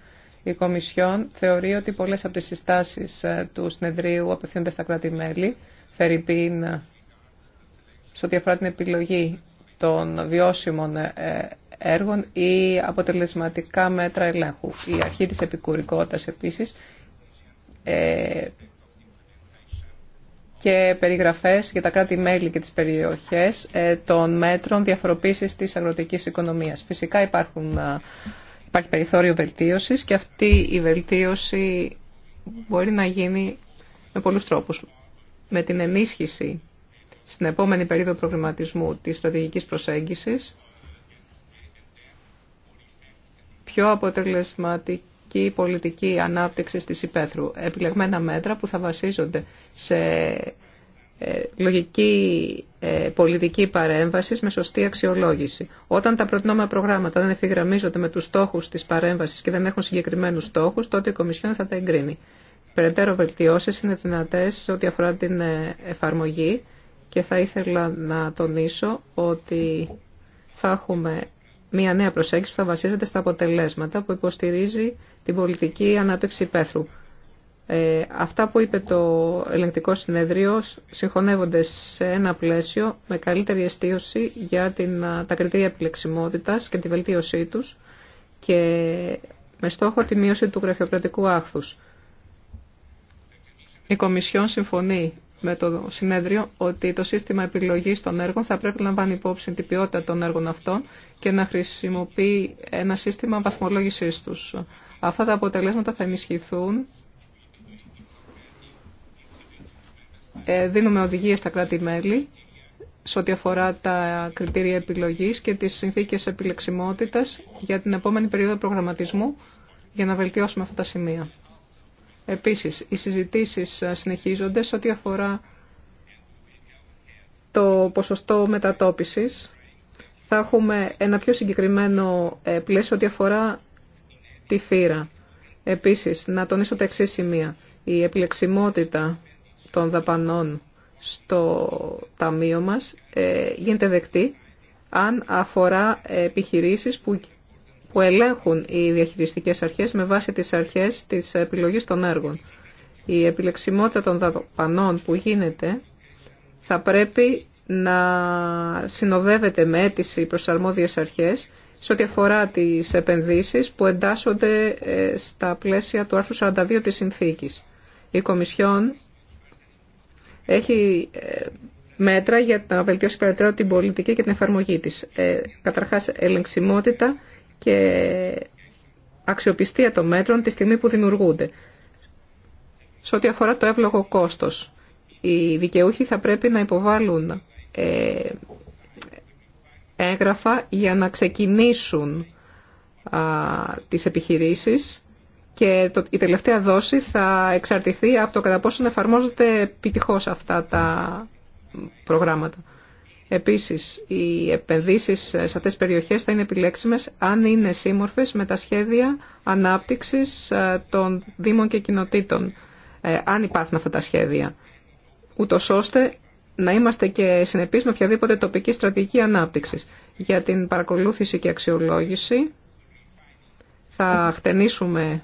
Η Κομισιόν θεωρεί ότι πολλές από τις συστάσεις του συνεδρίου απευθύνονται στα κράτη-μέλη, φερειπίν σε ό,τι αφορά την επιλογή των βιώσιμων ε, έργων ή αποτελεσματικά μέτρα ελέγχου. Η αρχή της επικουρικότητας επίσης ε, και περιγραφές για τα κράτη-μέλη και τις περιοχές ε, των μέτρων διαφοροποίησης της αγροτικής οικονομίας. Φυσικά υπάρχουν, ε, υπάρχει περιθώριο βελτίωσης και αυτή η βελτίωση μπορεί να γίνει με πολλούς τρόπους. Με την ενίσχυση στην επόμενη περίοδο προγραμματισμού της στρατηγικής προσέγγισης, πιο αποτελεσματική και πολιτική ανάπτυξη της υπαίθρου. Επιλεγμένα μέτρα που θα βασίζονται σε ε, λογική ε, πολιτική παρέμβαση με σωστή αξιολόγηση. Όταν τα προτινόμενα προγράμματα δεν ευθυγραμμίζονται με τους στόχους της παρέμβασης και δεν έχουν συγκεκριμένους στόχους, τότε η Κομισιόν θα τα εγκρίνει. Περαιτέρω βελτιώσεις είναι δυνατές ό,τι αφορά την ε, εφαρμογή και θα ήθελα να τονίσω ότι θα έχουμε μια νέα προσέγγιση που θα βασίζεται στα αποτελέσματα που υποστηρίζει την πολιτική ανάπτυξη υπαίθρου. Ε, αυτά που είπε το ελεγκτικό συνεδρίο συγχωνεύονται σε ένα πλαίσιο με καλύτερη εστίωση για την, τα κριτήρια επιλεξιμότητας και τη βελτίωσή τους και με στόχο τη μείωση του γραφειοκρατικού άχθους. Η Κομισιόν συμφωνεί με το συνέδριο ότι το σύστημα επιλογής των έργων θα πρέπει να λαμβάνει υπόψη την ποιότητα των έργων αυτών και να χρησιμοποιεί ένα σύστημα βαθμολόγησής τους. Αυτά τα αποτελέσματα θα ενισχυθούν. Ε, δίνουμε οδηγίες στα κράτη-μέλη σε ό,τι αφορά τα κριτήρια επιλογής και τις συνθήκες επιλεξιμότητας για την επόμενη περίοδο προγραμματισμού για να βελτιώσουμε αυτά τα σημεία. Επίσης, οι συζητήσεις συνεχίζονται σε ό,τι αφορά το ποσοστό μετατόπισης. Θα έχουμε ένα πιο συγκεκριμένο ε, πλαίσιο ό,τι αφορά τη φύρα. Επίσης, να τονίσω τα εξή σημεία. Η επιλεξιμότητα των δαπανών στο ταμείο μας ε, γίνεται δεκτή αν αφορά επιχειρήσεις που που ελέγχουν οι διαχειριστικές αρχές με βάση τις αρχές της επιλογής των έργων. Η επιλεξιμότητα των δαπανών που γίνεται θα πρέπει να συνοδεύεται με αίτηση προς αρμόδιες αρχές σε ό,τι αφορά τις επενδύσεις που εντάσσονται ε, στα πλαίσια του άρθρου 42 της Συνθήκης. Η Κομισιόν έχει ε, μέτρα για να βελτιώσει περαιτέρω την πολιτική και την εφαρμογή της. Ε, καταρχάς, ελεγξιμότητα και αξιοπιστία των μέτρων τη στιγμή που δημιουργούνται. Σε ό,τι αφορά το εύλογο κόστος, οι δικαιούχοι θα πρέπει να υποβάλουν ε, έγγραφα για να ξεκινήσουν α, τις επιχειρήσεις και το, η τελευταία δόση θα εξαρτηθεί από το κατά πόσο εφαρμόζονται επιτυχώς αυτά τα προγράμματα. Επίσης, οι επενδύσεις σε αυτές τις περιοχές θα είναι επιλέξιμες αν είναι σύμμορφες με τα σχέδια ανάπτυξης ε, των δήμων και κοινοτήτων, ε, αν υπάρχουν αυτά τα σχέδια, ούτως ώστε να είμαστε και συνεπείς με οποιαδήποτε τοπική στρατηγική ανάπτυξης. Για την παρακολούθηση και αξιολόγηση θα χτενίσουμε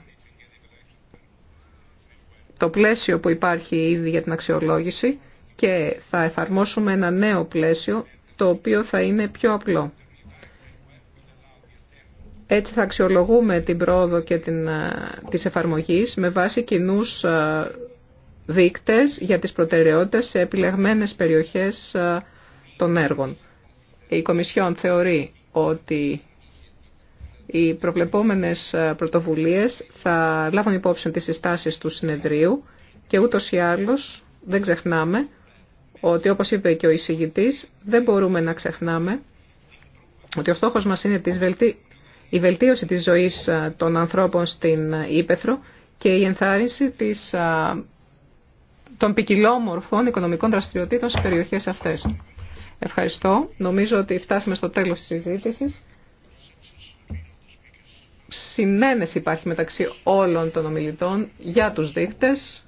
το πλαίσιο που υπάρχει ήδη για την αξιολόγηση και θα εφαρμόσουμε ένα νέο πλαίσιο το οποίο θα είναι πιο απλό. Έτσι θα αξιολογούμε την πρόοδο και την, ε, της εφαρμογής με βάση κοινού ε, δείκτες για τις προτεραιότητες σε επιλεγμένες περιοχές ε, των έργων. Η Κομισιόν θεωρεί ότι οι προβλεπόμενες πρωτοβουλίες θα λάβουν υπόψη τις συστάσεις του συνεδρίου και ούτως ή άλλως δεν ξεχνάμε ότι όπως είπε και ο εισηγητής δεν μπορούμε να ξεχνάμε ότι ο στόχος μας είναι η βελτίωση της ζωής των ανθρώπων στην Ήπεθρο και η ενθάρρυνση της, των ποικιλόμορφων οικονομικών δραστηριοτήτων στις περιοχές αυτές. Ευχαριστώ. Νομίζω ότι φτάσαμε στο τέλος της συζήτησης. Συνένεση υπάρχει μεταξύ όλων των ομιλητών για τους δείκτες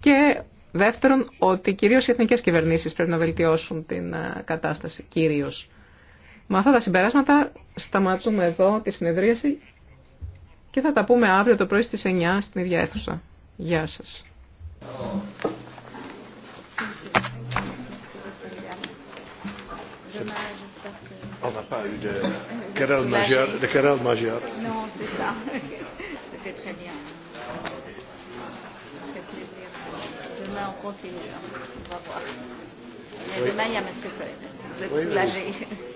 και Δεύτερον, ότι κυρίω οι εθνικέ κυβερνήσει πρέπει να βελτιώσουν την ε, κατάσταση, κυρίως. Με αυτά τα συμπεράσματα σταματούμε εδώ τη συνεδρίαση και θα τα πούμε αύριο το πρωί στις 9 στην ίδια αίθουσα. Γεια σας. On n'a pas eu demain on continue. On va voir. Mais demain, il y a M. Cohen. Vous êtes soulagés.